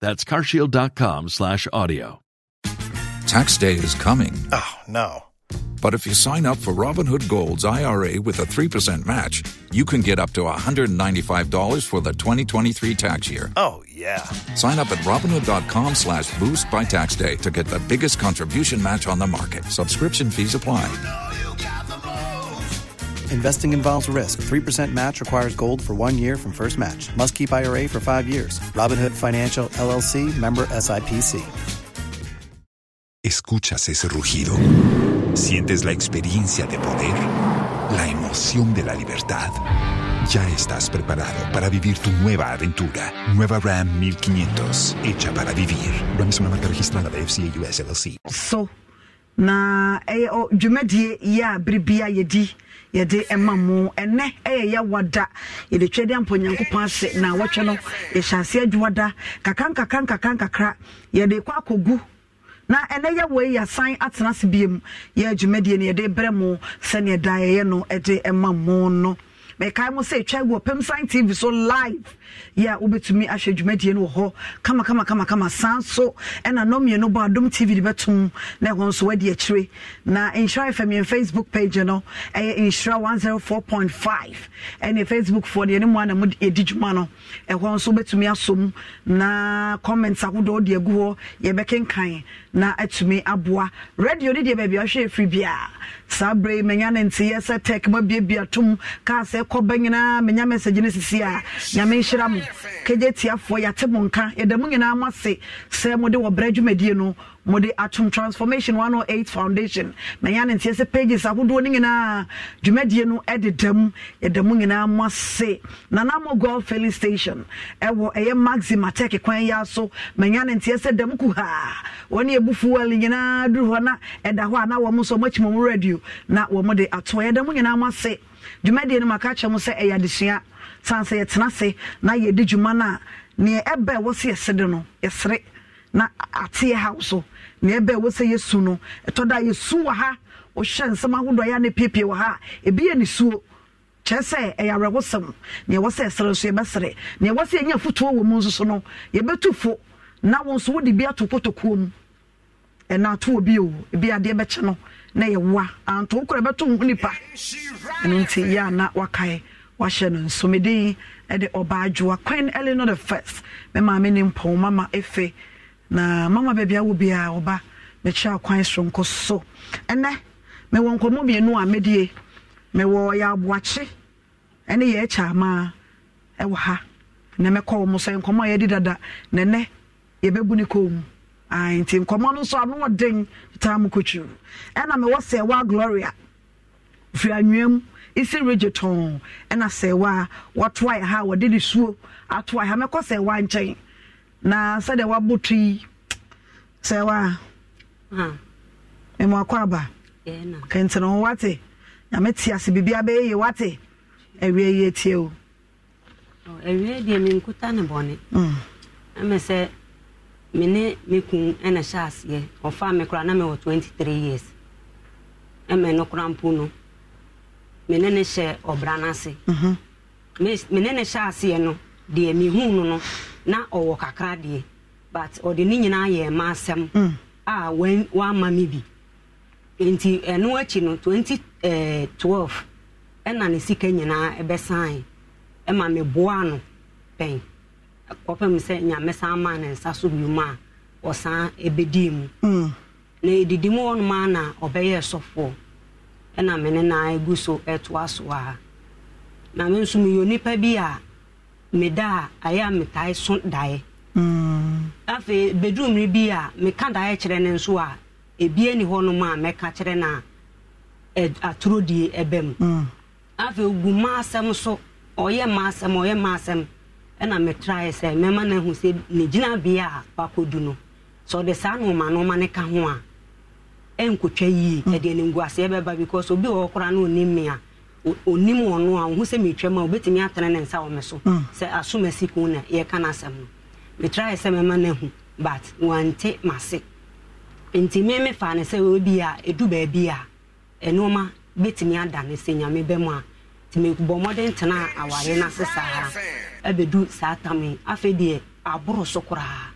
That's carshield.com slash audio. Tax day is coming. Oh, no. But if you sign up for Robinhood Gold's IRA with a 3% match, you can get up to $195 for the 2023 tax year. Oh, yeah. Sign up at Robinhood.com slash boost by tax day to get the biggest contribution match on the market. Subscription fees apply. You know you Investing involves risk. 3% match requires gold for one year from first match. Must keep IRA for five years. Robinhood Financial LLC member SIPC. Escuchas ese rugido. Sientes la experiencia de poder, la emoción de la libertad. Ya estás preparado para vivir tu nueva aventura. Nueva Ram 1500, hecha para vivir. Ram es una marca registrada de FCA US LLC. So, na, yo eh, oh, me ya, bribia, ya yɛde ɛma mo ɛnɛ ɛyɛ yɛwa da yɛde twɛ de ampɔ nyankopɔn ase na wɔtwɛ no yɛhyɛ ase adwuma da kakra nkakra nkakra yɛde kɔ akɔgu na ɛnɛ yɛ wɔ yi asan atena ase biem yɛ adwumadie no yɛde brɛ mo sɛneɛ da yɛyɛ no ɛde ɛma mo no mekae mo sɛ ɛtwa gu ɔpam sign tv so live yɛ a wobɛtumi ahwɛ dwumadie no wɔ hɔ kamakamakama saa nso ɛna nɔmmienu bɔ adom tv de bɛtom na ɛhɔ nso wadi akyire na nhyira fm facebook page no ɛyɛ nhyira 104.5 ɛne facebook foɔ deɛ ne mu ana mu yɛdi dwuma no ɛhɔ nso wobɛtumi asom na comments ahodoɔ de agu hɔ yɛbɛkenkan na atumi aboa radio ne deɛ baabi ahwɛ ɛfiri bia saa berɛ yi manya ne nteyɛ sɛ tek mabiabia tom kaa sɛ ɛkɔba nyinaa menya mɛsagye no sisi a nyame nhyira mo kɛgye tiafoɔ yɛate mo nka yɛda mu nyinaa mo ase sɛ mode wɔbrɛ dwumadie no mode atom transformation 108 foundation manya ne nteɛ sɛ pages ahodoɔ no nyinaa dwumadie no ɛdeda mu yɛda mu nyinaa mo ase nanamo gol filling station ɛwɔ ɛyɛ maxi matek kwan yɛ so manya ne nteɛ sɛ dam kuhaa wɔne yɛbu fuel nyinaa duru hɔ na ɛda hɔ a na wɔm nso ɔmakyima mu radio na wɔm de atoɔ yɛda mu nyinaa mo ase dwumadie no maka kyerɛ mo sɛ ɛyɛ adesua san yɛtena ase na yɛdi dwuma no a neɛ ɛbɛ wɔ se yɛsede no yɛsere na ateɛ haw so na ɛbɛ wo sɛ yɛsu no ɛtɔ da yɛsu wɔ ha wohyɛ nsɛm ahodoɔ yɛ ne piepie wɔ ha ebi yɛ nisuo kyerɛ sɛ ɛyɛ awerɛhosɛm nea ɛwɔ sɛ ɛsere nso yɛbɛsere nea ɛwɔ sɛ yɛnya fotoɔ wɔ mu nso so no yɛbɛtu fo na wo nso wode bi ato kotokuo mu ɛna ato wɔ bio ebi adeɛ bɛkyɛ no na yɛwoa anto wo kora ɛbɛto wo ho nipa ɛno nti yɛ ana wakae wahyɛ no nsomeden ɛde ɔbaa adwoa queen eleanor the first me maame ne mpɔn mama efe na mama baabi awo biara ɔba mɛkyerɛ akwan soronko so ɛnɛ mɛwɔ nkɔmɔ mmienu a mɛdie mɛwɔ yɛ aboakye ɛne yɛ ɛkyɛ ɛwɔ ha na mɛkɔ wɔn sɛ nkɔmɔ a yɛdi dada na ɛnɛ yɛbɛbu ne kɔn mu ayi nti nkɔmɔ no nso ano ɔden taa mu koturu ɛna mɛwɔ sɛwa gloria firi anwea mu esi regye tɔn ɛna sɛwa wɔtoa yɛ ha wɔde ne suo atoa yɛ ha mɛkɔ sɛwa nkyɛn. na sɛdeɛ wabɔ tu yi sɛ wa ɛmu akɔ aba kɛntɛn ho wate nyame te ase biribi abɛyɛ yie wate awia yie tie o. awia deɛ mi nkuta ne bɔne mm. ɛmɛ sɛ me ne me kun ɛna hyɛ aseɛ ɔfa me kora na me wɔ twenty three years ɛmɛ no kora mpo no me ne ne hyɛ ɔbra n'ase mhm. me ne ne hyɛ aseɛ no deɛ mi hu no no. na ɔwɔ kakra deɛ but ɔde ne nyinaa yɛ ma asɛm mm. a wama me bi nti ɛno akyi no 2012 eh, ɛna ne sika nyinaa ɛbɛsan ɛma meboa no pɛn kɔpem sɛ nyamɛsan maa ne nsa so bio mu a ɔsan ɛbɛdii mu mm. na ɛdidi mu hɔnom a na ɔbɛyɛ sɔfoɔ ɛna me ne na ɛgu so ɛtoa so a na me nso meyɛ onipa bi a meda a ayɛ a metae so daeɛ mm. afei bɛduru bi a meka daeɛ kyerɛ no nso a ebie ni hɔnom a mɛka kyerɛ no a aturo die ɛbɛ mu mm. afei ogu mma asɛm so ɔyɛ mma asɛm ɔyɛ mma asɛm ɛna metraeɛ sɛ mɛma no ahu sɛ ne gyinabea a wakɔdu no sɛ ɔde saa nnoɔma nnoɔma no ka ho a ɛnkɔtwa yie mm. ɛde animguaseɛ bɛba because obi wɔ hɔ koraa na ɔnim me a onim ɔno a ohu sɛ metwa mu a obɛtumi atene ne nsa wɔ me so hmm. sɛ asom asi ku na yɛka no asɛm no metrae sɛ mɛma no ahu but wante mase nti me me faa ne sɛ obi a ɛdu baabi a ɛnoɔma bɛtumi ada ne sɛ nyame bɛ mu a nti mebɔ mmɔden tena aware no ase saa abɛdu saa tam yi afei deɛ aboro so koraa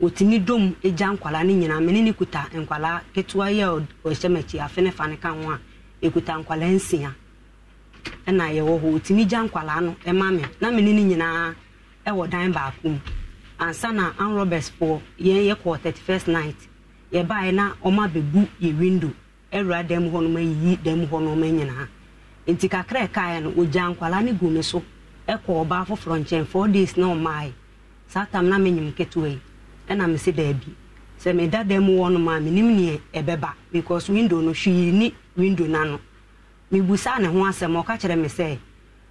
ɔtumi dom gya nkwalaa no nyinaa mene ne kuta nkwalaa ketewa yi a ɔhyɛ makyi afe ne fa ne ka ho a ekuta nkwala nsia na yɛwɔ hɔ otumi gya nkwala no ɛma mi na mi ni nyinaa ɛwɔ dan baako mu ansa na an robert foɔ yɛn yɛ kɔ 31st night yɛbaeɛ na ɔma abɛbu yɛ windo ɛwura dan mu hɔnom ayiyi dan mu hɔnom nyinaa nti kakra ɛkaeɛ no ogya nkwala no gu mi so ɛkɔ ɔbaa foforɔ nkyɛn 4 days na ɔmaa saa tam na mi ketewa yi ɛna mi si daabi sɛ meda dan mu hɔ nom a menim neɛ ɛbɛba because window no hwee ni window no ano mebusaa ne ho asɛm ɔka kyerɛ me sɛ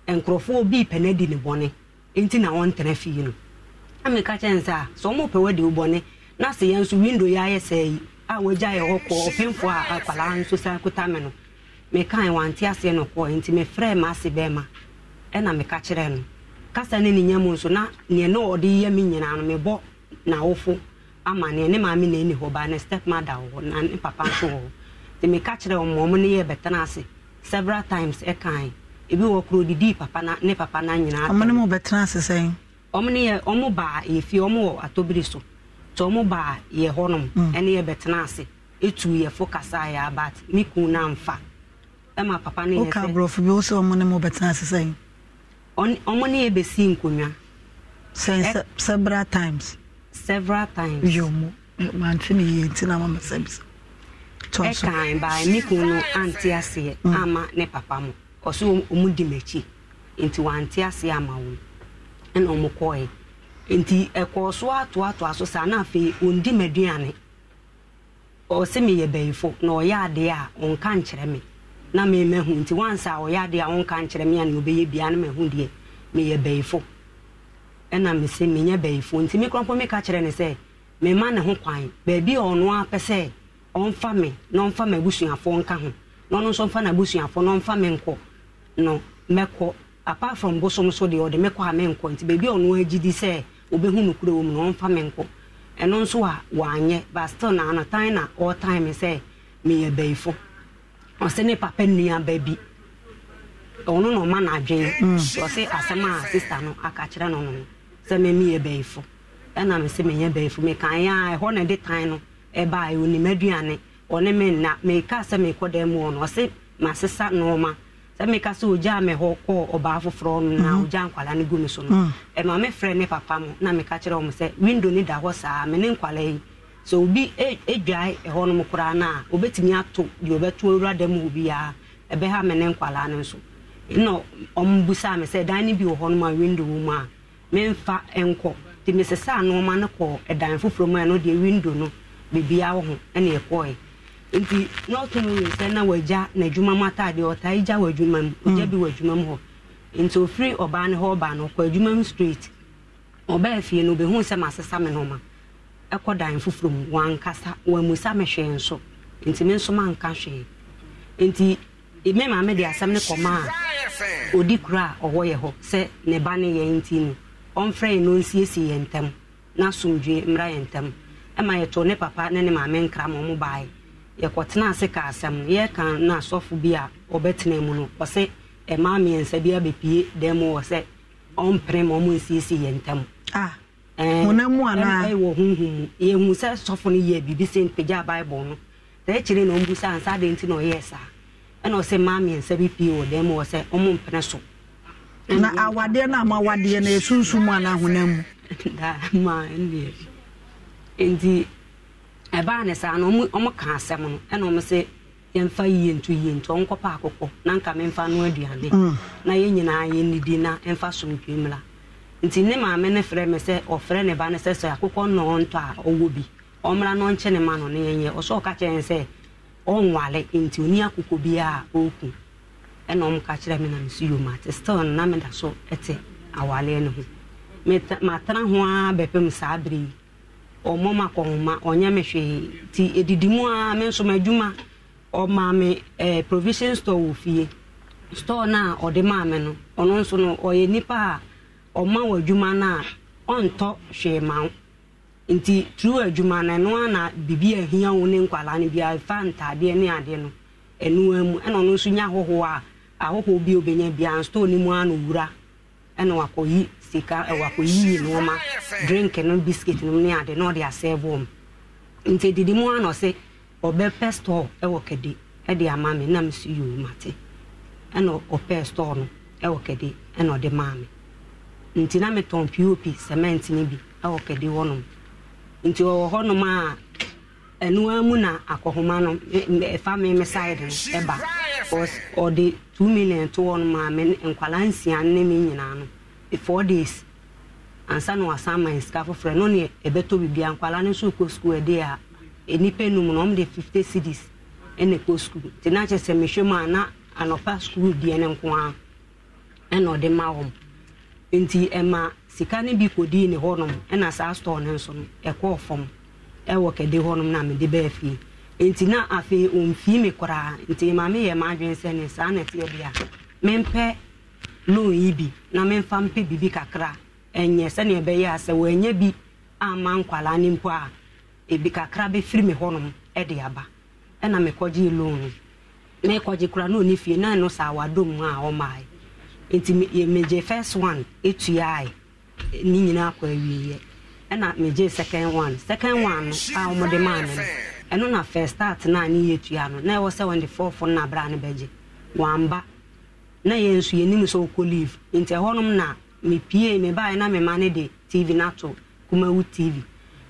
nkurɔfoɔ bi pɛ no di ne bɔne nti na wɔntena fie no na meka kyerɛ a ah, sɛ ɔmopɛ wadi wo bɔne na sɛ yɛn nso window yɛ ayɛ sɛ yi a wɔagya yɛ hɔ kɔɔ ɔpemfoɔ a akwadaa nso sa kuta me no mekae wante aseɛ no kɔɔ nti mefrɛɛ ma ase bɛɛma ɛna meka kyerɛ no kasa ne ne nya mu nso na neɛ ne ɔde yɛ me nyinaa no mebɔ n'awofo amaneɛ ne maame na ɛni hɔ baa ne step mother wɔ na ne papa nso wɔ hɔ nti meka kyerɛ wɔn wɔn ne yɛ bɛtena ase several times ɛkan ebi wɔ kuro didi papa na ne papa na nyinaa. wɔn ne mu bɛtena ase sɛn. wɔn ne yɛ wɔn baa yɛ fie wɔn wɔ atobiri so nti wɔn baa yɛ hɔnom mm. ɛne yɛ bɛtena ase etu yɛ fo kasa yɛ abat ne kun na nfa ɛma papa ne yɛ sɛ. woka aborɔfo bi wosɛ wɔn ne mu bɛtena ase sɛn. wɔn ne yɛ bɛsi nkonnwa. sɛn several times several times. yóò mu mante ni yie nti na ama mesa bisa. ɛkan baa ne kun no ante aseɛ ama ne papa mu ɔso ɔmu di m'akyi nti wante aseɛ ama wɔn ɛna ɔmo kɔɛ nti ɛkɔɔ so atoatoa so saa na afei ɔndi m'aduane ɔsɛ meyɛ bɛyifo na ɔyɛ adeɛ a ɔnka nkyerɛ me na memahu nti wansa a ɔyɛ adeɛ a ɔnka nkyerɛ me a na ɔbɛyɛ bia no mahu deɛ meyɛ bɛyifo ɛna mese menyɛ bɛyifoɔ nti me korampo meka kyerɛ ne sɛ mema ne ho kwan baabi a ɔno apɛ sɛ ɔmfa me na ɔmfa me abusuafoɔ nka ho na ɔno nso mfa n'abusuafoɔ na ɔmfa me nkɔ no mɛkɔ apart from bosom so deɛ ɔde mɛkɔ a menkɔ nti baabi a ɔno agyi di sɛ obɛhu no kura wɔ no na ɔmfa me nkɔ ɛno nso a wanyɛ but still na anotan na ɔɔtan me sɛ meyɛ bɛyifo ɔsɛ ne papa nnua ba bi ɔno na ɔma n'adwene mm. ɔsɛ asɛm a sista no aka kyerɛ no no no sɛ memeyɛ bɛyifo ɛna me sɛ menyɛ bɛyifo mekaeɛ a ɛhɔ na de tan no ɛbaa ɔnim aduane ɔne me nna meka sɛ mekɔ dan mu ɔ no ɔse masesa nɔɔma sɛ meka sɛ ogyaa me hɔ kɔɔ ɔbaa foforɔ no na mhm. ogya nkwala no gu me so no mm. ɛma mefrɛ ne papa mu na meka kyerɛ wɔ m sɛ windo no da hɔ saa me ne nkwala yi sɛ obi e, edwae ɛhɔ nom koraa no a obɛtumi ato deɛ ɔbɛto awura dan mu obiara ɛbɛha me ne nkwala no nso na ɔmbusaa me sɛ dan no bi wɔ hɔ nom a windo wɔ mu a memfa nkɔ nti mesesaa nnoɔma no kɔ dan foforɔ mu a no deɛ windo no bebia wɔ ho ne ɛkɔɛ nti na ɔtom yi sɛ na wagya n'adwuma mu ataadeɛ ɔtaa gya wɔ adwuma mu mm. ɔgya bi wɔ adwuma mu hɔ nti ɔfiri ɔbaa no hɔ ɔbaa no ɔkɔ adwuma mu street ɔbaa fie no obɛhu sɛ masesa me nnoɔma ɛkɔ dan foforɔ mu wankasa wamusa me hwee nso nti me nso nka hwee nti me maame de asɛm ne kɔma a ɔdi kura a ɔwɔ yɛ hɔ sɛ ne ba ne yɛ nti no ɔmfrɛ yɛn na ɔnsiesie yɛn ntɛm na asomdwe mmra yɛn ntɛm ɛma yɛtoo ne papa ne ne maame nkra ma ɔmo baeɛ yɛkɔtena ase ka asɛm no yɛka na asɔfo bi a ɔbɛtena mu no ɔsɛ ɛmaa mmiɛnsa bi abɛpie dan mu wɔ sɛ ɔmpere ma ɔmo nsiesie yɛn ntɛm honamu anaa ɛwɔ honhom mu yɛhu sɛ sɔfo no yɛ biribi sɛ mpagya bible no sɛ ɛkyerɛ na ɔmbu sɛ ansa adɛn nti na ɔyɛɛ saa ɛna ɔsɛ mmaa mmiɛnsa bi pie wɔ dan wɔ sɛ ɔmo mpene so na awadeɛ na ama awadeɛ na ɛsunsum a no ahona mu nti ɛbaa ne saa no ɔmo ka asɛm no ɛna ɔmo sɛ yɛmfa yie yi yie nto ɔmo na nka memfa no aduane mm. na yɛn nyinaa na ɛmfa nti ne maame ne frɛ sɛ ɔfrɛ ne ba na ɔntɔ a ɔwɔ bi ɔmmra na ɔnkyɛ ne ma no ne yɛnyɛ ɔsɛ ɔka sɛ ɔnwale nti biara ɛna ɔmo ka kyerɛ mi na mi si yom ate still na mi da so ɛte awaleɛ no ho matena ho a bɛpɛ mu saa bere yi ɔmo ma kɔ homa ɔnyɛ mi hwee ti edidi mu a mi nso ma adwuma ɔma mi ɛɛ provision store wɔ fie store na ɔde maa mi no ɔno nso no ɔyɛ nipa a ɔma wɔ adwuma na ɔntɔ hwee ma ho nti turu adwuma no ɛno na bibi a ehia wo ne nkwalaa no bi afa ntaadeɛ ne adeɛ no ɛnua mu ɛna ɔno nso nya ahɔhoɔ a. ahoho bi obenya bia store ne mu ano wura ɛna wakɔyi sika wakɔyiyi nneɛma drink no biscuit no ne ade na ɔde asɛe bɔ mu nti didi mu ano sɛ ɔbɛpɛ store ɛwɔ kɛde ɛde ama mi nam si yio mate ɛna ɔpɛ store no ɛwɔ kɛde ɛna ɔde maa mi nti na mi tɔn pop cement ne bi ɛwɔ kɛde hɔnom nti ɔwɔ hɔnom a. ɛnoa mu na akɔhoma no ɛfa me me side no ɛba ɔde two million to hɔ no maa me nkwalaa nsia ne me nyinaa no four days ansa na wasan ma sika foforɔ no ne ɛbɛtɔ bibia nkwalaa no nso kɔ sukuu ɛde a nnipa enum na wɔde fifty cities ɛna kɔ sukuu te na kyerɛ sɛ mehwɛ mu a na anɔpa sukuu deɛ ne nko ara ɛna ɔde ma wɔn nti ɛma sika ne bi kɔ dii ne hɔnom ɛna saa store ne nso no ɛkɔɔ fam. ɛwɔ kɛde hɔnom na mede bɛɛ fie nti na afei ɔmfii me koraa nti maame meyɛ m'adwene sɛ ne saa na ɛteɛ bi a mempɛ loan yi bi na memfa mpɛ biribi kakra ɛnyɛ sɛneɛ ɛbɛyɛ a sɛ wɔanya bi ama nkwalaa ne mpo a ebi kakra bɛfiri me hɔnom ɛde aba ɛna mekɔgye loan no mekɔgye koraa na ɔni fie na ɛno saa wadom a ɔmae nti megye first one ɛtuae ne nyinaa kɔ awieɛ ɛna megye second one second one a wɔde maa no ɛno na first start na ne yɛ tua no na ɛwɔ sɛ wɔde fɔɔfɔ no abra no bɛgye wamba na yɛn nso yɛnim sɛ wokɔ leave nti ɛhɔnom na mepie mebaeɛ na mema ne de tv no ato kumawu tv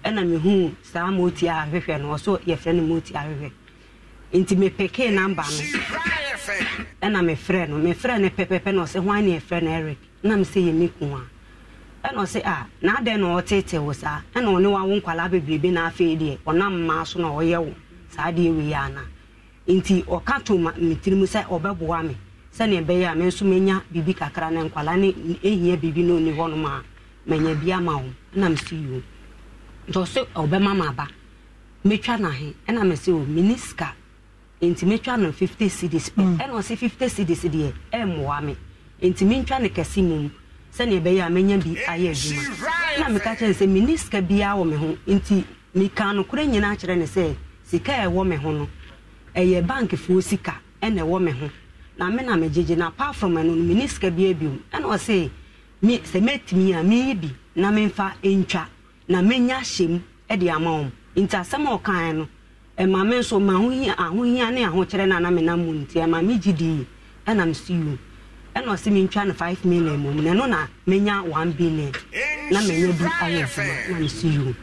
ɛna mehuu saa moti a ahwehwɛ no ɔso yɛfrɛ no moti ahwehwɛ nti mepekee namba no ɛna mefrɛ no mefrɛ no pɛpɛpɛ na ɔsɛ hwan ne yɛfrɛ no eric na mesɛ yɛme ku a ɛna ɔsɛ a ah, na na ɔtete wo saa ɛna ɔne wa nkwalaa bebrebe na afei deɛ ɔnam mmaa so na ɔyɛ wo saa deɛ wei ana nti ɔka to me tirim sɛ ɔbɛboa me sɛnea ɛbɛyɛ a me na nkwalaa ne ehia biribi a bi ama ɛna si yio nti ɔsɛ ɔbɛma metwa n'ahe ɛna sɛ o nti metwa no fifty cedis mm. ɛna ɔsɛ fifty cedis deɛ ɛmmoa me nti metwa no kɛse mu mu. sɛnea ɛbɛyɛ a mɛnya bi ayɛ adwuma na meka kyerɛ sɛ menni sika biara wɔ me ho nti meka nokorɛ nyinaa kyerɛ ne sɛ sika a ɛwɔ me ho no ɛyɛ bankfoɔ sika ɛna ɛwɔ me ho na me na megyegye na apart from ɛno no menni sika biara biom ɛna ɔse sɛ mɛtumi a meyi bi na memfa ntwa na menya hyɛ mu de ama wɔn nti asɛm a ɔkaeɛ no ɛma me nso ma ahohia ne ahokyerɛ no ana mu nti ɛma megye dii ɛnam si wom ɛna ɔsi mi ntwa no five million mu na ɛno na menya one billion na menya du ayɛ fuma na mi si yiwu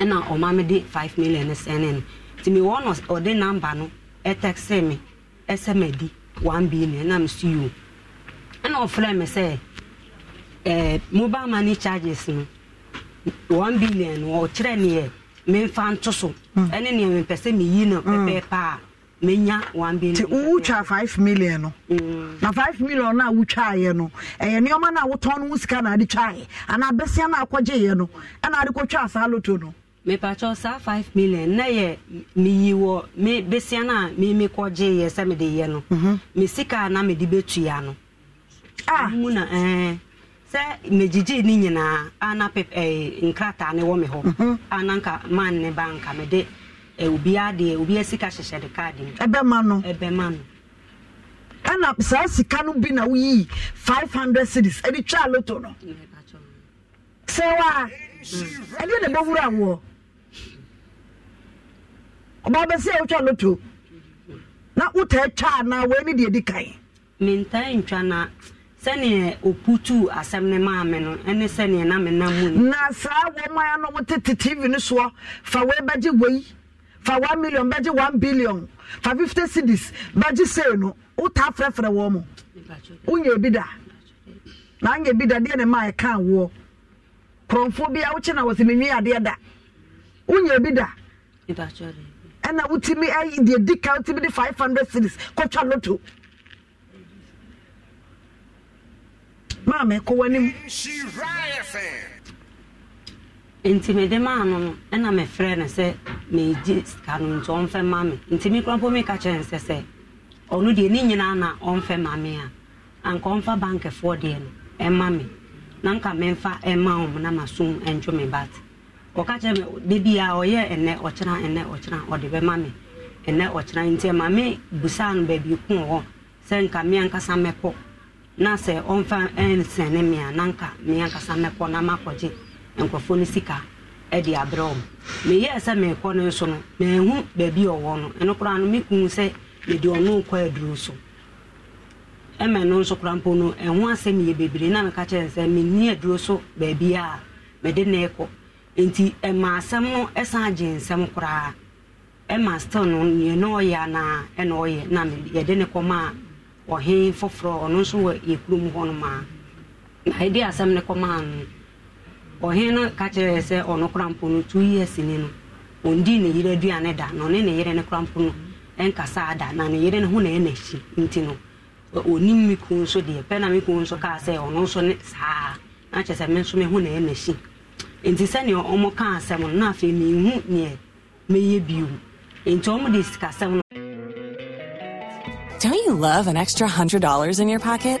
ɛna ɔma mi de five million ne sɛn ne no ti mi wɔ no namba no ɛtɛkisi mi ɛsɛ mi di one billion na mi si yiwu ɛna ɔfrɛ mi sɛ ɛɛ mobile money charges no one billion no ɔkyerɛ mi yɛ mi nfa nto so mm. ɛne nea mi pɛ sɛ mi yi no mm. pɛpɛɛpɛ a. nti wotwa 5 million no mm. na 5 million no a wotwaeɛ no ɛyɛ nneɔma no a wotɔn no wo sika na ade twaeɛ anaa bɛsia no akɔgyeeɛ no ɛna ade loto no saa 5 million na yɛ meyi wɔ me bɛsia no a memekɔgyeeɛ sɛ mede yɛ no mhm. me sika na mede bɛtua no ah. mu na sɛ megyegye ne nyinaa ana nkrataa ne wɔ me hɔ mhm. ananka man ne banka mede Eh, obi adeɛ obi asika hyehyɛ de kaadi mu. ɛbɛma no ɛbɛma no. ɛna saa sika no bi na woyi five hundred cities ɛde twa aloto no sɛ wa mm. ɛdeɛ na ɛbɛwura awoɔ ɔbaa bɛsi a wotwa loto na wota atwa anaa wɔn ani deɛ di kan. mintan ntwa na sɛnea oputu asɛm ne maa me no ɛne sɛnea na me na saa wɔn a wɔn tete tv no soɔ fa wɔn abɛgye wɔyi. fa one million bɛgye one billion fa fifty cities bɛgye sei no wotaa frɛfrɛ wɔn mo wonyɛ ebi da na anyɛ ebi da deɛ ne maa ɛka awoɔ kurɔnfoɔ bi a wokye na wɔsi menwi adeɛ da wonyɛ ebi da ɛna wotumi ɛyi deɛ di ka wotumi de five hundred cities kɔtwa loto maame kɔ wɔ nti maa no no ɛna mɛfrɛ no sɛ megye sika no nti ɔmfɛ ma me nti me kora mpo meka kyerɛ no sɛ ɔno deɛ ne nyinaa na ɔmfɛ ma me a anka ɔmfa bankɛfoɔ deɛ no ɛma me na nka memfa ɛma ɔm na masom ɛntwo me bat ɔka kyerɛ me da a ɔyɛ ɛnɛ ɔkyena ɛnɛ ɔkyena ɔde bɛma me ɛnɛ ɔkyena nti ɛma me busaa no baabi ku hɔ sɛ nka me ankasa mɛkɔ na sɛ ɔmfa ɛnsɛne me a na nka me ankasa mɛkɔ na makɔgye nkurɔfoɔ no sika de abrɛ wɔn meyɛɛ sɛ meekɔ no so no meehu baabi ɔwɔ no ɛno koraa no mehu sɛ mede ɔno kɔ aduro so ɛmɛ no nso koraa mpo no ɛho asɛm yɛ bebree na meka kyerɛ sɛ menni aduro so baabi a mede ne kɔ nti ɛma asɛm no san gye nsɛm koraa ɛma still no neɛ na ɔyɛ anaa ɛna ɔyɛ na yɛde ne kɔma a ɔhe foforɔ ɔno nso wɔ yɛ kurom hɔ nom a na yɛde asɛm ne kɔmaa no ɔhene ka kyerɛ sɛ ɔno krampo no two years ni no ɔndi ne yere aduane da na ɔne ne yere ne krampo no nkasa da na ne yere ne ho na ɛna akyi nti no ɔnim mi kun nso deɛ pɛ na mi kun nso kaa sɛ ɔno nso ne saa na kyerɛ sɛ me nso me ho na ɛna e akyi nti sɛnea ɔmo kaa asɛm no na afei mehu neɛ mɛyɛ bio nti ɔmo de sikasɛm no. Don't you love an extra hundred dollars in your pocket?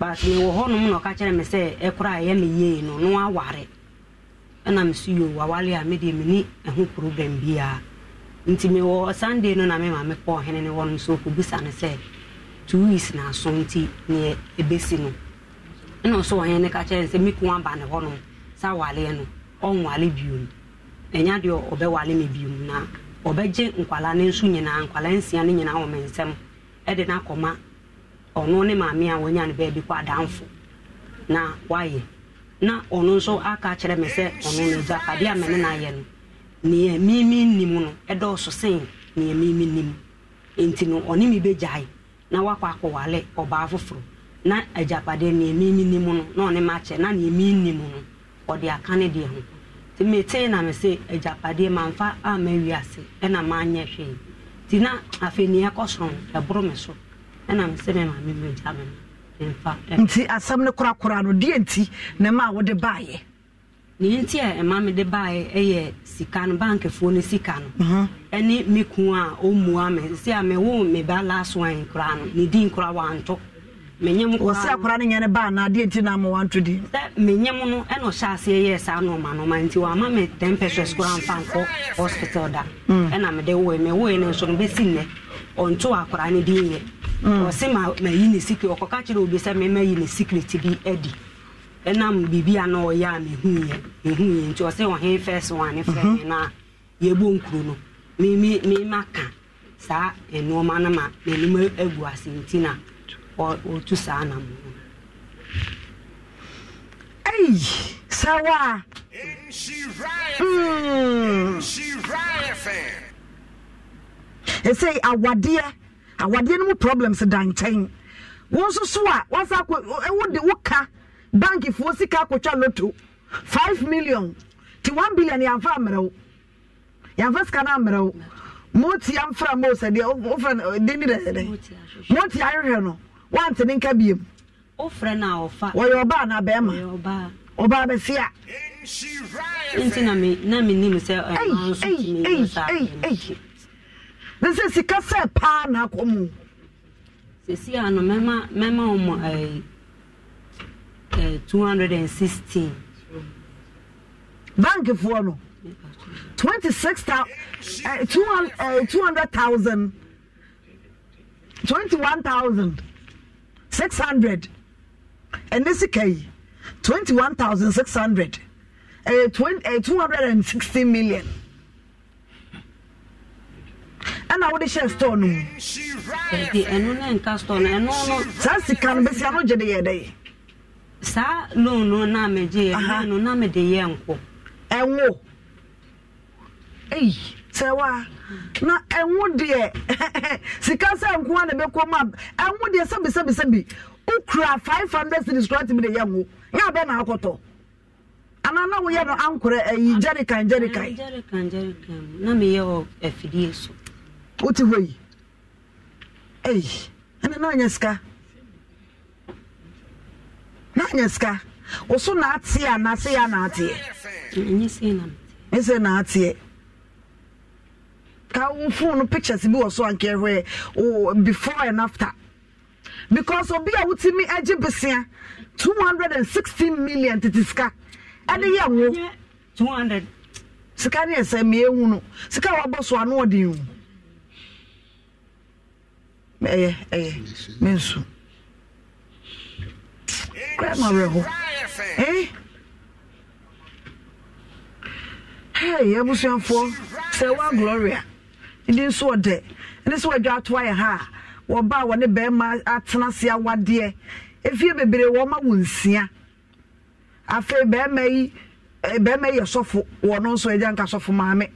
but mewɔ hɔnom na ɔka kyerɛ me sɛ ɛkora a ɛyɛ me yie no no aware ɛna meso yo wawale a medeɛ meni ɛho problem biara nti mewɔ sunday no na mema mekɔ ɔhene ne hɔnom so no sɛ two weeks na aso nti neɛ ɛbɛsi no ɛna ɔso ɔhene no ka kyerɛ no sɛ meko aba ne hɔnom sa waleɛ no ɔnwale biom ɛnya deɛ ɔbɛwale me biom na ɔbɛgye nkwala ne nso nyinaa nkwala nsia no nyinaa wɔ me nsɛm ɛde no akɔma ɔno ne maame a wɔnya no baabi kɔ na wayɛ na ɔno nso aka kyerɛ me sɛ ɔno no gya adeɛ a mene no ayɛ no neɛ mimi nnim no ɛdɔɔso sen neɛ mimi nnim no ɔne me bɛgyae na wakɔ akɔwale ɔbaa foforɔ na agyapadeɛ neɛ mimi nnim no na ɔne na neɛ mi nnim no ɔde aka ne deɛ ho nti metee na me sɛ agyapadeɛ mamfa a mawi ase ɛna hwee nti na afei neɛ ɛkɔ soro no ɛboro me so ɛna mesɛ me maame mmɛgya me no mfa nti asɛm no korakora no deɛ nti na ma a wode baeɛ ne nti a ɛma me de baeɛ ɛyɛ sika no bankefoɔ no sika no mhm. ɛne me ku a ɔmmua me sɛ a mewo me ba last one koraa no ne din koraa wanto menyem wɔsɛ akora no nyɛ ne baa na adeɛ nti na ama ɛna ɔhyɛ aseɛ yɛɛ saa nɔɔma nɔɔma nti wɔama me ten koraa mfa nkɔ hospital da mm. ɛna mede woe mewoe no nso no bɛsi nnɛ ɔnto akora no din yɛ Mm. ɔsi ma ma yi ne secret ɔkɔka kyerɛ obi sɛ mɛma yi ne secret bi adi ɛnam biribi a na ɔyɛ a mehu yɛ mehu yɛ nti ɔsi ɔhen fɛs wane fɛ mi mhm. na yɛbɔ nkuro no mimi mima ka saa nneɛma no ma n'anim agu ase nti na ɔtu saa nam no. ɛyi sawa. Hmm. ɛsɛ awadeɛ. awadeɛ no mu problems da nkyɛn wo nso so a wasa eh, wode woka bankifoɔ sika akɔtwa loto 5 million nti 1 billion yɛamfa mmerɛ wo yɛamfa sika no ammerɛ wo moti amfra mo sɛ deɛ wofrɛ eh, deni dɛ dɛ moti ahwehwɛ no woante ne nka biam wofrɛ no a ɔfa wɔyɛ ɔbaa na bɛɛma ɔbaa bɛse a nti na menim sɛ eh, ne sɛ sika sɛ paa na akɔ mu sɛsi a no mɛma mɛma wɔn ɛɛ eh, eh, two hundred and sixteen bankifoɔ no twenty six ta eh, two hundred thousand twenty one thousand six hundred ɛne sika yi twenty one thousand six hundred ɛɛ two hundred and sixteen million. na wode hyɛ store no mu sika no bɛsia no gye de yɛ dɛ saa loan na megye no na mede yɛ nkɔ ɛwo ei sɛ wa na ɛwo deɛ sika sɛ nko a na bɛkɔ mu ɛwo deɛ sɛbisɛbisɛbi wokura five hundred kora timi de yɛ ngo nyɛ abɛ na akɔtɔ ana na woyɛ no ankorɛ ayi jerrycan jerrycan na meyɛ wɔ afidie so wote hɔ yi ei ɛne na ɔnyɛ sika na ɔnyɛ sika wo so naateɛ anaase yɛ anaateɛ ɛsɛ naateɛ ka wo fon pictures bi wɔ so anka ɛhwɛ oh, before and after because obi a wotumi agye besia 216 million tete sika ɛne yɛ wo sika ne ɛsɛ mmeɛ hu no sika wɔabɔ so ano ɔden hu ɛyɛ ɛyɛ me nso kura ma werɛ ho hei abusuafoɔ sɛ woa gloria ndi nso ɔdɛ ne sɛ wɔadwa atoa yɛ ha a wɔba a wɔne bɛrima atena se awadeɛ efie bebree wɔma wo nsia afei bɛrima yi bɛrima yi yɛ sɔfo wɔ nso agya nka sɔfo maame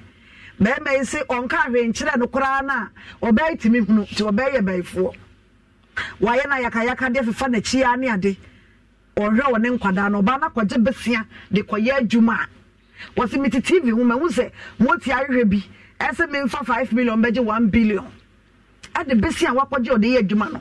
bɛrima yi sɛ ɔnka ahwenkyerɛ no koraa no a ɔbɛyɛ tumi hunu nti ɔbɛyɛ bɛyifoɔ wayɛ no ayakayakadeɛ fefa n'akyiaa ne ade ɔhwɛ wɔ ne nkwadaa no ɔbaa no akɔgye besia de kɔyɛ adwuma a wɔsɛ mete tv ho mahu sɛ moti ahwehwɛ bi ɛsɛ e memfa 5 million bɛgye 1 billion ɛde besia a wakɔgye ɔde yɛ adwuma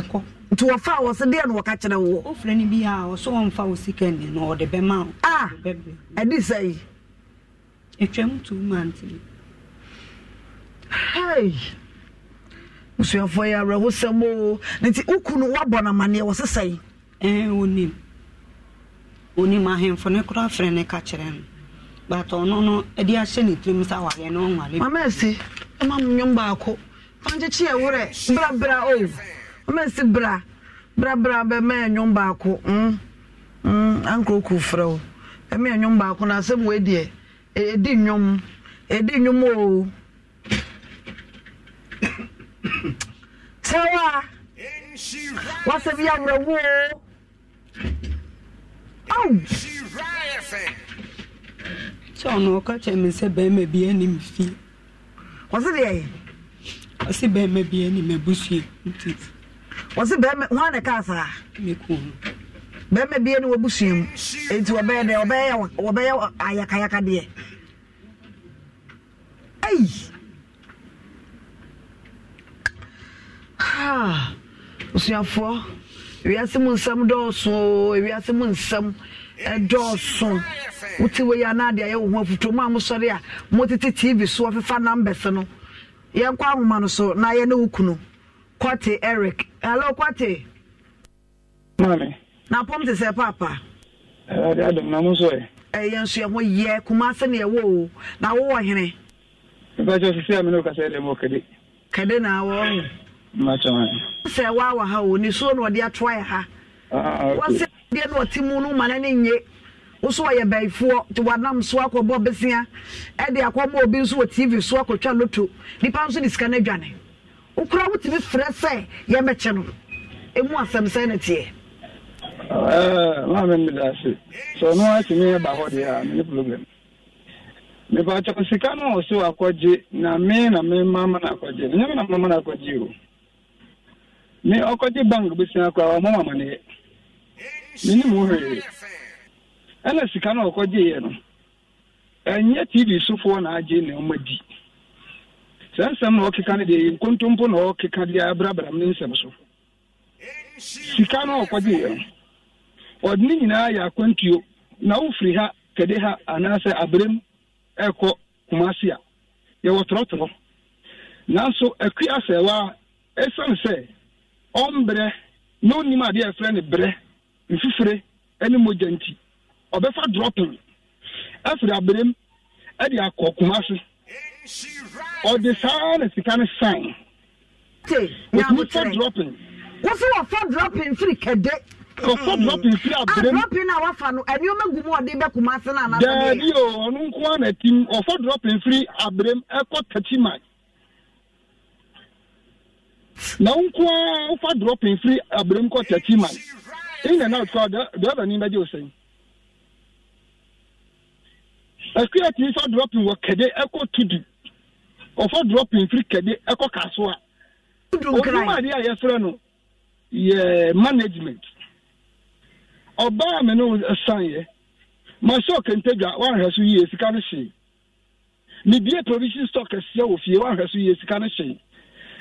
ɛkɔ nti wɔfa wɔ se deɛ na wɔka kyerɛ wo wofrɛ bi a ah! sɛ yi hei musuafoɔ yɛ awerɛhosɛm o ne nti woku no woabɔ no amanneɛ wɔ se sɛe onim onim ahemfo ne koraa frɛ ne ka kyerɛ no but ɔno no ɛde ahyɛ ne tirim sɛ awareɛ no ɔnwale mama asi ɛma m nwom baako fankyekyee worɛ brabra o si bra bra bra bɛ mɛ ɛnyɔm baako mm mm ankoro kò fura o ɛmɛ ɛnyɔm baako na asɛm wɔ ediɛ edi nyɔm edi nyɔm o sɛwa wasɛ bi awura wo aw. sɛ ɔno ɔka kyerɛ me sɛ bɛrima bi ani me fie ɔse deɛ ɔse bɛrima bi ani me abusua nti wɔsi bɛrɛmɛ wɔn na kaa saa bɛrima bie ne wɔbusua mu eti wɔbɛyɛ dɛ wɔbɛyɛ wɔbɛyɛ ayakayaka deɛ ɛyi haa osuafoɔ ewiase mu nsɛm dɔɔso ewiase mu nsɛm ɛdɔɔso wuti wɔ yi anaade ayɛ wo ho afutuo mu a mosɔre a motete tv so ɔfefa numbers no yɛnkɔ ahoma no so na yɛne wo kunu. Kwate Eric. Hello, Kwate. Mami. Na pom te sɛ papa. Ɛɛ eh, de adum na mo so eh, yɛ. Ɛyɛ nso yɛ ho yɛ kumase na ɛwɔ o na wowɔ hene. Mpɛtɛ sisi a mi n'o kasa yɛ dɛ mo kɛde. Kɛde na awɔ ho. Mmakyɛ wɔn. Sɛ waa wɔ ha o nisuo na ɔde ato ayɛ ha. Aa ah, ah, ok. Wɔsɛ deɛ na ɔte mu no ma na ne nye. Woso ɔyɛ bɛyifoɔ te wanam so akɔbɔ besia ɛde akɔmɔ obi nso wɔ TV so akɔtwa loto nipa nso de sika na adwane. wokora wotumi frɛ sɛ yɛmɛkyɛ no ɛmu asɛm sɛ no teɛ maame meda ase sɛ ɔno atumi ɛba hɔ deɛ a mene problem mepakyɛ sika no ɔ so akɔgye na me na mema ma no akɔgye no nyɛme na mama no akɔgye o me ɔkɔgye bank bɛsia koraa wɔmmɔ menim wo hwee ɛna sika no ɔkɔgyeeɛ no ɛnyɛ tv sofoɔ na agye ne saa nsɛm na ɔkeka no deɛ nkontompo na ɔkeka deɛ abrabram ne nsɛm so sika no ɔkɔgye yɛ ɔde ne nyinaa yɛ akwantuo na wofiri ha kɛde ha anaasɛ abrɛm ɛkɔ kumase a yɛwɔ torɔtorɔ nanso akui asɛwa a ɛsiane sɛ ɔmbrɛ na onim adeɛ ɛfrɛ ne brɛ mfifire ne mogya nti ɔbɛfa drɔpen afiri abrɛm ɛde akɔ kumase ɔde saa na sika no san wotumi fa dropping wofi wɔfa dropping firi kɛde kɔfa dropping firi abere mu dropping a wafa no nneɛma gu mu ɔde bɛ kuma ase na anasa deɛ daabi o ɔno nko ara ti mu ɔfa dropping firi abere mu ɛkɔ tɛkyi man na nko ara wofa dropping firi abere mu kɔ tɛkyi man in and out kɔ dɔɔba ni bɛgye osɛn ɛkuyɛ ti fa dropping wɔ kɛde ɛkɔ tudu ɔfa drop mfiri kɛde ɛkɔ kaso a ɔdum adeɛ a yɛfrɛ no yɛ management ɔbaa me no sanɛ ma sɛ ɔkɛntadwa woanhwɛ so yie sika no hyee mebie provision stock ɛsɛ wɔ fie woanhwɛ so yie sika no hyee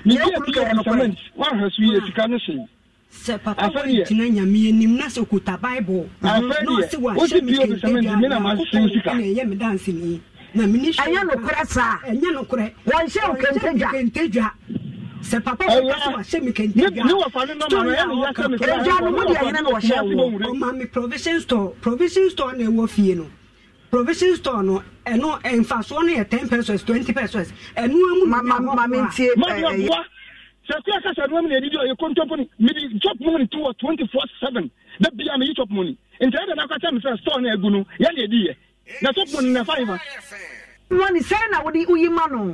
mebie pia cement woanhwɛ so yie hmm. sika no hyee sɛ papa wɔgyina nyame anim na sɛ ɔkuta bible na ɔse wɔahyɛ me kɛntadwa na akokɔ ne ɛyɛ me danse nii ɛnyɛ nokorɛ saa ɛnyɛ nokorɛ wɔnhyɛ wo kɛntɛdwa sɛ papa ni wɔhyɛ me kɛntɛdwaɛdwa no mode ɛyene na wɔhyɛ wo ɔma me provision store provision store na ɛwɔ fie no provision store no ɛno mfasoɔ no yɛ 10 pesos 20 pesos ɛno amu ntie sɛsi ɛsɛ eh, eh, sɛ ɛnoa mu na ɛdidi ɔyɛ kontɔmpo no mede chop money to wɔ 24 7 da bia meyi chop money nti ɛdɛ na akwakyɛ me sɛ store no agu no yɛne ɛdiyɛ na chop money na five. wọn ni sẹ́yìn na wọ́n di uyi ma nù.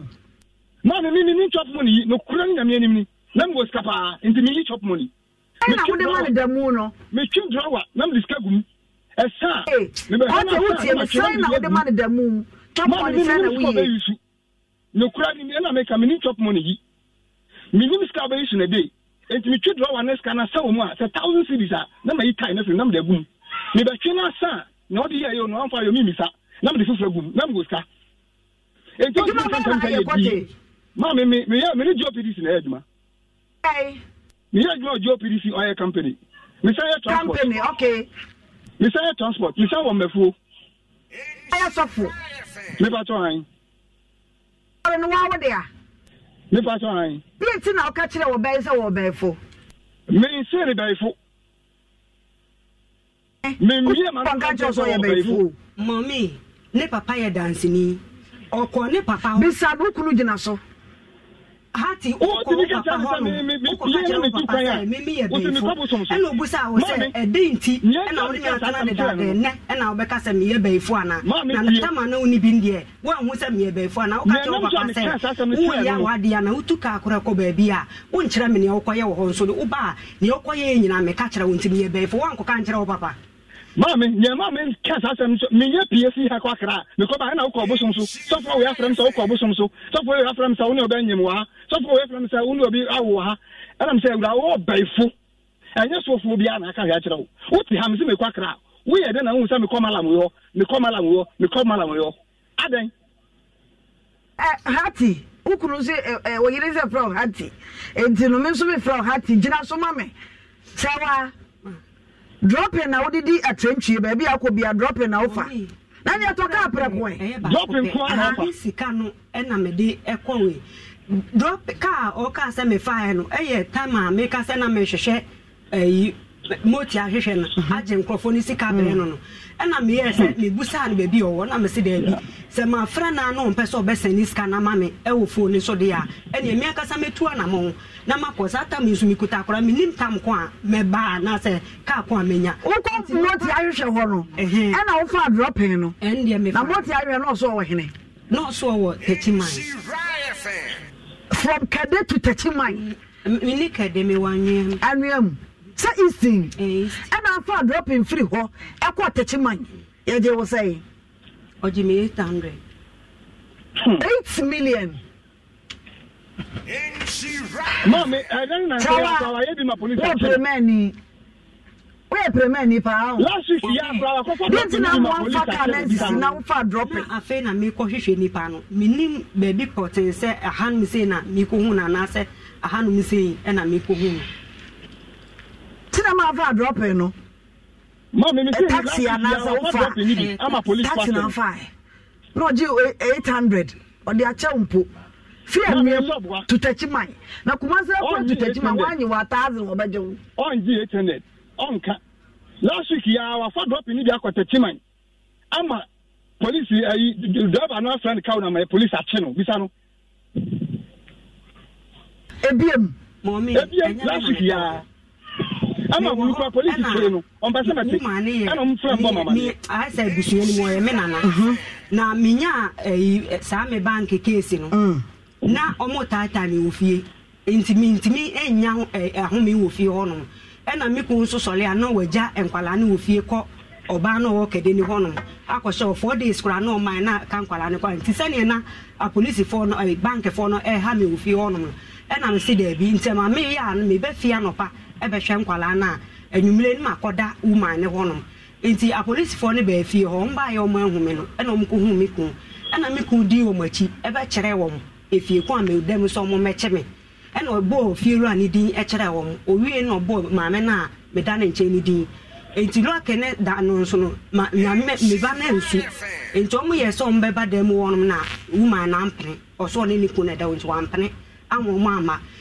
maami mi ni ni chop money yi n'okura ni nyamiya ni na mi wọ sika paa nti mi yi chop money. sẹ́yìn na wọ́n di ma ni dẹ̀mu nù. mi twi drawa na mi di sika gum ɛsa. E ɔtí e, o e tiẹ̀ mi sẹ́yìn na wọ́n di ma ni dẹ̀mu chop money sẹ́yìn na wọ́n yi. n'okura ni mi ɛna mi ka mi money yi mi ni mi sika bɛ yi sùn ɛdè nti mi twi drawa ne sika na sɛ wɔn a sɛ thousand series a na ma yi tie ne fi na mi dɛ gum mi bɛ twi na san na ɔde yɛ yɛ no amfa yɛ mimisa na mede foforɔ gum na mego sika enti ɔde sɛnsɛm sɛ yɛdi ma me me meyɛ mene gopdc na ɛyɛ adwuma meyɛ adwuma wɔ gopdc ɔyɛ company mesan yɛ transport mesan yɛ transport mesan wɔ mmafuo ayɛ sɔfo mepatɔ han ɔre no waa wode a mepatɔ han plenti na ɔka kyerɛ wɔ bɛyɛ sɛ wɔ bɛyɛfo mensɛ ne bɛyɛfo Eh, mami ne papa yɛ danseni ɔkɔ ne papa hɔ bisa no kunu gyina so hati wokɔ wo papa hɔ no ka papa sɛ meme yɛ bɛyifo ɛna obusa wo sɛ nti ɛna sɛ bɛyifo ana na netama na woni bi ndeɛ woanhu sɛ meyɛ bɛyifo ana woka kyerɛ wo papa sɛ ana kaa kɔ a wonkyerɛ me nea wɔ hɔ nso de a nea wokɔyɛ yɛ kyerɛ nti maame nyɛ maame kɛ saa asɛm so menyɛ pie si ha kɔ akra mekɔba ɛna wokɔ bosom so sɔfoɔ wo yɛafrɛ m sɛ wokɔ bosom so sɔfoɔ yɛ afrɛ m sɛ wo ne ɔbɛnyem wɔ ha sɔfoɔ wo yɛafrɛ m sɛ wo ne awo wɔ ha ɛnam sɛ awura wo ɔbɛifo ɛnyɛ sofoɔ biara na aka hwɛ akyerɛ wo wote ha me sɛ mekɔ akra woyɛ dɛn na wohu sɛ mekɔ malam yɔ mekɔ malam yɔ mekɔ malam yɔ adɛn hati wokunu sɛ wɔyere sɛ frɛ wo hati enti no me nso mefrɛ wo hati gyina so ma me sɛ dropping na wodidi atrenchie baabi akɔ bia dropping na wofa na ne ɛtɔ kaa prɛ koɛ dropping kɔ na wofa sika no ɛna mede ɛkɔ we drop kaa ɔkaa sɛ mefaeɛ no ɛyɛ time a meka sɛ na mehwehwɛ ayi moti ahwehwɛ no agye nkurɔfoɔ no sika brɛ no no ɛna meyɛ sɛ hmm. no baabi ɔwɔ na mese daabi sɛ mafrɛ naa no ɔmpɛ sɛ ɔbɛsɛne sika no ama me ɛwɔ fone so deɛ a ɛneɛ hmm. meankasa na makɔ saa tam nso mekuta akora menim tam ko a mɛbaa anaasɛ kaa ko a mɛnya wokɔ ahwehwɛ hɔ no ɛna wofa adrɔpen no na mɔte ahwehwɛ na hene na from kade to mene kade anwea mu sɛ eastin ɛna afa dropping free hɔ ɛkɔ tɛkyi man yɛgye wo sɛ ɔgye me eight hundred hmm. eight million maame ɛdɛn na nkɛyɛ yɛ bi ma polisi akyerɛ woyɛ premani woyɛ premani paa last week yɛ afra wakɔfɔ na mo afa kaa na nsisi na wofa dropping afei na mekɔ hwehwɛ nipa no menim baabi pɔten sɛ ɛha no mi na aha mi sei ɛna nti na maa fa adrɔpin no taxi anaasɛ wofa taxi na fa yɛ na ɔgye eight hundred ɔde akyɛw mpo fi ɛmiɛ tutakyi man na kumase ɛkɔ tutakyi man wanyi wa thousand ɔbɛgye wo. ɔngye eight hundred ɔnka last week yà wafa drɔpin ni bi akɔ tutakyi man ama polisi afra na ma polisi no bisa no. ebiem ebiem last week ama wo polisi tiri no ɔmpa sɛ mate ana mfra bɔ mama ne ayɛsɛ na na wɔ fie eh, eh, hɔ nom ɛna nso a na wɔagya nkwalaa no wɔ fie kɔ ɔbaa no ɔwɔ hɔ nom akɔhyɛ days na ɔman na ka nkwalaa no kɔ nti na no eh, no ɛha wɔ fie hɔ nom ɛna ntɛm a a ɛbɛhwɛ nkwalaa no a anwummere no makɔda woman ne hɔnom nti apolisifoɔ no baafie hɔ mbaayɛ ɔmo ahome no ɛna ɔmo kɔhu me kun ɛna me kun di wɔn akyi ɛbɛkyerɛ wɔn efie kun a me dɛm sɛ ɔmo mɛkyɛ me ɛna ɔbɔ fie wura ne din ɛkyerɛ wɔn owie na ɔbɔ maame no a meda ne nkyɛn ne din nti lɔɔke ne da no nso no ma nyame meba na nsu nti ɔmo yɛ sɛ ɔmo bɛba dɛm wɔnom na woman na ampene ɔsɔ ne ne kun na ɛda wɔn nti wɔn ampene ama ɔmo ama.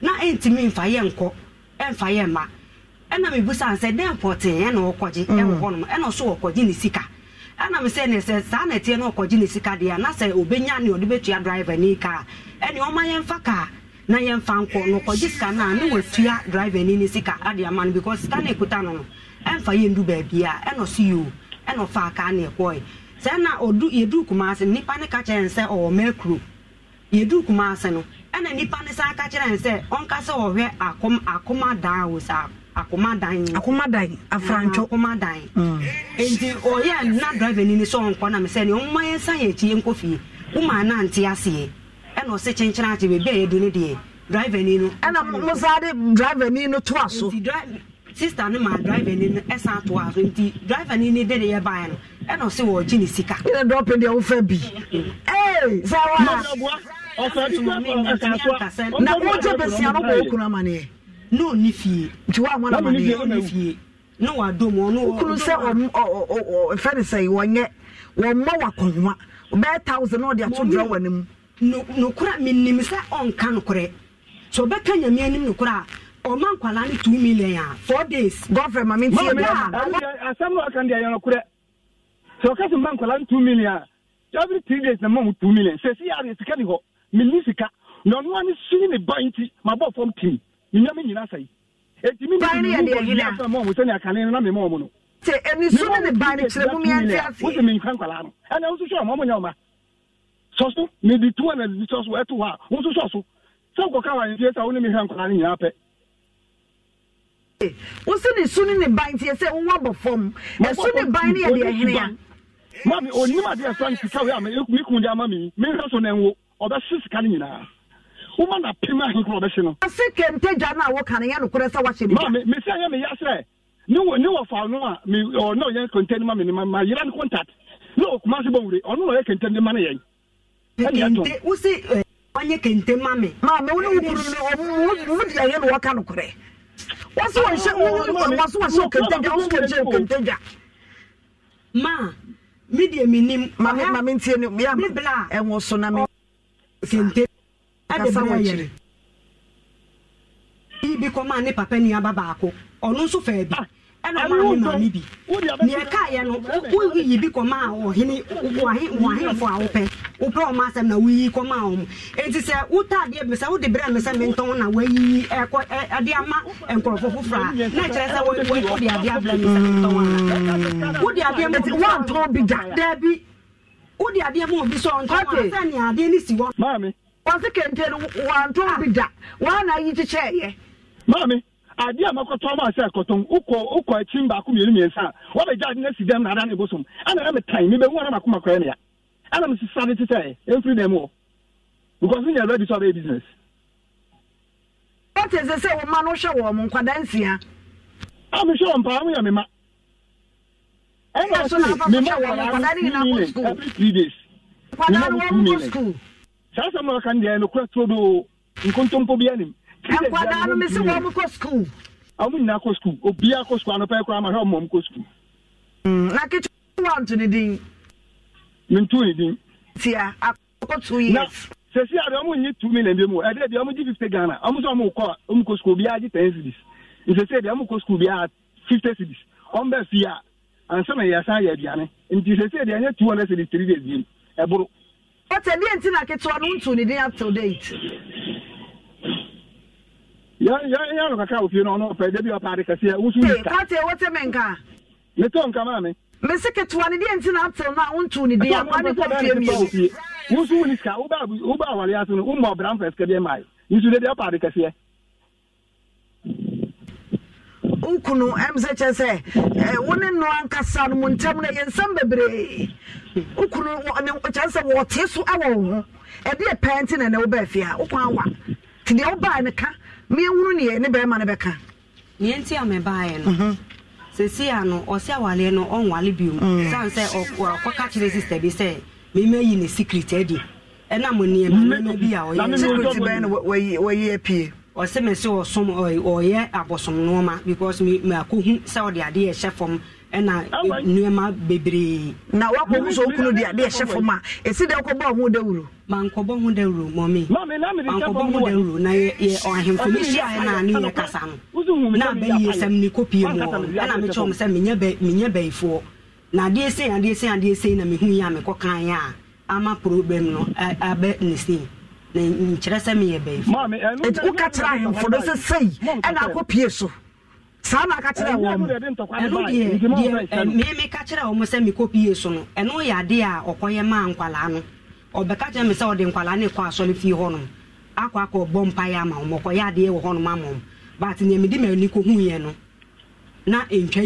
na ɛntumi nfa yɛ nkɔ ɛnfa yɛ mma ɛna mebusa no sɛ dɛn ɛna ɔkɔgye ɛwɔ ɛna ɔso ɔkɔgye ne sika ɛna sɛ ne sɛ saa na ɛteɛ na ɔkɔgye ne sika deɛ na sɛ obɛnya ne ɔde bɛtua driver ne kaa ɛne ɔma yɛmfa kaa na yɛmfa nkɔ na ɔkɔgye sika a na watua driver ne ne sika ade ama no because sika no no ɛna yio ɛna ɔfa kaa ne na yɛduru kumaa se nnipa ne ka yɛduru kuma ase no ɛna nipa ne san ka kyerɛ ɔnkasa ɔhwɛ akom akomadan wɔ afrantwo. nti na driver ni ni sɛ ɔnkɔ na sɛ nea ɔmo ayɛ nsa yɛ akyi nkɔ fie ɔmo anante aseɛ ɛna ɔsɛ kyɛnkyɛn ati a yɛdu ne deɛ driver ni no. ɛna mo driver ni no to aso. nti driver sista ma driver ni no ɛsan to aso nti driver ni ni de de yɛ ban no na wogye bɛsia no wɔ okunu amanneɛ na ɔni o nti woamɔ no amanneɛ ɔni fie na wadom ɔno wokunu sɛ ɛfɛ ne sɛ wɔnyɛ wɔmmɔ wakɔnwa bɛɛ thousand na ɔde ato drawa no mu nokora menim sɛ ɔnka nokorɛ sɛ ɔbɛka nyame anim nokorɛ a ɔma nkwalaa no two million a four days gɔfrɛ ma mentie asɛm no aka deɛ yɛ nokorɛ sɛ ɔka sɛ mba nkwalaa no two million a every three days na ma mu two million sɛ si yɛ ade sika ni hɔ mini sika na ɔno ano sini ne ba nti ma bɔ fam tim nyame nyina sa yi eti mi ni mi mu kɔ nyina sɛ mo sɛ ne akane no na mi mu ɔmo no. te ɛni so ne ne ba kyerɛ mu miɛ nti ase. wosi mi nkwa nkwalaa no ɛna wosi sɔ ɔmo nya ɔma sɔso mi di two hundred bi sɔso ɛto hɔ a wosi sɔso sɛ nkɔka wa nfie sa wone mi hwɛ nkwalaa no nyinaa pɛ. wosi ne su ne ne ba nti sɛ wɔn abɔ fam ɛsu ne ba ne yɛ deɛ hene a. maami onim adeɛ na nwo ɔbɛsi sika no nyinaa woma na pem ahe kora ɔbɛhye no ase kɛntagya no a woka no yɛ nokorɛ sɛ woahyɛ ne me sɛ yɛ meyɛ sɛ ne wɔ ne wɔfa no a me ɔna ɔyɛ kɛntɛ no ma me ma yera no contact na ɔkuma se bɛwure ɔno na ɔyɛ kɛntɛ no ma no yɛn ɛne ɛtɔ ɔnyɛ kente ma me maa mɛ wone wokuru no wode ayɛ no wɔka nokorɛ wɔso wɔnhyɛ wɔso wɔhyɛ kentagya wɔso wɔnhyɛ kentagya maa medeɛ menim mame ntie no bia ɛwo so na me kente ɛde ba wɔkyiri bi kɔmaa ne papa ni aba baako ɔno nso fɛɛ bi ɛna ɔmaa ne maame bi nea ɛka yɛ no woyi bi kɔmaa ɔhene wɔahenfo a wopɛ wopɛ ɔma asɛm na woyi kɔmaa ɔmo enti sɛ wotaadeɛ bi sɛ wode berɛ me sɛ mentɔn na wayiyi ɛkɔ ɛde ama nkurɔfo foforɔ a na ɛkyerɛ sɛ wode adeɛ abrɛ me sɛ mentɔn ana wode adeɛ mo woantɔn bi gya daabi wode adeɛ ma obi sɛ ɔntɔn sɛnea adeɛ no si hɔ maame kente no wantɔn ah. bi da waana yi kyekyɛɛyɛ maame adeɛ a makɔtɔn ma sɛ wokɔ wokɔ baako mmienu mmiɛnsa a wɔbɛgya dɛm ne bosom ana na metan mebɛhu ana makoma mea ana mesesa because sɛ business sɛ sɛ no wohyɛ wɔ mo a mehwɛ wɔ mpaa me ma ɛna so na afɔkɔtɔ wɔn nkwadaa ne nyinaa kɔ sukuu nkwadaa ne wɔn kɔ sukuu. saa nim nkwadaa no me se wɔn kɔ sukuu ɔmo nyinaa kɔ sukuu obiaa kɔ sukuu anɔpɛ koraa ma hwɛ ɔmɔ na ketewa wa nto ne din mentu ne din tia akɔkɔ two years two million bi mu ɛdɛ deɛ fifty ghana ɔmo sɛ ɔmo kɔ ɔmo kɔ sukuu obiaa gye ten cedis nsɛsi deɛ ɔmo kɔ fifty cedis ɔmo bɛ fi ansa na yɛsan yɛ aduane nti sɛ sɛ deɛ ɛnyɛ two hundred and three days yim ɛboro. ɔtɛ bi nti na ketewa no ntu ne din ato date. yɛn ano kakra ofie no ɔno ɔpɛ dɛbi ɔpaade kɛseɛ wusu nika. ee kate wote mi nka. ne tɔ nka maa mi. mesi ketewa ne deɛ nti na ato na ntu ne din akwa ne kɔ fie mmienu. wusu nika woba woba awale aso no wumma ɔbran fɛsikɛ bi ɛmaa yi nsu de deɛ ɔpaade kɛseɛ. nkunu ɛmusɛ kyɛ ẹ ɛɛ eh, wɔne nnua ankasa no mu ntɛm na yɛn nsɛm bebree nkunu ɔne kyɛ sɛ wɔte so ɛwɔ wɔn ho ɛde yɛ pɛnti na na ɔbɛ fia ɔkwan awa te deɛ ɔbaa ne ka mmea ewuru ne yɛ ne bɛrima ne bɛka. nea nti a mɛ baa yɛ no mhm. sisi a no ɔsi awaleɛ no ɔnwale bi mu mm. san sɛ ɔkɔka kyerɛ sista bi sɛ mmemme yi ne sikiriti ɛdi ɛnam nneɛma nneɛma bi a ɔyɛ sikiriti bɛn no wɔyi apie. ɔsɛ me sɛ ɔsom ɔyɛ abosom nneɛma because me akɔhu sɛ ɔde adeɛ ɛhyɛ fam ɛna nneɛma bebree. na wakɔhu sɛ okunu de adeɛ ɛhyɛ fam a esi dɛ ɔkɔbɔ ɔho dawuro. mankɔbɔ ho dawuro mɔmi mankɔbɔ ho dawuro na yɛ yɛ ɔhemfo mi hyia yɛ naa ne yɛ kasa no na abɛ yie sɛm ne kopie mu ɔ ɛna me kyɛw m sɛ menyɛ bɛ menyɛ bɛyifoɔ na adeɛ sei adeɛ sei adeɛ sei na mehu yɛ a mekɔ kan yɛ a ama problem no abɛ ne sei. nkyerɛ sɛ meyɛ bɛyifoɛnti woka kyerɛ ahemfo no sɛ sei ɛna akɔ pie so saa na aka kyerɛ wɔ meka kyerɛ wɔ m sɛ mekɔ pie so no ɛno yɛ a ɔkɔyɛ maa nkwalaa no ɔbɛka kyerɛ me sɛ ɔde nkwalaa no ɛkɔ asɔre fie hɔ akɔ akɔ bɔ mpaeɛ ama wɔm ɔkɔyɛ adeɛ wɔ ama but neɛ mede no na ntwa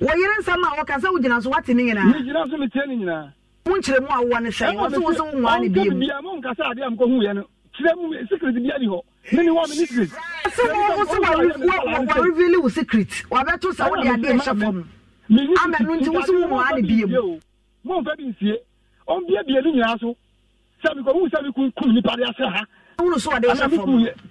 wɔyere nsɛm a wɔka sɛ wogyina so woate ne nyinaa megyina so metie ne nyinaa wo nkyerɛ mu a wowɔ ne hyɛn wɔse wo sɛ wonwaa ne biamubia monkasa adeɛ a mkɔhuuɛ no kyerɛ mu secret bia ni hɔ mene hɔ mene secret sɛ wo so warevele wo secret wabɛto sɛ wode adeɛ hyɛ fam amɛno nti wo so wonwaa ne biam momfa bi nsie ɔmbiabia no nyinaa so sɛ mekɔhuu sɛ mekunkum nnipa de asɛ ha wono so wade hyɛ fam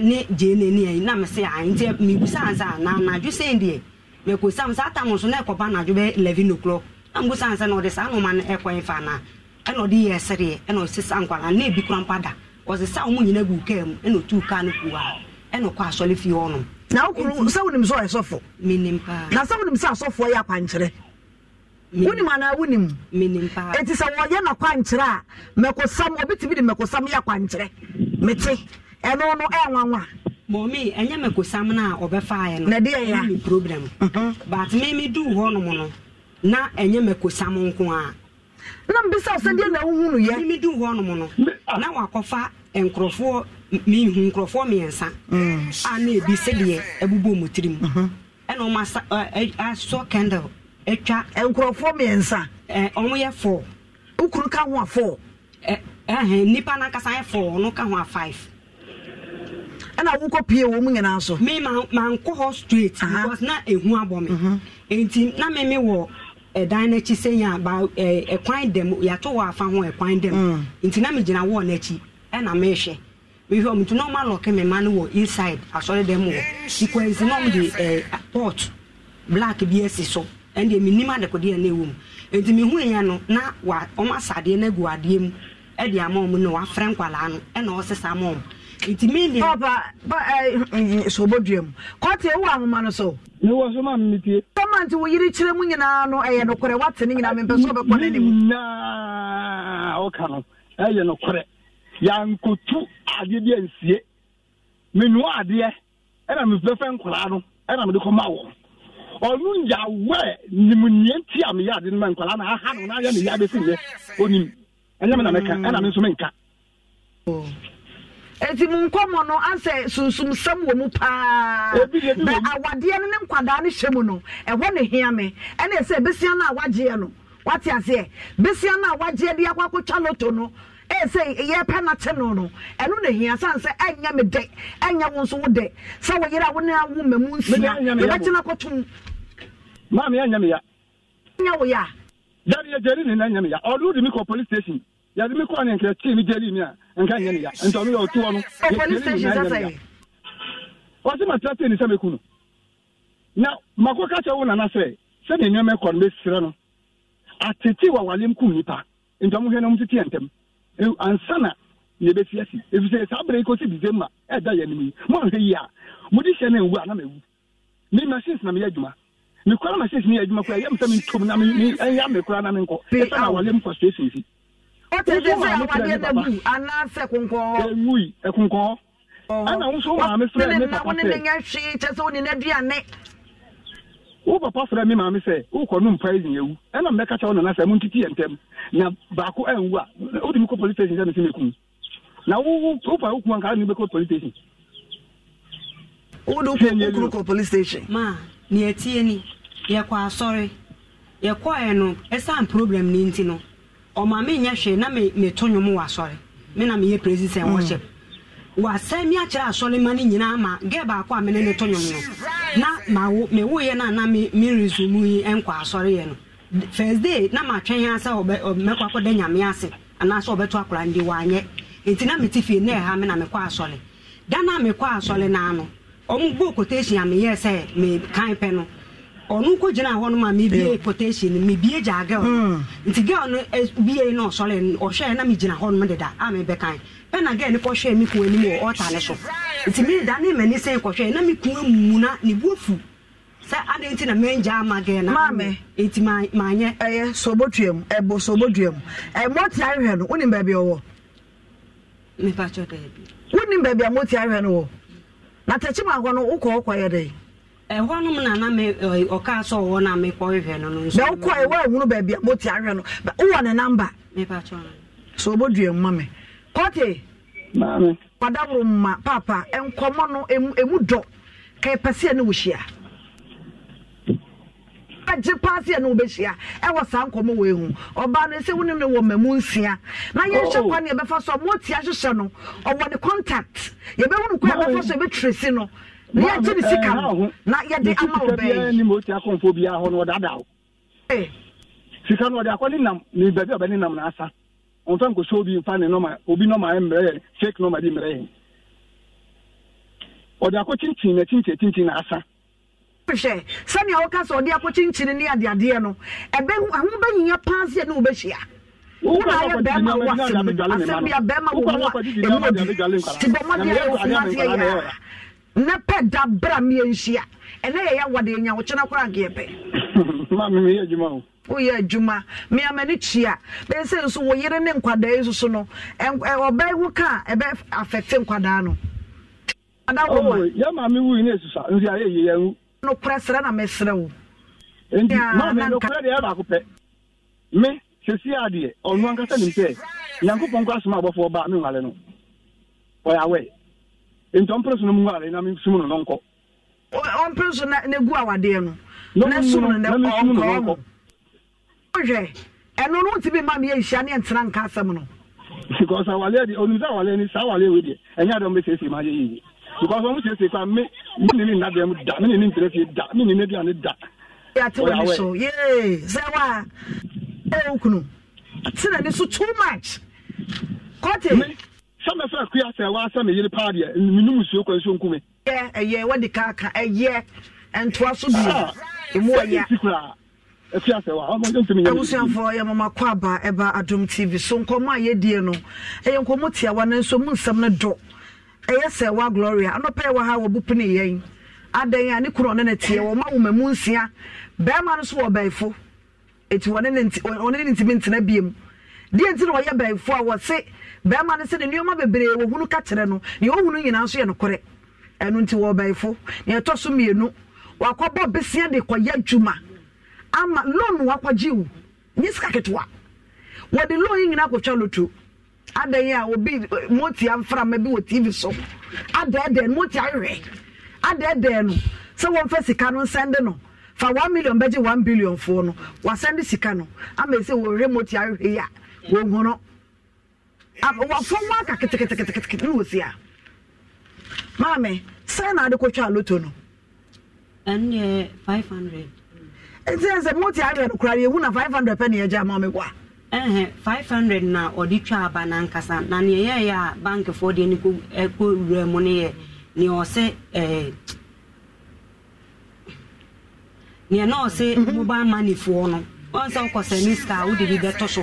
ne gye na mese anyi nti ansa na anadwo sɛn deɛ mekɔsam so na ɛkɔba anadwo bɛ 11 o'clock na mbusa ansa na ɔde saa noma no ɛkɔn fa na ɛna ɔde yɛ sereɛ ɛna sa nkwala na ebi kora mpa sa ɔmo nyina gu kaa mu ɛna otu kaa no kuwa ɛna ɔkɔ asɔre fie hɔnom na na sɛ yɛ akwankyerɛ wonim anaa wonim a mɛkosam de mɛkosam yɛ akwankyerɛ ɛno no ɛwanwa mɔmi ɛnyɛ mɛkosam no a ɔbɛfaeɛ no na deɛ ya problem mhm. but me me duu hɔnom no na ɛnyɛ mɛkosam nko a na mbisa sɛ deɛ na wohu no yɛ me ah. na wakɔfa nkurɔfoɔ mm. a na ebi sɛdeɛ tirim mhm. ɛna ɔmo asa asɔ atwa nkurɔfoɔ mmiɛnsa ɔmo yɛ four ka ho a four ɛhɛn nipa n'ankasa yɛ four ɔno ka ho a ɛna wokɔ pie wɔ mu nyinaa so me mankɔ hɔ straight because na ɛhu abɔ me enti mhm. na meme wɔ ɛdan ba ɛkwan dɛm yɛato wɔ afa ho ɛkwan dɛm mm. nti na megyina wɔɔ n'akyi ɛna mehwɛ mehwɛ ɔmo na ɔmo alɔke me ma no wɔ inside asɔre dɛm wɔ na ɔmo port bi asi so adekodeɛ na ɛwɔ mu nti mehu no na wa ɔmo na adeɛ mu ɛde ama na wafrɛ nkwalaa no ìtìmí oh, eh, mm, mm, ni. papa sọgbọdua mu kọtì ewu ahoma no so. ne wọ so maa mi tie. tọ́mà ntí wọ́n yiri kyerẹ́ mu nyinaa no ẹ̀yẹ nukurẹ̀ wà tẹ̀ ne nyinaa mi mpẹ́ sọ bẹ kọ́ n'anim. nyinaa ọkà no ẹ̀yẹ nukurẹ̀ yankotu adeɛ bi nsie menua adeɛ ɛna mefɛfɛ nkwaraa no ɛna mede kɔma wɔn ɔno yawɛ nimnie nti a meyɛ ade no ma nkwaraa na aha no na ayɛ ne yɛ abɛsi nnɛ onim ɛnyɛ eh, me eh, na mɛka ɛna me nso menka oh. eti mu nkɔmɔ no asɛ sunsum sɛm wɔ mu paa na awadeɛ no ne nkwadaa no hyɛ mu no ɛhɔ ne hia me ɛna ɛsɛ besia no a wagyeɛ no wate aseɛ besia no a wagyeɛ de na akɔtwa loto no ɛsɛ yɛpɛ na kyɛ no no na hia san ɛnyɛ dɛ ɛnyɛ nso dɛ sɛ ne awo ma mu nsia ya ɛnyɛ wo ya na ɛnyɛ ya kɔ nka nyɛ ne ya nti ɔno yɛ ɔtu hɔ no ɔse na makɔka kyɛ wo nana sɛ sɛdeɛ nneɛma ɛkɔ no bɛsrɛ no atete wawalem kum nipa nti ɔmohwɛ no mtete ɛntɛm ansa na yɛbɛsi asi ɛfisɛ saa berɛ yi kɔsi december ɛda yɛ anim yi moanhwɛ yi a mode hyɛ na mawu me machines na meyɛ adwuma mekora wote oh. wo papa frɛ me maame sɛ mpa ɛna kyɛ wo nana sɛ montiti yɛ na baako anwu a wode mekɔ police station sɛ mese mekum na wopa wokum ankara ne bɛkɔ police station wode police station ma neɛtie ni yɛkɔ asɔre yɛkɔɛ no ɛsan problem ne nti no ɔma menyɛ hwee na meto nwom wɔ asɔre me na meyɛ praise sɛ mm. worship wasɛe me akyerɛ asɔre ma no nyinaa ma gɛ baako a mene ne to nwom no na mewoyɛ no ana meresumu yi nkɔ asɔreyɛ no first day na matwɛn a sɛ mɛkɔ akɔda nyame ase anaasɛ ɔbɛto akora ndi wanyɛ nti na mete fie ne ɛha me na mekɔ asɔre da na mekɔ asɔre naa no ɔmo bɔɔ quotation a meyɛɛ sɛ mekan pɛ no ɔno nkɔgyina hɔ no ma mebie potation mebie gyaa girl hmm. nti girl no bie no ɔsɔre na megyina hɔ nom deda a mebɛkan ɛna girl no kɔhwɛ me kun anim wɔ ɔta ne so nti meda ne m'ani sɛn kɔhwɛ na me amumu na ne bu sɛ nti na ama girl na nti maanyɛ ɛyɛ sobotuam ɛbo sobotuam no wonim baabi ɔwɔ wonim baabi a no wɔ na tɛkyem ɛhɔnom na na ɔka sɛ ɔwɔ na mekɔhwehwɛ no no na wokɔ ɛwɔ ahunu baabi a moti ahwɛ no wowɔ ne namba me pɔte kwadaworo nkɔmmɔ no ɛmu dɔ ka ɛpɛ ne wohyia agye paa ne wobɛhyia ɛwɔ saa nkɔmmɔ ɔbaa no wɔ nsia na yɛnhyɛ oh. kwa ne yɛbɛfa so a motia no ɔwɔ ne contact no na sika no na ya ɔde akɔ nam ne baabi a ɔbɛne nam na asa ɔmfa obi mfa ne nɔma obi nɔma ɛ mmerɛ nɔma mmerɛ ɔde akɔ kyinkyin na kyinkyin kyinkyin na asa hwɛ sɛnea woka sɛ ɔde akɔ kyinkyin ne adeadeɛ no ɛbɛ bɛnyinya paa seɛ ne wobɛhyia bɛrima asɛm bia bɛrima wo ho a ɛmu yɛ yɛ ne pɛ da bra mi nhyia ɛnɛ yɛ yɛ wɔde nya wɔkyɛnɛ koraa nkeɛ pɛ. maa mi mi yɛ adwuma o. woyɛ adwuma mmeama no kyia bɛɛ sɛ nso wo yere ne nkwadaa yi soso no ɔbɛn wo ka ɛbɛ afɛfe nkwadaa no. Oh, nokorɛ srɛ na mɛsrɛ wo. nti maa mi me sesi adeɛ ɔno ankasa nim sɛ nyankopɔn kɔ asoma abɔfoɔ ba mi nwale no ɔyɛ awɛ nti ɔmpere so no mu ale na mesum no no ɔmpere so na gu awadeɛ no na sum no na ɔnkɔ wohwɛ ɛno no wotumi ma meyɛ nhyia ne ɛntena nka asɛm no because awaleɛ deɛ ɔnim sɛ awaleɛ ni saa awaleɛ wei deɛ ɛnyɛ adɛ ɔmbɛsiesie ma yɛ yie because ɔmo siesie kwa me me ne ne nna dɛm da me ne ne ntere da me ne ne aduane da yɛate wɔ yee sɛ wa ɛwɔ kunu sɛ na ne so too much kɔte sɛ mɛfɛ akua sɛ waa sɛ meyere paa deɛ menom suo kwan so nkume ɛyɛ wode kaaka ɛyɛ ɛntoa so bio ɛmu ɔyɛ abusuafoɔ yɛ mama kɔ aba ɛba adom tv so nkɔmmɔ a yɛdie no ɛyɛ nkɔmmɔ tiawa no nso mu nsɛm no dɔ ɛyɛ sɛ wa gloria anɔpɛ wɔ ha wɔbo pene yɛn adɛn a ne kunu ɔne ne teɛ wɔma woma mu nsia bɛrima no so wɔ bɛɛfo ɛti ɔne ne ntimi ntena biem deɛ nti na ɔyɛ bɛɛfo a wɔse bɛrima no sɛ ne nneɔma bebree wɔhunu ka kyerɛ no neɛ wɔhunu nyinaa nso yɛ nokorɛ ɛno nti wɔbɛyifo neɛ ɛtɔ so mmienu wakɔbɔ besia de kɔyɛ adwuma ama loan wakɔgye wo nyɛ sika ketewa wɔde loan yi nyinaa akɔtwa loto adan yi a obi eh, moti amframa bi wɔ tv so adɛɛdɛɛ no moti adɛɛdɛɛ no wafɔm aka keteketekete ne wɔ si a maame sɛn na ade kɔtwa loto no 500 ɛnti sɛ moti ayɛ no na 500 pɛ na yɛgya ma me five 500 na ɔde twa aba nankasa na neɛ yɛyɛ a bankfoɔ deɛ ne kɔ wura mu no yɛ neɛ ɔsɛ neɛ na mobile no wọn sọ kọ sẹni sika awo bi bɛ so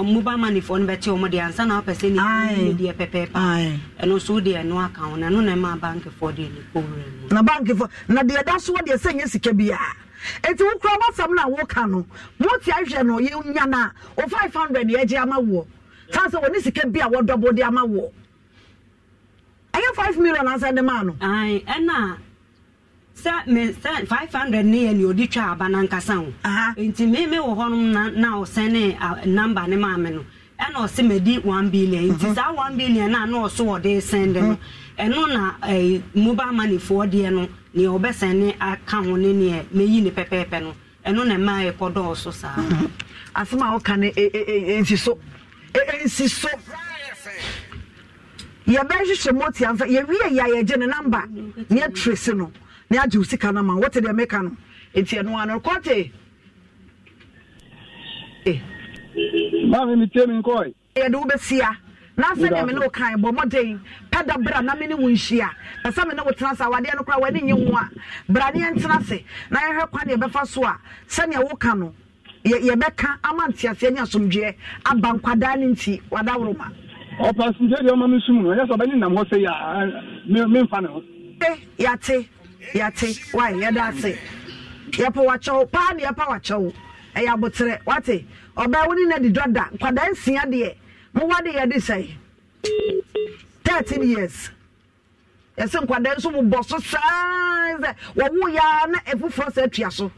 ɔmo mhm. ba ma ne fɔ ne bɛ ti ɔmo ansa na ɔpɛ sɛ ne ye ne deɛ pɛpɛɛpɛ ɛno so ɛno aka ho na ɛno na ɛma banki fɔ de ne na banki na deɛ da so deɛ sɛ nye sika bi ya eti wokura wasam na woka no mo ahwɛ no yɛ nya na o five hundred ama woɔ san sɛ wɔne sika bi a wɔdɔbɔ de ama woɔ ɛyɛ million ansa no. ɛna. sɛ me sɛ five hundred ne yɛ nea ɔde twa aba na nkasa ho nti me me wɔ hɔnom na na ɔsɛne namba ne maame no ɛna ɔsɛ di one billion nti mhm. saa one billion na na ɔso ɔde sɛn de no mhm. ɛno na ɛɛ mobile money foɔ deɛ no nea ɔbɛsɛn ne aka ho ne nea meyi ne pɛpɛɛpɛ no ɛno na mmaa yɛ kɔ dɔɔso saa. Mhm. asoma a ɔka no e, e, e, nsi so nsi so yɛbɛhyehyɛ mɔti anfa yɛwie yɛ a yɛgye ne namba ne yɛtire si no. na agye wo sika no ma wote deɛ meka no nti ɛno ano kɔte yɛde wobɛsia na sɛdeɛ me ne wo kan bɔ mmɔden pɛda berɛ na me wo nhyia pɛ sɛ me ne wo tena se awadeɛ no ho a se na yɛhwɛ kwa ne yɛbɛfa so a sɛnea woka no yɛbɛka ama nteaseɛ ne asomdwoeɛ aba nkwadaa no nti deɛ ɔma me no ɛyɛ sɛ ɔbɛne nam hɔ sɛ ne ho eh, yɛate yɛate wae yɛda ase yɛpɛ wakyɛw paa ne yɛpa wakyɛw ɛyɛ aboterɛ wate ɔbaa wo ne na di dɔda nkwadaa nsia deɛ mowa de yɛde sɛe 13 years yɛsɛ nkwadaa nso bobɔ so saa sɛ wɔwo yaa na ɛfoforɔ sɛ atua so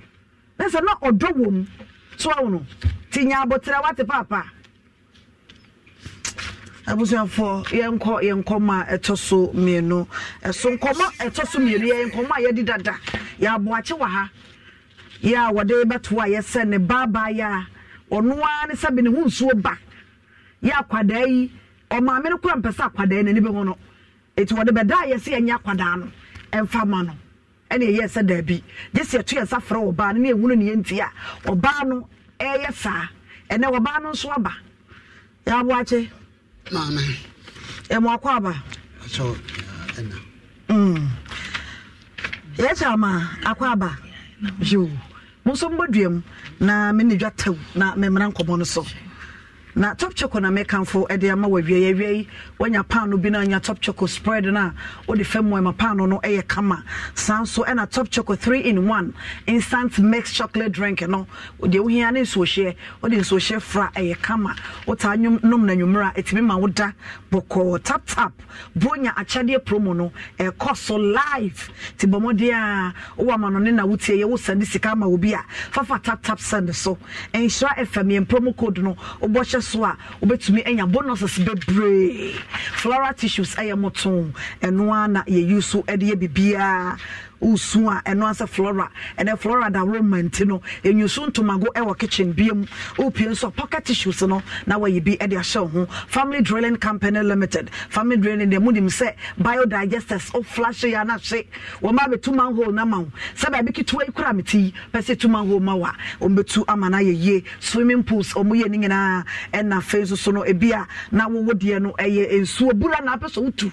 na sɛ na ɔdɔ wɔ mu so awo no nti nya aboterɛ wate paapaa abusuafoɔ yɛnkɔ yɛn nkɔmɔ a ɛtɔ so mmienu ɛso nkɔmɔ ɛtɔ so mmienu yɛ nkɔmɔ a yɛdi dada yɛaboakye wɔ ha yɛ a wɔde bɛto a yɛsɛ ne baabaa yɛ a ɔnoa ara ne sɛbi ne ho nsuo ba yɛ akwadaa yi ɔmaame no kura mpɛsɛ akwadaa yi n'ani bɛ ho no eti wɔde bɛda a yɛsɛ yɛnyɛ akwadaa no ɛnfa ma no ɛna yɛyɛ sɛ daabi gye sɛ yɛto yɛsa frɛ ɔbaa no ne ehunu ne yɛn ti a ɔbaa no ɛɛyɛ saa ɛnɛ ɔbaa no nso aba yɛaboakye. maame ɛmɔ akɔ aba ɛsɛ uh, hmm. ama mo nso na me tew na memmra nkɔmmɔ no so na top choco na mekanfo ɛde ama wɔ awie awie yi wanya paano bi na anya top choco spread na eh, a wode fam wɔ paano no ɛyɛ kama saa nso ɛna top choco 3 in 1 instant mix chocolate drink no deɛ wohia ne nsuohyeɛ wode nsuohyeɛ fra ɛyɛ kama wotaa nom na nwummera ɛtumi ma woda bɔkɔɔ tap tap bronya akyɛdeɛ promo no ɛkɔ eh, so live nti bɔ a oh, wowɔ ama no ne na wotie eh, yɛ wosande sika ama obi a fafa tap tap send so nhyira fm yɛ promo code no wobɔhyɛ so a wobɛtumi anya bonuses bebree floral tissues ɛyɛ motɔn ɛnoa na yɛyi so de yɛ biribiara wosu a ɛno asɛ flora ɛnɛ flora da romant no ɛnwusu ntomago ɛwɔ kitchen biem wopie nso pocket tissues no na wɔyɛ bi ɛde ahyɛ ho family drilling company limited family drilling deɛ monim sɛ biodigesters woflashe yɛ no ahye wɔma bɛtu manhole na ma wo sɛ baabi ketewa yi kora mete yi pɛ tu manhole ma wo a ɔmbɛtu ama no ayɛ yie swimming pools ɔmoyɛ no nyinaa ɛna afei nso so no ebi a na wowo deɛ no ɛyɛ nsuo bura na apɛ sɛ wotu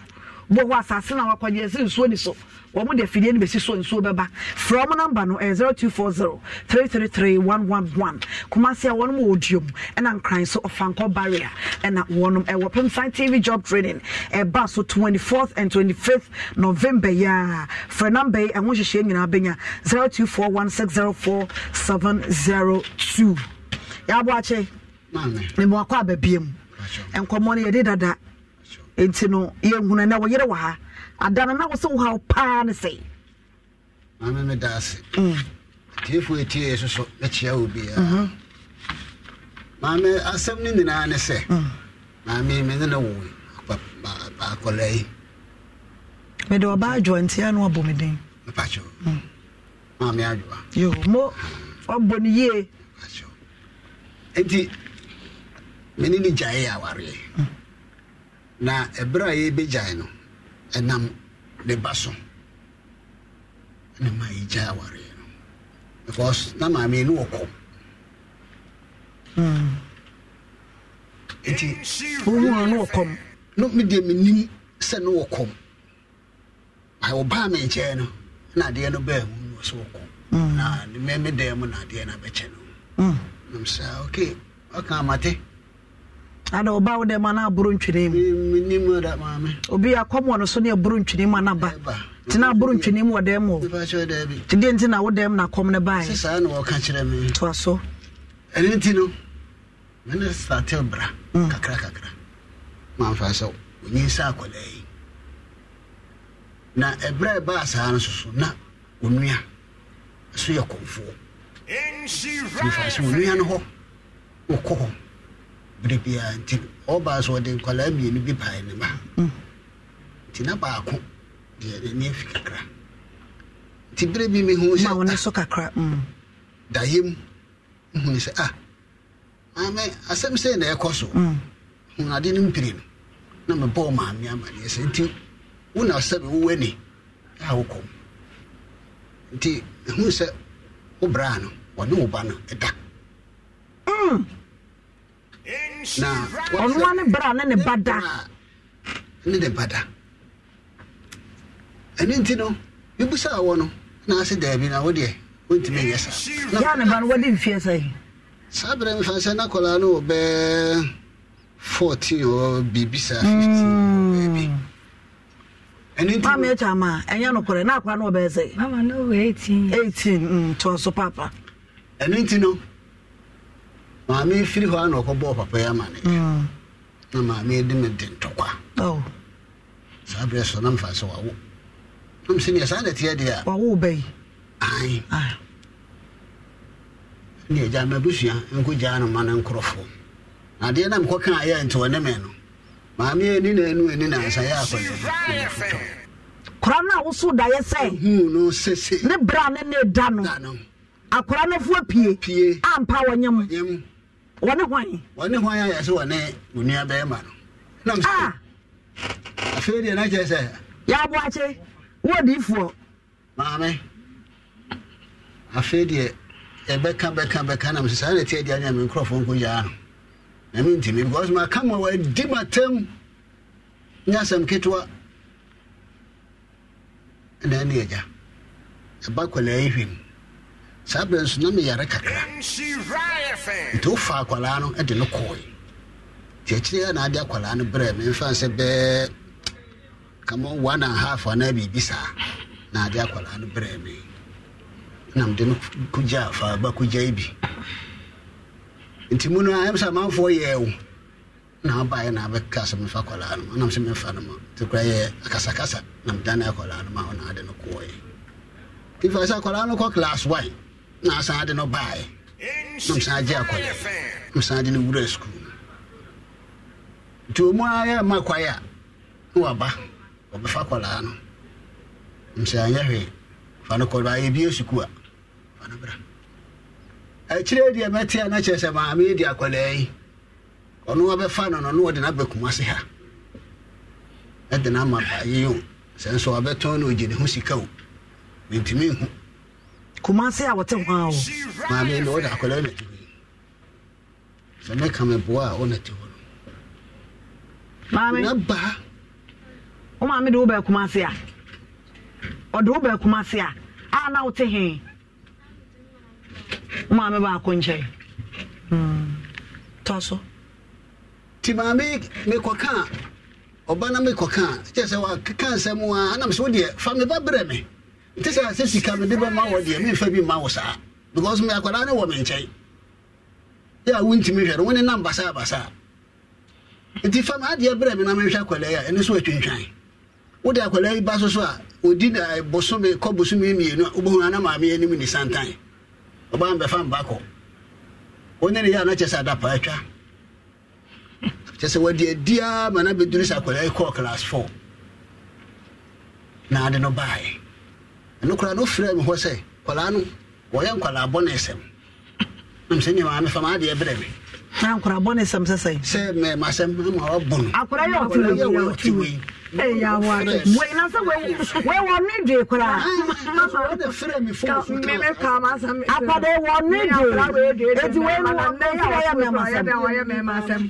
wɔwɔ asase na wakɔgye ɛsɛ nsuo ni so wɔn mo de afidie no bɛsi so nsuo bɛba frɛ ɔmo namba no ɛyɛ zero two four zero three three three one one one kumasi a wɔn mo wɔ diom ɛna nkran so ɔfankɔ barrier ɛna wɔn ɛwɔ pemsan tv job training ɛba so twenty fourth and twenty fifth november yaa frɛ namba yi ɛho hyehyɛ nyinaa bɛnya zero two four one six zero four seven zero two yabɔ akyɛ mɛmɔ akɔ abɛbie mu nkɔmɔ no yɛde dada nti no yɛhuna na wɔyere wɔ ha adana na wɔsɛ wo paa ne sɛ maame me da ase mm. tiefo ɛtie yɛ soso ɛkyia wo biaa mhm. maame asɛm no nyinaa ne sɛ mm. maame me ne ne wowe akɔla yi mede ɔbaa adwoa ntia na wabɔ me den mepakyɛ mm. maame adwoa mo ɔbɔ no yie nti mene ne gyaeɛ awareɛ na ɛberɛ a yɛbɛgyae no ɛnam ne ba so ne ma yɛgyae awareɛ no because na maame ne hmm. wɔkɔ nti wohunu ne wɔkɔm na medeɛ menim sɛ ne wɔkɔm ɔbaa me nkyɛn no na adeɛ no bɛɛ mu na ɔsɛ wɔkɔm hmm. na me me dan mu na adeɛ no abɛkyɛ no hmm. nam sɛ okay ɔka amate okay. ana ɔba wo dɛ ma na aboro ntwene mu obi akɔmmɔ no so ne aboro ntwene mu anaba nti na aboro ntwene mu ɔdɛm mụ nti deɛ ntị na wo mụ na akɔm na baɛ toa so ɛno nti no mene satel bra mm. kakra kakra nfa mamfa onye nsa akɔdaa yi na ɛberɛ ɛbaa saa no na onua ɛso yɛ kɔmfoɔ mfa sɛ onua no hɔ wɔkɔ hɔ berebiaa nti ɔbaa so ɔde nkwadaa mmienu bi pae ne ma nti na baako deɛ n'ani afi kakra nti bere bi mi hu sɛ ma so kakra mm. daeɛ mu hu sɛ ah maame asɛm sɛ na ɛkɔ so mm. hu ade no mpire no na mebɔɔ maame amaneɛ sɛ nti wo na sɛ wowɔ ani a wokɔ nti hu sɛ wo braa no wɔne wo ba no ɛda mm. na ɔnoa ne bra ne ne bada ne ne bada ɛno nti no mebusa wɔ hmm. no na ase daabi na wodeɛ wontumi nyɛ ya yɛ ne ba no wɔde mfie sɛe saa berɛ mfa sɛ na kɔlaa no wɔ bɛɛ 14 ɔ biribi saa 15 maame ɛkyɛ ama a nokorɛ na akora no wɔbɛɛ sɛ 18 toɔ so papa ɛno nti no maame firi hɔ ana ɔkɔbɔɔ papa yi ama ne mm. na maame de me de ntɔkwa oh. saa berɛ so na mfa sɛ wawo na msɛ neɛ saa nɛteɛ deɛ a wawo bɛyi ae ne ah. agya mabusua nkɔgyaa no ma no nkorɔfoɔ na adeɛ na mekɔka ayɛ nti ɔne me no maame ani na anu ani nansa yɛ akɔyɛ kora no a woso daeɛ sɛ no sese ne bra ne ne da no akora no foɔ pie ampa wɔnyem wɔne hwan wɔne hwan ayɛ sɛ wɔne wo nua bɛrima no nam sɛ ah! afei deɛ na kyerɛ sɛ yɛaboakye woadiifoɔ maame afei deɛ yɛbɛka bɛka bɛka nam sɛ saa na ɛtiɛ deɛ anyame nkurɔfoɔ nko gyaa no na mentimi because maka ma wɔadi matam nyɛ asɛm ketewa na ɛne agya ɛba kwalaa ɛhwim saa berɛ nso na meyare kakra nti wofa akwalaa no de no kɔe nti akyiri a naade akwalaa no berɛ memfa sɛ bɛɛ kama one and half anaa biribi saa naade akwalaa no berɛ me na mede no kogyaa faaba kogyae bi nti mu no ayɛm sɛ amanfoɔ yɛɛ wo na abaeɛ na abɛka sɛ mefa akwalaa no nam sɛ memfa no ma nti kora yɛ akasakasa na medane akwalaa no ma wo naade no kɔɔɛ nti fa sɛ akwalaa no kɔ class one na saa de no baeɛ na msan gye akwaeɛ msan de no wura sukuu nti ɔmu a yɛma kwae a na waba wɔbɛfa kwaraa no msan yɛ hwee fa no kɔdaa yɛbie sukuu a fa no bra akyire deɛ mɛte a na kyerɛ sɛ maame yi de akwadaa yi ɔno wabɛfa no no na wɔde no abɛkuma se ha ɛde no ama baayɛ yɛ o sɛ nso wabɛtɔn na ogye ne ho sika o mentumi nhu kumase a wɔte ho a wo maame na wode akwadaa na tiwɔ sɛ meka meboa a wona tiwɔ maame na ba wo maame de wo baa kumase a ɔde wo baa kumase a a na wote he wo maame baako nkyɛn hmm. tɔ so nti maame mekɔka kan ɔba na mekɔka a kyɛ sɛ wakeka nsɛm a anam sɛ wodeɛ fa me ba berɛ me nti sɛ sɛ sika mede bɛma wɔ deɛ memfa bi ma wo saa because me akwadaa ne wɔ me nkyɛn yɛ a hwɛ no wo nam basaabasa nti fam adeɛ berɛ me na menhwɛ akwadaa yi a ɛno so atwintwan wode akwadaa yi ba so so a ɔdi bosome kɔ bosome mmienu a wobɛhu ana maame anim ne santan ɔbaa mbɛfa mba wo ne yɛ a na kyɛ sɛ adapa atwa kyɛ sɛ ma na bɛduru sɛ akwadaa yi kɔɔ class 4 na ade no baeɛ ɛno koraa no frɛ me hɔ sɛ kwalaa no wɔyɛ nkwalaa bɔne ɛsɛm nam sɛ nyɛmaa mefa maadeɛ berɛ me na nkwalaa bɔne ɛsɛm sɛ sɛe sɛ mɛmasɛm ama wabɔ no akwara yɛ ɔtiwei wɔne dwe koraa apadɛ wɔne dwe ɛti wei no wɔyɛ mɛmasɛm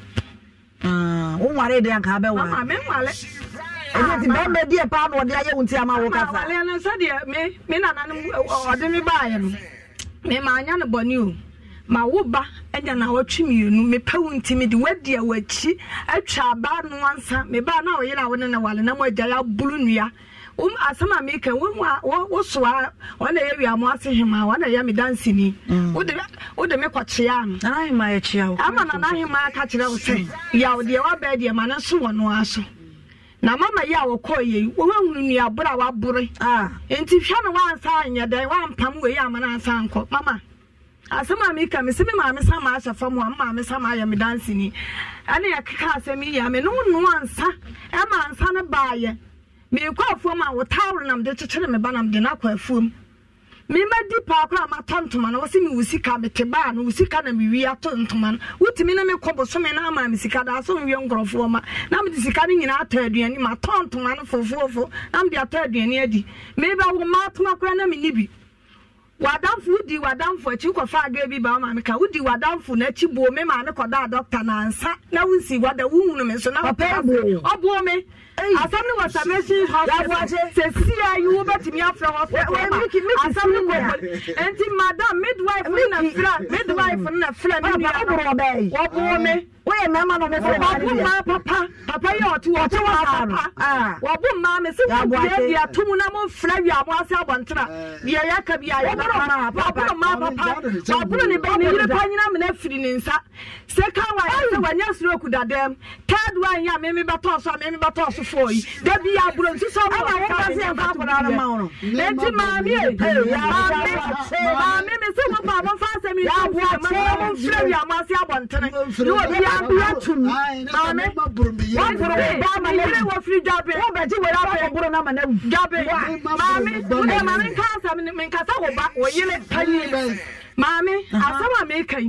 Mm. Ah, wo nware deɛ nka bɛware ɛnti bɛrima deɛ paa na ɔde ayɛ wo nti ama me no no bɔne o ma wo ba ɛnya na mmienu mepɛ wo woadi a w'akyi atwa no ansa na wɔn asɛm a meka wɔn a wɔso a wɔn na yɛ wiamu ase hema wɔn na yɛ mi dansi ni o mm. wode mi kɔ kyea no. nana hema yɛ kyea o. ama nana hema aka kyerɛ o sɛ yaw deɛ wabɛɛ deɛ ma ne so wɔ no aso na mama yi a wɔkɔ yi wɔn ahunu nua aboro a wabore. Ah. nti hwɛ no wansa anyɛ dɛ wampam wɔ yi ama nansa nkɔ mama asɛm a meka me sɛ me maame sa ma ahyɛ fam a me maame sa ma ayɛ me danseni ɛne yɛkeka asɛm yi yɛ me ne wo noa nsa ɛma nsa no baayɛ meekɔ afuom a wo taworo nam de kyekyere me ba nakɔ afuom matɔ ntoma no mewo sika mete baa no wo na mewie ntoma na mekɔ bosome no ama me sika daa so nwie nkurɔfoɔ ma na mede sika no nyinaa atɔ aduane matɔ ntoma no fofoofo na mede atɔ aduane adi mebɛwo maatoma kora na menni bi wadamfo wodi wadamfo akyi bi ba ka wodi wadamfo n'akyi buo me dɔkta nansa na asam ne wɔ salvation hospital sɛsi a yi wo bɛtumi afrɛ hospital ma asam ne kɔ nti madam midwife ne na fira midwife ne na fira ne nua wɔbɔ me woyɛ mmarima na ɔmɛsɛ wɔbu mmaa papa papa yɛ ɔte wɔte wɔ papa ah. wɔbu mmaa me sɛ wɔbue di ato mu na mo mfra wi abo ase abɔntena deɛ eh. yɛaka bi a yɛboro mmaa papa mmaa papa wɔboro ne bɛn ne yere pa nyina mena firi ne nsa second one yɛ sɛ wɔnyɛ stroke dadam third one yɛ a meme bɛtɔɔ so a meme bɛtɔɔ so fo yi dabi aburo nti sọ ma ọ ka mi nfa akọrọ ara ma ọrọ eti maami e maami maami mi si mo pa mo fa asem yi tu fi ma mo mo nfiri wi ama si abọntene ni wo bi aburo tu mi maami wọn furu wo ba ma ne wo firi jabe wọn bẹ ji wẹrẹ abẹ buru na ma ne wu jabe maami ẹ maami nka asem mi nkasa wo ba wo yele panyi maami asem mi kan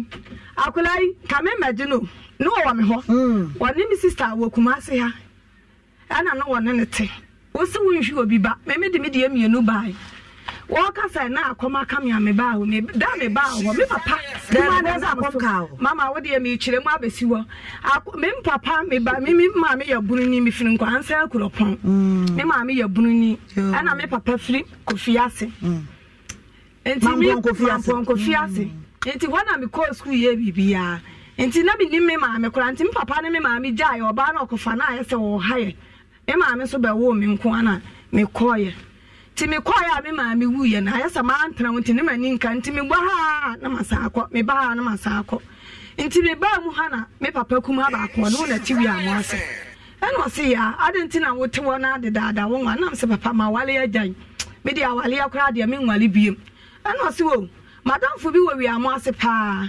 akwara yi ka mi di no ne wọ wọ mi hɔ wọ ne mi sista wọ kumasi ha ɛna na wɔne ne te wosi wonhwi obi ba mɛmɛ de mi deɛ mmienu baayi wɔkasa na akɔm aka me a me baa hɔ me da me baa hɔ me papa mmaa ne nsa akɔm ka hɔ mama wo deɛ mekyerɛ mu abɛsi hɔ akɔ me papa me ba me me maame yɛ bununi me firi nkɔ ansa akurɔpɔn mm. me maame yɛ bununi ɛna me papa firi kofi ase mm. nti mi mampɔn kofi ase nti wɔn na me kɔɔ sukuu yɛ biribiara nti na mi ni me maame koraa nti me papa ne me maame gyaayɛ ɔbaa na ɔkɔfa na ayɛ sɛ wɔwɔ ha yɛ me maame nso bɛwo me nko ana mekɔɔyɛ nti mekɔɔyɛ a me maame wuyɛ no ayɛ sɛ maantena wo nti ne m'ani nka nti mebɔ haa na masaa kɔ meba haa na masaa kɔ nti mebaa mu ha na me papa kum ha baako ɔno wo nati wie amo ase ɛna ɔse yɛ ade nti na wote wɔ no adedaada wo nwa nam sɛ papa ma wale agyan mede awaleɛ koraa deɛ menwale biem ɛna ɔse wo madamfo bi wɔ wie amo ase paa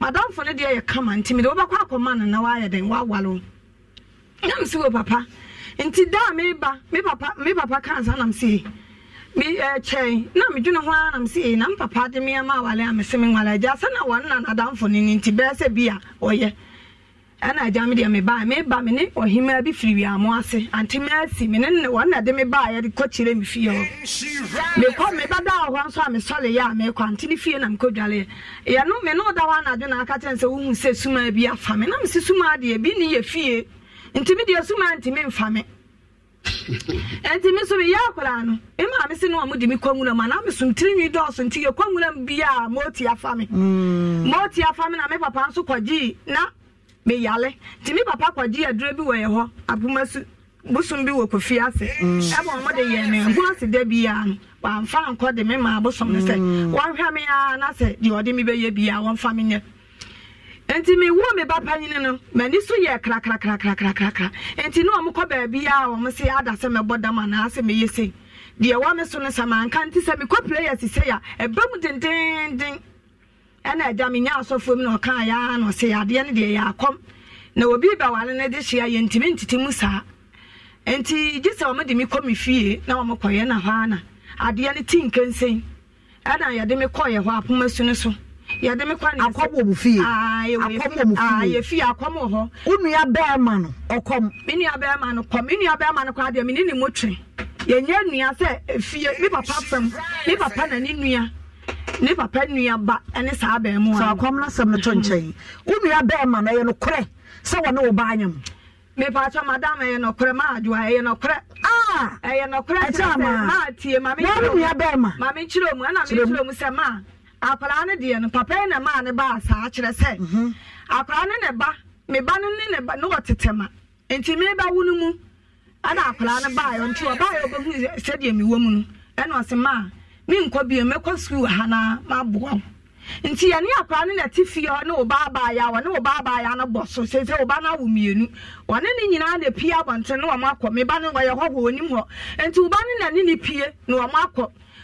madamfo no deɛ yɛ kama nti mede wobɛkɔ akɔma no na woayɛ den woawale wo nam se wo papa nti da meba me papa me papa eh, na medwene ho ara nam na mpapa de awale a mese nwale agya sɛ na wɔn na nadamfo no ni nti bɛyɛ sɛ bi a ɔyɛ ɛna agya me meba meba me ne ɔhemaa bi firi ase maasi kɔ me fie hɔ mekɔ hɔ a yɛ a mekɔ ante ne fie na mekɔ yɛ me ne ɔda hɔ na ntumi deɛ so maa ntumi nfa me ntumi nso meyɛ akwaraa no mmaa me se no a mode me kwanwuna mu anaa meso ntirinwi dɔɔso nti yɛ kwanwuna mu bia a mooti afa me mm. mooti afa me na me papa nso kɔgyee na meyale nti me papa kɔgyee aduro bi wɔ yɛ hɔ apoma su bosom bi wɔ kofi ase mm. ɛbɔ ɔmo de yɛ ne ho ase da bi ya no wamfa nkɔ de me maa bosom no sɛ mm. wɔnhwɛ me aa na sɛ deɛ ɔde me bɛyɛ bi ya wɔmfa me nyɛ nti mewo me ba panyini no m'ani so yɛ krakrakrakrakrakra nti ne ɔmo kɔ baabi a ɔmo se ada sɛ mɛbɔ dam anaa sɛ meyɛ sei deɛ ɛwɔ me so no sɛ manka nti sɛ mekɔ prayer sisei a ɛba mu dendenden ɛna ɛda menya asɔfoɔ mu na ɔkaa yɛa na ɔse adeɛ no deɛ yɛ akɔm na obi bawale no de hyia yɛntimi ntete mu saa nti gye sɛ ɔmo de me kɔ me fie na ɔmo kɔyɛ na hɔ ana adeɛ no ti nkɛnsɛn ɛna yɛde mi kɔɔ yɛ hɔ apoma su no so yɛde me kwane akɔbɔ mu fie akɔbɔ mu fie yɛ fie akɔm hɔ wo nua bɛrima no ɔkɔm me nua bɛrima no kɔm me nua bɛrima no kɔ adeɛ me ne ne mu twe yɛnyɛ nua sɛ eh, fie me papa fam me papa na ne nua ne papa nua ba ɛne saa bɛrima saa akɔm no asɛm no to nkyɛn wo nua bɛrima no ɛyɛ no korɛ sɛ wɔne wo baa nyam mepatɔ madam ɛyɛ nɔkorɛ maadwoa ɛyɛ nɔkorɛ ɛyɛ nɔkorɛ kyerɛ sɛ maatie mamenkyerɛ mu ɛna menkyerɛ mu sɛ maa akwaraa no deɛ no papa yi na maa ne asaa kyerɛ sɛ mhm. akwaraa no ne ba me no ne ne ba ne ma nti me ba no mu ɛna akwaraa no yɛ nti ɔbaa yɛ ɔbɛhu sɛdeɛ mu no ɛna maa mɛkɔ sukuu ha na maboa wo nti yɛne akwaraa no na ɛte fie ne ɔbaa ba yɛ bɔ so ɔbaa mmienu wɔne na abɔnten wɔn na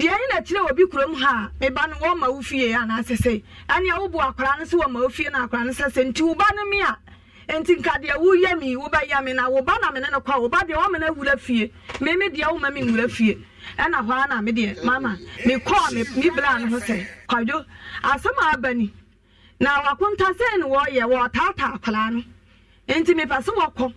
deɛ ɛne na kyerɛ wɔbi kurom ha a meba no wɔma wo fie anaasɛ sɛ ɛnea wobu akwara no sɛ wɔma wo fie no akwara no sɛ sɛ nti wo no me nti nka woyɛ mi wobɛyɛ me na wo ba na mene no kɔ a wo ba deɛ wɔma no awura fie meme deɛ woma me nwura fie ɛna hɔ a na medeɛ mama mekɔɔ me bra no ho sɛ kwadwo asɛm a aba ni na wakonta sɛ ne wɔyɛ wɔɔtaataa akwara no nti mepɛ sɛ wɔkɔ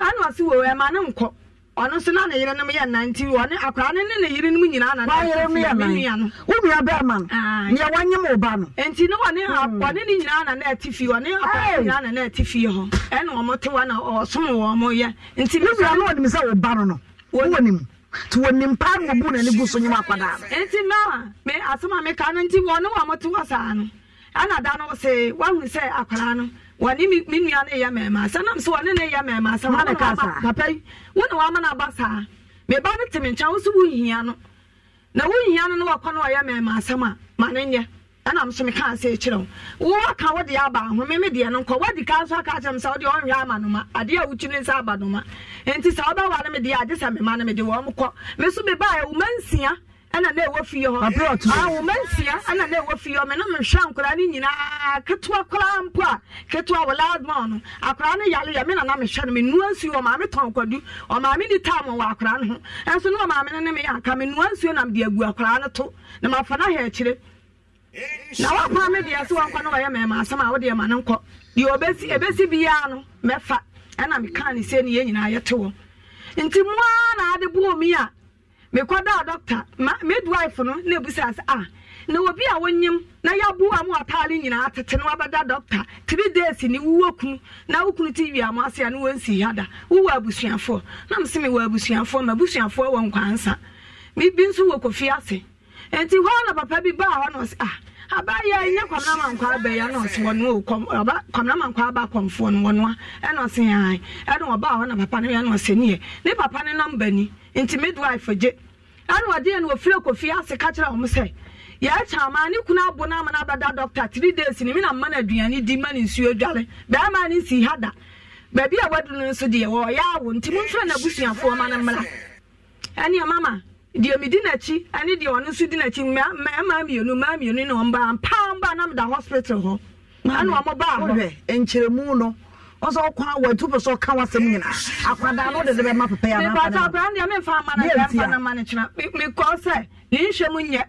ɛna ɔse wɔ ɛma ne nkɔ ɔno nso na ne yere no yɛ ɔne ne ne yere nyinaa na wayere no yɛ no neɛ wanyem wo ba no ne ɔne mm. ɔne ne nyinaa na na ɛte fie ɔne nyinaa na na ɛte fie hɔ ɔmo te wa na ɔsom wɔn mo yɛ nti ne nua no sɛ wo ba no no nim nti na ɔbu n'ani gu so nyem akwadaa no nti mmaa me asɛm a meka no nti wɔne wɔn mo te wa saa no ɛna da no wɔne me nua no yɛ mɛma sɛ nam sɛ wɔne ne yɛ mɛma sɛ wane papa yi wo ne wama aba saa meba no te me nkyɛn wo so wohia no na wohia no ne wɔkɔ no ɔyɛ mɛma asɛm a ma ne nyɛ ɛna m so meka asɛ kyerɛ wo woaka wode aba ho me deɛ no nkɔ woadi ka so aka kyerɛ m sɛ wode ɔnhwɛ ama noma adeɛ a wotwi ne nsa aba noma enti sɛ wobɛwa no me deɛ agye sɛ no mede wɔ m kɔ me so mebaɛ woma nsia ɛna na ɛwɔ fie hɔ awoma ah, nsia ɛna na ɛwɔ fie hɔ mɛ na mehwɛ nkwadaa no nyinaa ketewa koraa mpo a ketewa wɔ laadmɔn no akwadaa no yare yɛ me na na mehwɛ no menua nsuo ɔmaame tɔn kwadu ɔmaame ni taam wɔ akwadaa no ho ɛnso ne ɔmaame no ne me yɛ anka menua nsuo nam de agu akwadaa no to na mafa no ahɛ akyire na wakora me deɛ sɛ wɔnkɔ no wɔyɛ mɛma asɛm a wodeɛ ma no nkɔ deɛ ɔbɛsi ɛbɛsi biara no mɛfa ɛna mekaa ne sɛ ne yɛ nyinaa yɛte wɔ nti moa na ade boɔ mi a mekɔdaa dɔkta midwife no na ebusa sɛ ah na obi a wonyim na yabu a mu ataare nyinaa tete na wabɛda dɔkta three days ni wuwo kunu na wokunu ti wi amu ase a ne wɔnsi ha da wuwɔ abusuafoɔ na mo se mi wɔ abusuafoɔ ma abusuafoɔ wɔ nkwansa mi bi nso wɔ kofi ase nti hɔ na papa bi baa hɔ na ɔsi ah abaayɛ nye kwamnama nkwa abɛya na ɔsi wɔn o kɔm ɔba kwamnama nkwa aba kɔmfoɔ no wɔn a ɛna ɔsi yan ɛna ɔbaa hɔ papa no yɛ na ɔsi ne yɛ ne papa ne nɔmba ni nti midwife gye ɛna ɔde no ofiri kofi ase ka kyerɛ wɔn sɛ yɛakyɛ ama ne kunu abo no ama no abɛda dɔkta three days ne mi na mma no aduane di ma ne nsuo dwale bɛrima ne si ha da baabi a wadu no nso deɛ wɔyɛ awo nti momfrɛ n'abusuafoɔ ma no mmra ɛne mama deɛ medi n'akyi ɛne deɛ ɔno nso di n'akyi mmaa mmienu mmaa mmienu ne wɔn baa mpaa mbaa nam da hospital hɔ ɛna wɔn baa hɔ nkyerɛmu no ɔsɛ ɔkɔ awɔ etu pɛ sɛ ɔka wasɛm nyinaa akwadaa no de de bɛ ma pɛpɛ yɛ n'akwadaa no. mipata akwadaa ndeɛ mefa ama na deɛ mfa na ma ne kyerɛ mikɔ sɛ ne nhwɛ mu nyɛ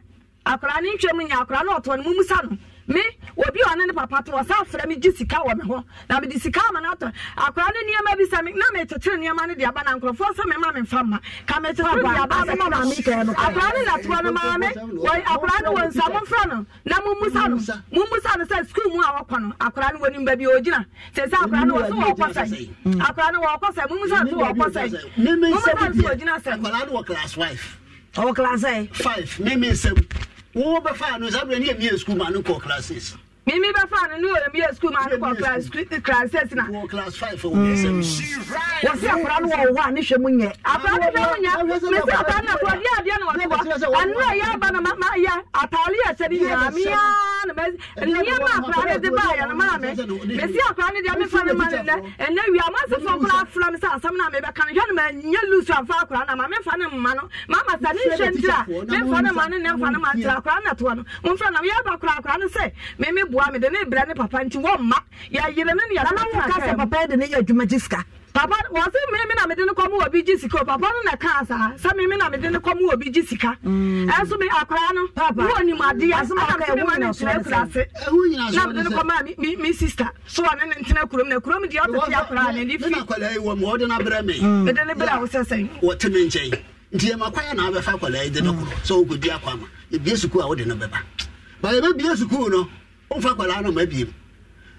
akwadaa ne nhwɛ mu nyɛ akwadaa na ɔtɔ mu musa no me obi ɔne ne papa to ɔsa afrɛ me gye sika wɔ me ho na mede sika ama no atɔ akora ne nneɛma bi sɛ me na metetere nneɛma no de aba na nkurɔfoɔ sɛ mema memfa ma ka metetere de aba bɛma maame akora ne natoa no maame akora ne wɔ nsa momfrɛ no na mommusa no mommusa no sɛ skul mu a wɔkɔ no akora ne wɔnim baabi a ɔgyina sɛ sɛ akora ne wɔ so wɔkɔ sɛ akora ne wɔkɔ sɛ mommusa no so wɔkɔ sɛ mommusa no so wɔgyina sɛ ɔwɔ class 5 ɔwɔ class 5 5 memesɛm wo bɛfa no saa berɛ ne yɛmia school ma no kɔ classes Mimi Bafan, no, me a school man for class, class, class five. What's your brother? One is a munya. I know you are Banama, Atalia said, Yamian, and Yama planted the buy and Mammy. Messia planted the family money, and then we are master for Clark from Sassamna, maybe can you man, you lose your Fakran, and my fan and Mano, Mamma Sanisha, then Fanaman and Fanaman, Kran at one. One friend of Yaba Kran say, Mimi wa mede ne brɛ ne papa nti wɔmma yɛyere ne ne yɛrɛka sɛ papa de ne yɛ adwuma gye sika papa wɔn sɛ mímí na mede ne kɔm wɔ bi gye sika o papa no na kaa saa sɛ mímí na mede ne kɔm wɔ bi gye sika ɛnso mi akwaraa no wɔ nim adeɛ ɛna mede ne ma ne ntena kura ase na mede ne kɔm a mi mi sista so wɔ ne ne kurom na kurom deɛ ɔtete akwaraa ne ne fi ɛna akwaraa yi wɔ mu ɔde na brɛ mi mede ne brɛ awosɛ sɛn wɔ te ne nkyɛn nti kwaya na abɛfa akwaraa yi de ne koro sɛ ɔkɔdua kwama ebie sukuu a wɔde ne bɛba ba yɛ bɛ sukuu no wofa akwadaa no ma biem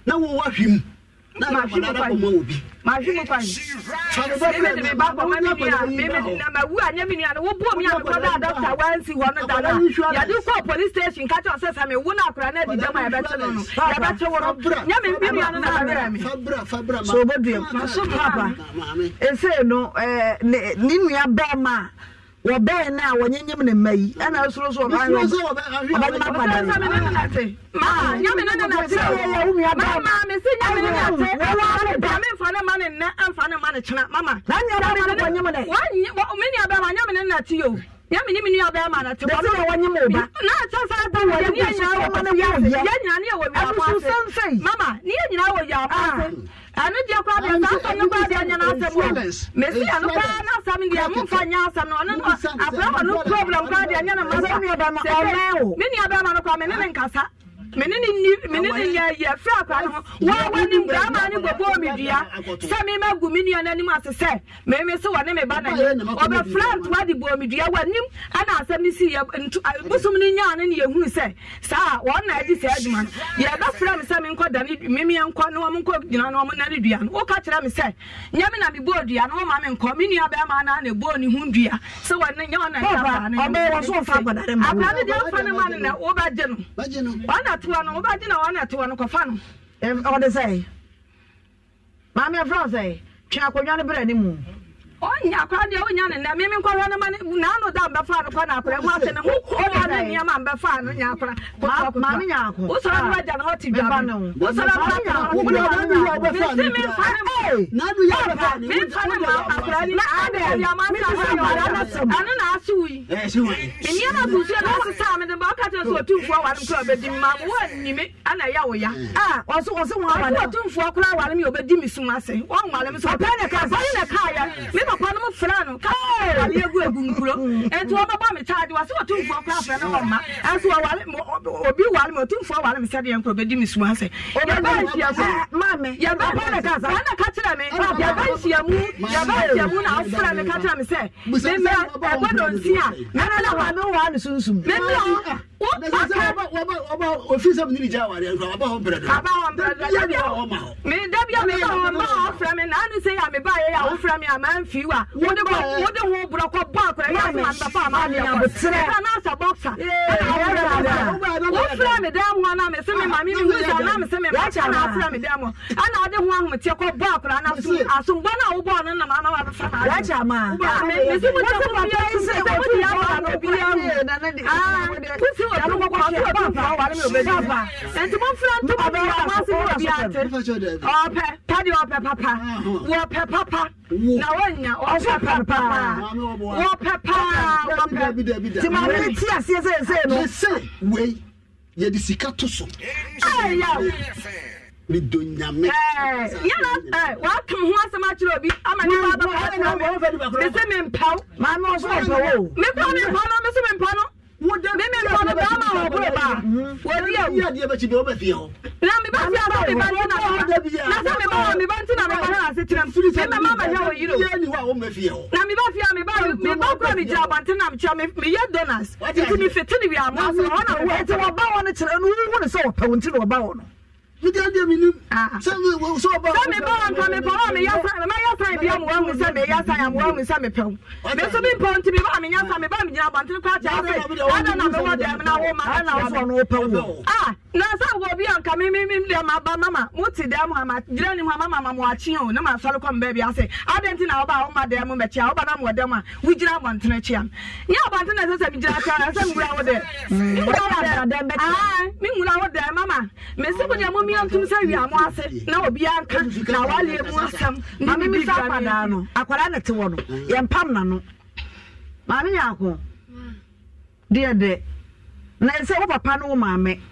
na wowɔ hwem na na akwadaa no akɔma wɔ bi mahwemo pa mawu anyɛ me nuano wobuo me amekɔ da adɔkta wansi hɔ no da no yɛde kɔɔ police station ka kyɛw sɛ sɛ mewo no akora no adidam a yɛbɛkye no no yɛbɛkye wo no nyɛ me mbi nuano na bɛwerɛ me so wobɛduam papa ɛsei no ne nua bɛɛma a wɔbɛɛ no a wɔnyenyem ne mma yi ɛna ɛsoro so ɔbɛnyem akwadaneyɛ wo nuabamamesɛ nyamene nate yàmi ni mi ni ọbẹ̀ ma na tukọ̀ náà wọ́n nyim ọba náà tó fẹ́ bọ̀ wọ́n ní yẹn nyinaa wọ yẹ yẹn nyinaa ni yẹ wọ yàrá pọ̀ ase mama ni yẹn nyinaa wọ yàrá pọ̀ ase ɛne deɛ kora deɛ saa sɔ no kora deɛ nyɛ n'asɛm o mesi ano koraa n'asɛm deɛ mo nfa nyɛ asɛm no ɔno no afrɛ wɔ no problem koraa deɛ nyɛ ne ma sɛ me nua bɛma no koraa me ne ne nkasa mene ne yɛyɛ fɛ akwa no ho wɔwɔnim dama ne bɔbɔɔ me dua sɛ memɛgu me nua no anim ase sɛ meme se wɔne me ba nayɛ ɔbɛfra ntoa de bɔɔ me dua wɔanim ana asɛm no si bosom no nyaa no ne yɛhunu sɛ saa wɔnna adi saa adwuma no yɛbɛfrɛ me sɛ menkɔ dane memeɛ nkɔ ne wɔm nkɔ gyina no ɔmo nane dua no woka kyerɛ me sɛ nyɛ me na mebɔɔ dua no wɔma me nkɔ me nua bɛma no ana ɛbɔɔ ne ho dua sɛ wɔne nyɛ ɔna ɛfa akwa no deɛ mfa no ma no na wobɛgye no ɔna tewa no wobɛgye na wane tewa no kɔfa no ɔde sɛ maame ɛfrɛ sɛ twe akonnwa no berɛ ne mu ɔnya kora deɛ wonya ne nnɛ meme nkɔhwɛ no ma ne naano da mbɛfa no kɔ na aprɛ mu ase ne ho ɔba ne nneɛma mbɛfa no nya kora ah. wosɔre no wagya ne hɔ te dwa me wosɔre memfa ne ma akora ni ɛne na ase wo yi nneɛma busua na ɔsesa me de ba ɔka kyerɛ sɛ ɔtumfoɔ ware m kora ɔbɛdi ma woannimi ana ɛyɛ wo ya ɔtumfoɔ kora ware m yɛ ɔbɛdi me sum ase wɔnware m sɛ ɔpɛ ne ka sɛ ne kaayɛ papa no mu fira no kaale egu egu nkuro nti wɔn bɛbɔ mi taade wɔsi wɔ tumfuo kura fira no wɔn ma ɛnso wɔwale mo obi wale mo tumfuo wale mi sɛdeɛ nkuro bɛ di mi suma sɛ. yaba nhyia mu maame yaba kɔ e ne kasa ɛn na kakyira mi yaba nhyia mu yaba nhyia mu na afura mi kakyira mi sɛ mmemme ɛgbɛ dɔnsi a ɛna na wa mi wɔ ano sunsun. mmemme ofisa mi ni nija awari nkura waba wɔn pɛrɛ dɛ. aba wɔn pɛrɛ dɛ dabi a wɔn ma hɔ. mi dabi a mi ba wɔn ma wɔn fura mi na anu se ya mi ba ye ya wɔn fura mi a ma n fi yi wa wode wo borɔ kɔ bɔ akora yɛ asoma nsafa ama ne ɛkɔ n'asa bɔksa ɛna wofra me dɛn mu na mese me maame mi wusa na mese me ma kyɛ na afra me dɛn mu ɛna ɔde ho ahometeɛ kɔ bɔ akora na asombɔ no a wobɔɔ no nam ana wabɛfa naamesi mu tɛ kɔ biara sɛ wode yɛ bɔ akora biara mu wosi wɔ toro kɔkɔ ɔtɔ bɔ akora wale me obɛdi papa nti momfra ntoma bi wɔ amase bi obi ate ɔpɛ padeɛ ɔpɛ papa wɔpɛ papa na wonya ɔhyɛ pɛpaa wɔpɛpaa wɔpɛ nti maame ne ti aseɛ seesei no sɛ wei yɛde sika to so medɔ nyame eh, yɛna eh, wɔato ho asɛm akyerɛ obi ama nipa bɛkɔme sɛ mempaw maame ɔso ɔsɛ wo mekɔ mempaw no me so mempa no me mempɔ no bɛma wɔ borɔ baa wɔdi awu na mi ba fi asa mi ba ti na ah. ba na sa mi ba wa mi ba ti na mi ba na se tiram mi ma ma ma ya wo yiro na mi ba fi mi ba mi ba kura mi jira abante na mi chia mi mi yɛ donors nti mi fiti ni wi amu asa wɔn na wɔ ɛti wɔ ba wɔn kyerɛ no wɔn ne sɛ wɔ pɛ ti na wɔ ba wɔn no. mi di adi mi nim. sɛ ba wɔn nka mi pɔ wɔn mi yɛ san mi yɛ san bi amu wɔn mi sɛ mi yɛ san amu wɔn mi sɛ mi na mi na wɔn ma ɛna wɔn sɔ na na sa wo bi anka mi mi mi de ma ba mama mo ti de mo ma jira mm. ni mama ma achi o ne ma sori ko mbe bi ase na oba o ma de oba na de wi jira oba se mi jira se wo de mbe ah mi dị wo de mama me se ko mi antum se wi na obi anka na wale mu asam ma mi mi sa pa no akwara na te wo no mm. ye na no ma mi na se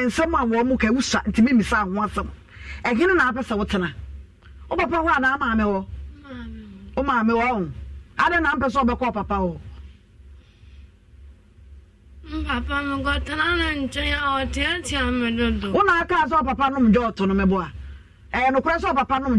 nsɛm a wɔn mu ka ntumi misa ho asɛm ɛhene na apɛ sɛ wotena wo papa hɔ hɔ wo maame hɔ na mpɛ sɛ ɔbɛkɔ papa hɔ. papa mi ne nkyɛn a ɔteatea dodo. na aka sɛ ɔpapa nom gyɔɔto no mɛboa ɛyɛ nokorɛ sɛ ɔpapa nom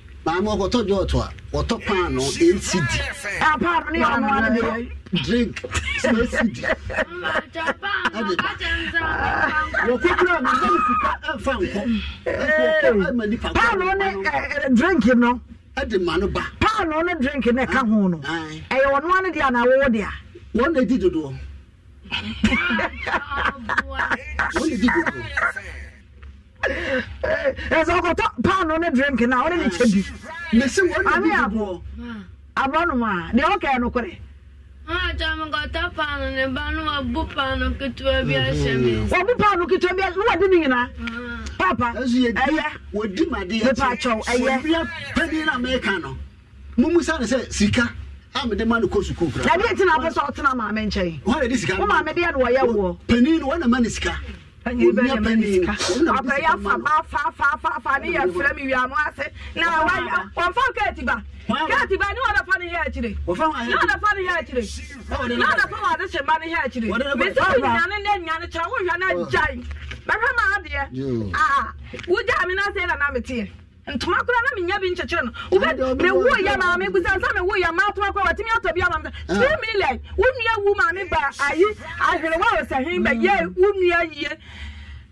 maame ɔkɔtɔ jɔɔto a wɔtɔ paano nsi di maame drink nsi di ɛdi wɔkɔkura a maame sika ɛfa eh, nkɔ ɛfɔ ɛma eh. eh, nipa kɔ paano ne drink no ɛdi ma no ba paano ne drink ne ka ah, ho no ɛyɛ wɔn wa ne deɛ na wɔwɔ deɛ wɔn na edi dodoɔ wɔn na edi dodoɔ ɛsɛ ɔkɔtɔ paano ne drink na ɔne ne kyɛ bi ame abo abanuma a deɛ ɔkɛɛ no korɛ wɔbu paano ketewa bi ahyɛ ne wɔde ne nyinaa papa ɛyɛ mepa kyɛw ɛyɛ mumusa ne sɛ sika amede ma no kɔ sukuu kra na deɛ tina apɛ sɛ ɔtena maame nkyɛn wo maame deɛ ne wɔyɛ woɔ panin no wɔna ma ne sika ọbẹ̀yà fàbà fàfàfà ní yẹ fúlẹ̀ na wáyà ntoma kora na menya bi nkyekyere no wobɛmewo yɛ maame busa sɛ mewo yɛ maatoma kora watumi atɔ bi amam sɛ ah. mili wo nua wu maame ba ayi ahwerewa a ɔsɛhen bɛyɛ wo nua yie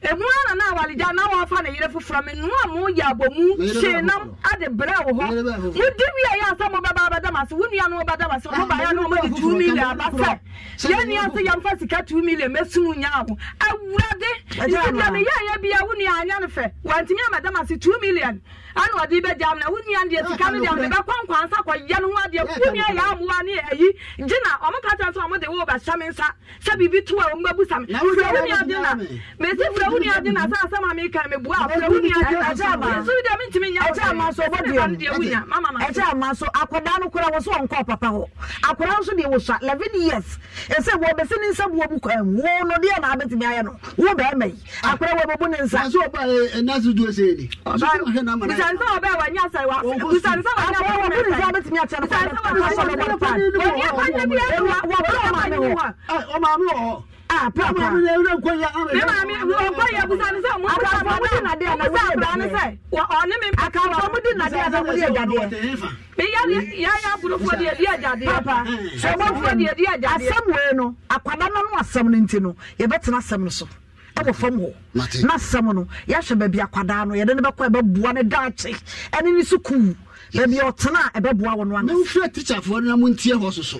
ehu ana na awalija na wɔfa ne yere foforɔ me nua mu yɛ abomu hyee nam ade brɛ wo hɔ mudi wie yɛ asɛ mobɛba bɛda ma se wo nua no wobɛda ma se wobaeɛ no womade 2 million aba sɛ yɛnnua sɛ yɛmfa sika 2 million mɛsum nyaa ho awurade nti da ne yɛyɛ bia wo nua anyɛ no fɛ wantimi amɛda ma se 2 million ana ɔde bɛgya m na wo nua deɛ sika no deɛ ɔde bɛkɔnkwan sa kɔyɛ no ho adeɛ wo nua yɛ amoa ne ayi gye ɔmo ka kyerɛ ɔmo de wo bɛhyɛ me nsa sɛ biribi to a ɔmo wo ni adi na sa asɛm a mi ka mi bu a fɛ wo ni adi na sa ma nsu de mi ntumi nya ɛkyɛ ama so ɔbɔ deɛ mu ɛkyɛ ama so akwadaa no kura wɔ so ɔnkɔ papa hɔ na nso deɛ wɔsɔ eleven years ɛsɛ wɔ bɛsi ne nsa buwɔ mu kwan mu wo no deɛ na abɛtumi ayɛ no wo bɛrima yi akwadaa wɔ bɛbu ne nsa. ɛsɛ ɔba ɛ nasi du ese ni. bisanisa ɔbɛ wa nya sa wa bisanisa wa nya wa wa bisanisa wa bɛtumi akyɛ no kwan na kwan na bi ɛnu wa wa kura ɔmaami wɔ. ɔmaami wɔ hɔ asɛm wei no akwada no no asɛm no nti no yɛbɛtena asɛm no so ɛwɔ fam hɔ na asɛm no yɛahwɛ baabi akwadaa no yɛde no bɛkɔ ɛbɛboa no daakye ɛne ne sukuu baabi ɔtena a ɛbɛboa wɔ no anasɛ teacherfoɔ no na montie hɔ so so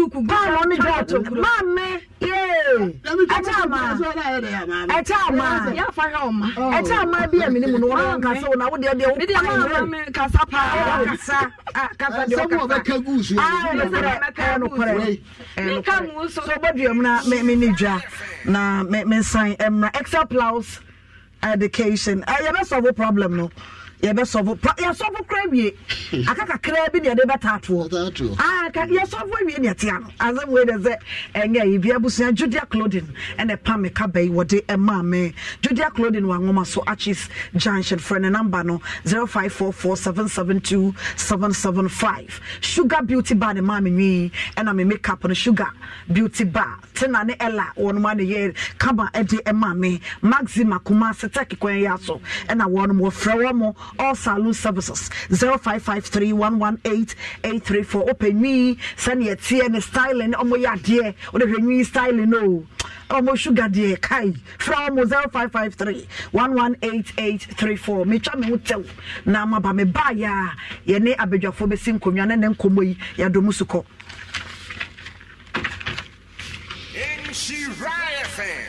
duku gu. Maame mi da ato kuro. Maame yee. Ɛkyɛ ama. Ɛkyɛ ama. Yafa ha ɔma. Ɛkyɛ ama bi a mi ni mu no wɔn kasa wɔn na wo deɛ deɛ wo kwan wura mu. Kasa paa. Kasa. Kasa deɛ ɔkasa. Sɛ mo bɛ ka gu su. Aa ɛyɛ nukura ɛyɛ nukura. Mi ka mu so. So bɔ duam na mi mi ni dwa na mi mi nsan ɛmra extra plows education. Ɛyɛ bɛ sɔrɔ problem no yɛbɛsɔfo yɛsɔfo kora wie hmm. aka kakra bi ne yɛde bɛtaatoɔ ah, yɛsɔfo awie ne ɛtea no asɛm wei dɛ sɛ ɛnyɛ yibia abusua judia clothing ɛna pa me kaba yi wɔde ɛmaa me judia clothing wɔ anwoma so achis junction frɛ ne namba no five sugar beauty bar ne maa me nwii ɛna me makeup no sugar beauty bar tena ne ɛla wɔnom a ne yɛ kaba ɛde ɛmaa me maxima kumase tɛkikwan yɛ aso ɛna wɔnom wɔfrɛ wɔ mo all saloon services 0553118834 open me send your tea and styling ọmọ yà adìẹ ọdẹ hwẹ nyi styling oh. o ọmọ sugar deɛ kai fra mo 0553 118834 metwa me ho tɛw na maba me baeɛ a yɛne abadwafoɔ bɛsi nkonnwa ne ne nkɔmmɔ yi yɛadɔ mu so kɔ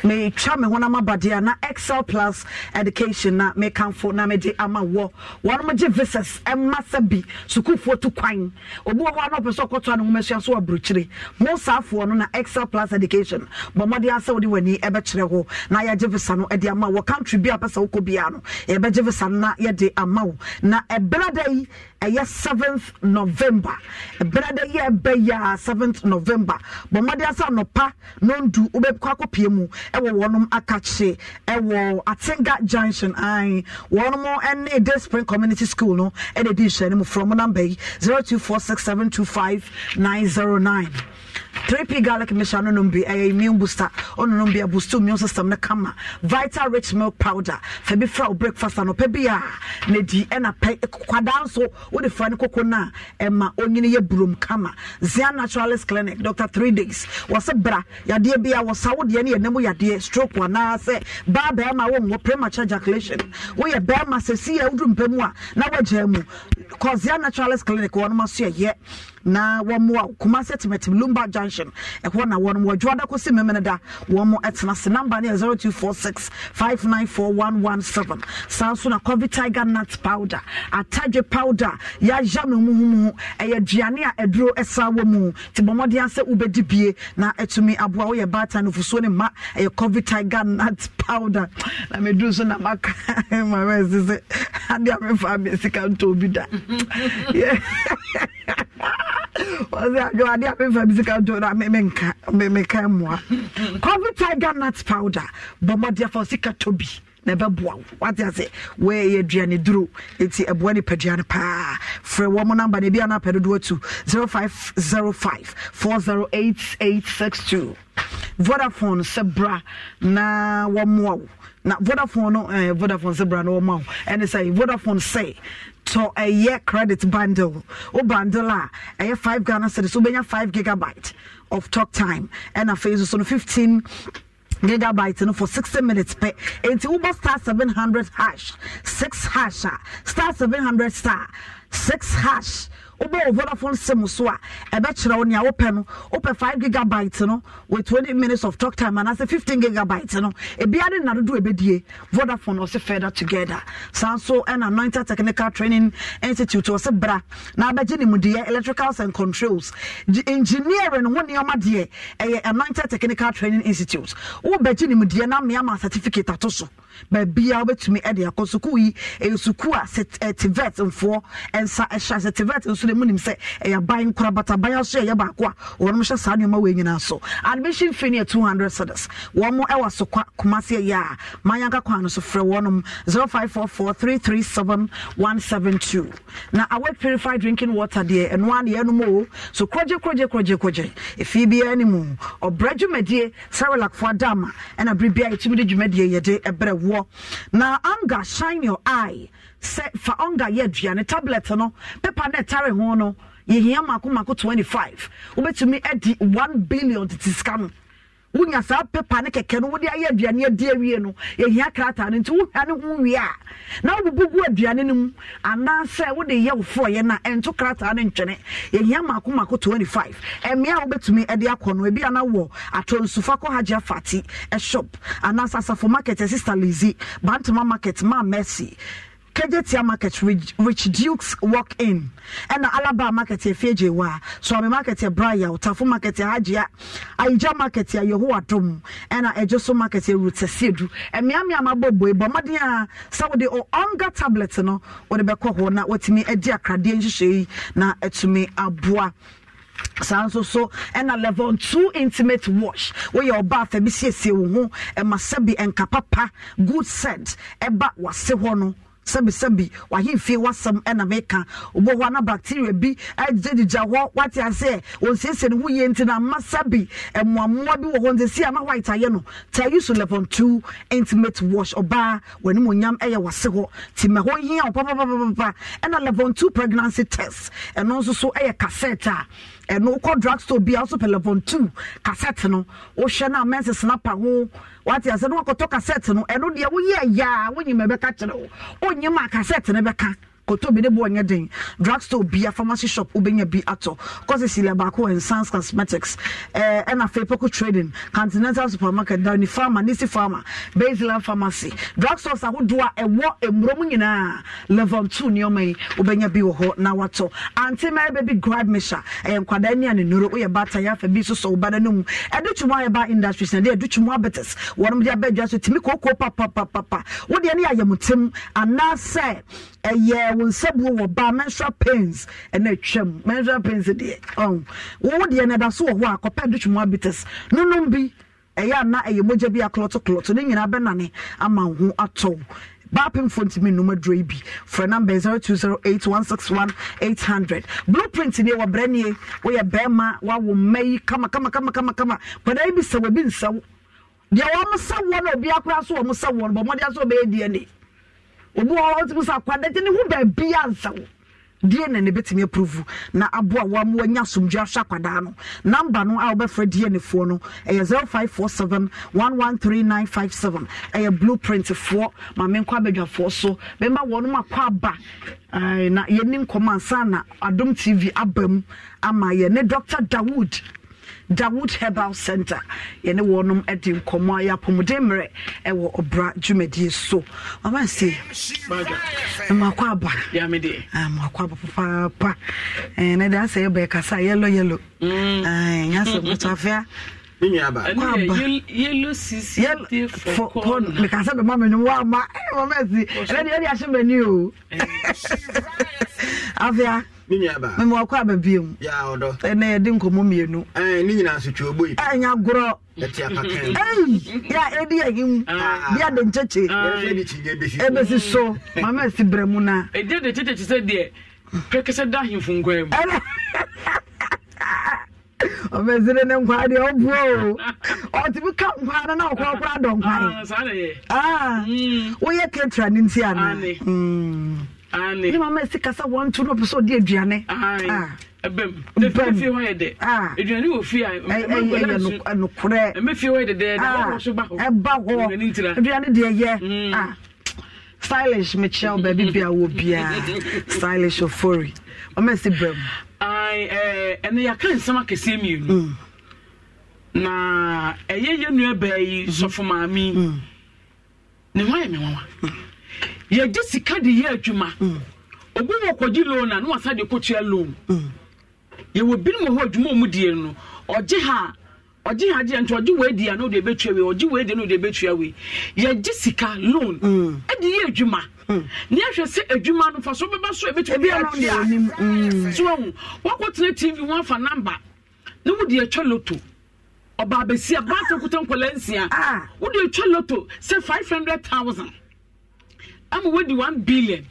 metwa me honam abadeɛ na excel plus education na mekamfo na mede ama wo. wɔnom gye visas ɛma sɛ bi sukuufoɔ to kwan obi wɔ hɔ a na ɔpɛ sɛ ɔkɔtoa ne homasua so aburokyire mo saafoɔ no na excel plus education bɔ mmɔden asɛ wode w'ani ɛbɛkyerɛ hɔ na yɛgye visa no de ama wo. country bi a pɛ sɛ wokɔ biara no yɛbɛgye visa no na yɛde ama wo na ɛberɛ da yi ɛyɛ 7th november ɛberɛ da yi ɛbɛyɛ 7th november bɔ mmɔden asɛ anɔpa nondu wobɛkɔ akɔpie mu mu ɛwɔ wɔnom akakye ɛwɔ atenga junction an wɔnom ɛne day spring community school no ɛna di nhyɛn from number yi zero two four six seven two five nine zero nine. 3p garlic mixture no nom bi ɛyɛ immune booster ɔno oh, nom bi ɛboost immune system no kama vital rich milk powder fa bi fra wo breakfast anɔpɛ bi a eh, na eh, di ɛna pe kwadaa nso wode fra ne koko na a eh, ɛma ɔnyini yɛ burom kama zia naturalist clinic dr 3 days wɔ se bra yadeɛ bi a wɔ sa wodeɛ ne yɛnam yadeɛ stroke ba baa bɛrima wɔnwɔ premature ejaculation woyɛ bɛrima sɛ si a wodu mpa mu a na woagyaa mu kɔ zia naturalist clinic wɔnom aso ɛyɛ na wɔn kumase tìmɛtìmɛ lumba junction ɛhɔ na wɔn wɔdwo adakɔsi mmɛmɛ da wɔn ɛtena se namba ne yɛ zero two four six five nine four one one seven saa nso na covid tiger nut powder atadwe powder yɛayam no muhumuhu ɛyɛ aduane a ɛduro ɛsa wɔ mu te bɔ mmɔden wobɛdi bie na ɛtumi aboa woyɛ baatan no fusuo ne ma ɛyɛ covid tiger nut powder na meduru so na maka mama ɛsi sɛ adeɛ amefa abɛsika ntɔ obi da ɔsɛ adwade bi sika nto no menka mmoa covi tiger nut powder bɔ mmɔdeɛfa sika tɔ bi na ɛbɛboa wo wate ase woɛyɛ aduane duro ɛti ɛboa nipadua no paa frɛ wɔ mo number no bi ana apɛ dodoɔ tu 0505 408862 vodafone sɛ bra na wɔmmoa wo na vodafone no eh, vodafone sɛ bra na wɔmmoa wo ɛne sɛ vodafone sɛ a year credit bundle O bundle a ɛyɛ five ghana cedis wobɛnya five gigabyte of talk time ɛna afei so so no fifteen gigabyte no for 60 minutes pɛ enti wobɔ star 700 hash 6 hash a star 700 star 6 hash wobɛwɔ vodafone sim so a ɛbɛkyerɛ wo nea wopɛ no wopɛ 5 gigabyte no with 20 minutes of talk time anaasɛ 15 gigabyte no ebiade nna dodoɔ ɛbɛdie vodafone ɔse further together saa nso ɛna anointed technical training institute ɔse bra na abɛgye ne mudeɛ electricals and controls engineering ho nneɔma deɛ ɛyɛ anointed technical training institute wobɛgye ne mudeɛ na mmeama certificate ato so baabia wobɛtumi de akɔ sukuu yi ɛyɛ sukuu a tivet eh, mfoɔ nsa ɛhyɛ sɛ tivet nso de munim sɛ ɛyɛ ban kora but aban aso ɛyɛ baako a wɔnom hyɛ saa nneɛma wɔ nyinaa so admission fee no yɛ 200 cedis wɔn mo ɛwɔ so kwa kumase ɛyɛ a manyanka kwan no so frɛ wɔnom 0544 337 172 na awɛ purified drinking water deɛ ɛnoa ne yɛnom o so korogye korogye korogye korogye ɛfie biara ne mu ɔbrɛ dwumadie sarelakfoɔ adama ɛna bere biara yɛtumi de dwumadie yɛde ɛbrɛ wo wɔ na anga shine your eye sɛ fa anga yɛ aduane tablet no pepa na ɛtare ho no yɛhia mako mako 25 wobɛtumi adi 1 billion tete sika no wonya saa pepa ne kɛkɛ no wode ayɛ aduane adi awie no ɛhia krataa no nti wohia ne ho wie a na wobubu gu aduane no mu anaasɛ wode yɛ wo forɔyɛ no a ɛnto krataa no ntwene ɛhia maako maako 25 ɛmmea a wobɛtumi de akɔ no ebi ana wɔ atɔnsufa kɔ hagye afate shop anaasɛ asafo market ɛsista lazy bantoma market ma mercy kegetia market which dukes walk in ɛna alaba market efie gye wa suami market braya otafo market hagia ayija market yehowa dom ɛna Ejoso market rutasiedu ɛmiamia ma bɔ boe bɔ mɔden a sɛ wɔde ɔnga tablet no wɔde bɛkɔ hɔ na wɔtumi ɛdi akradeɛ nhyehyɛ yi na ɛtumi aboa saa nso so ɛna level two intimate wash woyɛ ɔba afɛ bi siesie wo ho ɛma sɛbi nkapapa good set ɛba wase hɔ no sɛbisɛbi wahemfie wasɛm ɛna meka wobɔ hɔ ana bacteria bi agyegyagya hɔ wate aseɛ wɔnsiesie ne ho yie nti na ama sɛbi mmoammoa bi wɔ hɔ nti si ana white ayɛ no ta use lepon 2 intimate wash ɔbaa w'animonyam ɛyɛ wase hɔ nti ma hɔ hia wo papapapapa ɛna level two pregnancy test ɛno nso so ɛyɛ cassette ɛno wokɔ drug store bia wo so pɛlɛpɔn two cassette no wohwɛ no a mense snapa ho wate asɛ ne wakɔtɔ cassette no ɛno deɛ woyɛ yaa wonyima bɛka kyerɛ wo onyima a cassette no bɛka akoto bi ne bo nyɛ den drugstore bia pharmacy shop wobɛnya bi atɔ kɔsesilia baako wɔ eh, nsans cosmetics ɛna eh, eh afei poko trading continental supermarket downy farma nisi farma baseland pharmacy drugstores ahodoɔ a ɛwɔ eh, mmurom nyinaa level two nneɛma yi wobɛnya bi wɔ hɔ na watɔ ante mɛ baby grab measure ɛyɛ nkwadaa ni a ne bata yɛ afa bi nso sɔ woba no mu ɛde ba industries na deɛ ɛde twuma abetes wɔnom de abɛdwa so tumi kookoo papapapapa wodeɛ ne yɛ ayɛmutem anaasɛ ɛyɛ wo nsabuo wɔ ba menstrual pains ɛna atwam menstrual pains deɛ ɔn wɔn deɛ na ɛda so wɔ hɔ a kɔpɛ de twom abitas nonom bi ɛyɛ ana ɛyɛ mogya bi akɔlɔtɔkɔlɔtɔ ne nyinaa bɛnane ama ho atɔw baapemfo ntumi nnum aduro yi bi frɛ number zero two zero eight one six one eight hundred blueprint ni wɔ brɛ nie wɔyɛ bɛrima wawo mma yi kama kama kama kama kama kɔdaa yi bi sɛ wɔ bi nsaw deɛ wɔn sɛ wɔn na obi akora so wɔn sɛ wɔn bɔn wɔde asɔ bɛyɛ deɛ ne obi wɔ ɔtumi sɛ akwadagye ne ho baabi ansaw deɛ na ne bɛtumi apuruvu na aboa wa mu wanya asomdwe ahwɛ akwadaa no namba no a wobɛfrɛ deɛ nefoɔ no ɛyɛ five seven. ɛyɛ blueprintfoɔ ma menkɔ abadwafoɔ so bɛma wɔnom akɔ aba na yɛni nkɔmɔ ansa na adom tv aba mu ama yɛ ne dr dawood dawood herbal center yɛne wɔnom de nkɔmmɔ a yɛapɔmuden mmerɛ ɛwɔ ɔbra dwumadie so mama nse mmakɔ aba mmakɔ ah, aba papaapa eh, mm. ah, na de asɛ yɛbɛɛ kasa yɛlɔ yɛlɔ nyɛ sɛ motɔ afea mekasɛ bɛma menwom woama eh, mamasi ɛnɛ deɛ ɛde ahyɛ m'ani o eh. afea ne nuaba meme wakɔ aba biom yɛ ɔdɔ ɛnɛ yɛde nkɔmmɔ mmienu ne nyinaa so twe ɔbɔ yi ɛnya e, gorɔ ɛte apa kan yɛ ɛdi yɛyi ah. bia de nkyekye ah, ɛbɛsi so mama asi berɛ mu na ɛdeɛ eh, de kyekyekye sɛ deɛ kɛkɛsɛ da ahemfo nkwan mu ɔmɛsere ne nkwa deɛ ɔbuo ɔtumi ka nkwa no na ɔkɔkora dɔ nkwan woyɛ katra ne nti ana ne maama ɛsi kasa wɔn to no ɔpɛ sɛ ɔde aduane ah. bɛm ne fie fie hɔ yɛ dɛ aduane ah. wɔ fie a ɛyɛ nokorɛ ɛmɛ fie hɔ yɛ dɛdɛ ah. ɛba hɔ ɛba hɔ aduane deɛ yɛ mm. stylish mekyerɛ wo baabi bia wɔ biaa stylish ofori ɔma ɛsi brɛ mu ɛno yɛaka nsɛm akɛseɛ mmienu mm. na ɛyɛ yɛ nnua baa yi mhm. sɔfo maame mm. ne ho ayɛ me wawa yɛgye sika de yɛ adwuma mm. obi wɔ kɔgye loan a na wasa de kɔtua loan mm. yɛwɔ binom hɔ adwuma no ɔgye ha ɔgye ha gye nti ɔgye di a na ɔde ebetua wei ɔgye wei di a na ɔde ebetua wei yɛgye sika loan mm. ɛde yɛ adwuma ní ahwɛ sɛ adwuma no fa so bɛba so ebi wakɔ tena namba ne de loto ɔbaa besia baasa kuta nsia ah. wo de loto sɛ five ama wadi one billion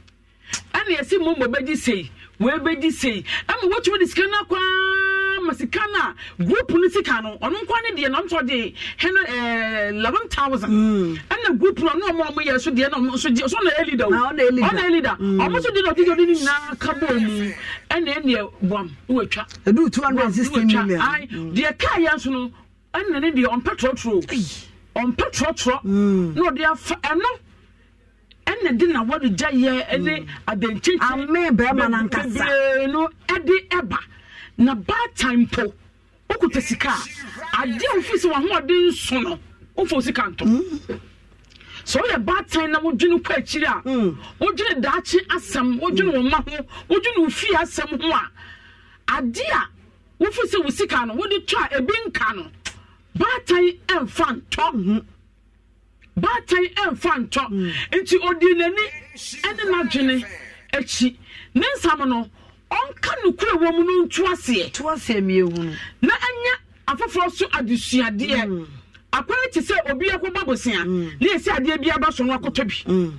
ɛna yɛsi mo mo bɛgye sei wee bɛgye sei ama wotumi de sika no akwaa ma sika no a group no sika no ɔno nkwa ne deɛ na ɔmtɔ de hɛno ɛɛ eleven thousand mm. ɛna group no ɔno ɔmo ɔmo yɛ so deɛ na ɔmo so gye so ɔna yɛ leader o ɔna yɛ leader mm. ɔmo so deɛ na ɔde deɛ ɔde ne nyinaa ka bɔɔ mu ɛna ɛna ɛbɔm ɛwɔ atwa edu two hundred and sixty million ayi mm. deɛ kaa yɛn so no ɛna ne deɛ ɔmpɛ trɔtrɔ ɔmpɛ trɔtrɔ na ɔde afa ɛno ɛna de na wɔregya yɛ ne mm. adenkyenkye ame bɛrima no ankasa bebree no ɛde ɛba na baatan po wokuta sika a adeɛ a wofi sɛ wahoɔden nso no womfa sika nto mm. sɛ woyɛ baatan na wodwene kɔ akyiri a mm. wodwene daakye asɛm wodwene wo ma ho wodwene wo fie asɛm ho a adeɛ a wofi sɛ wo sika no wode tɔ a ebi nka no baatan ɛmfa ntɔ mhm baatan ɛmfa ntɔ hmm. nti odi n'ani ɛne n'adwene akyi ne nsam no ɔnka nukuri wɔ mu no ntu aseɛ tu aseɛ mie hu na ɛnyɛ afoforɔ so adesuadeɛ hmm. akɔrɛ te sɛ obi akɔ ba bosia hmm. ne yɛsi adeɛ bi aba so no akɔtɔ bi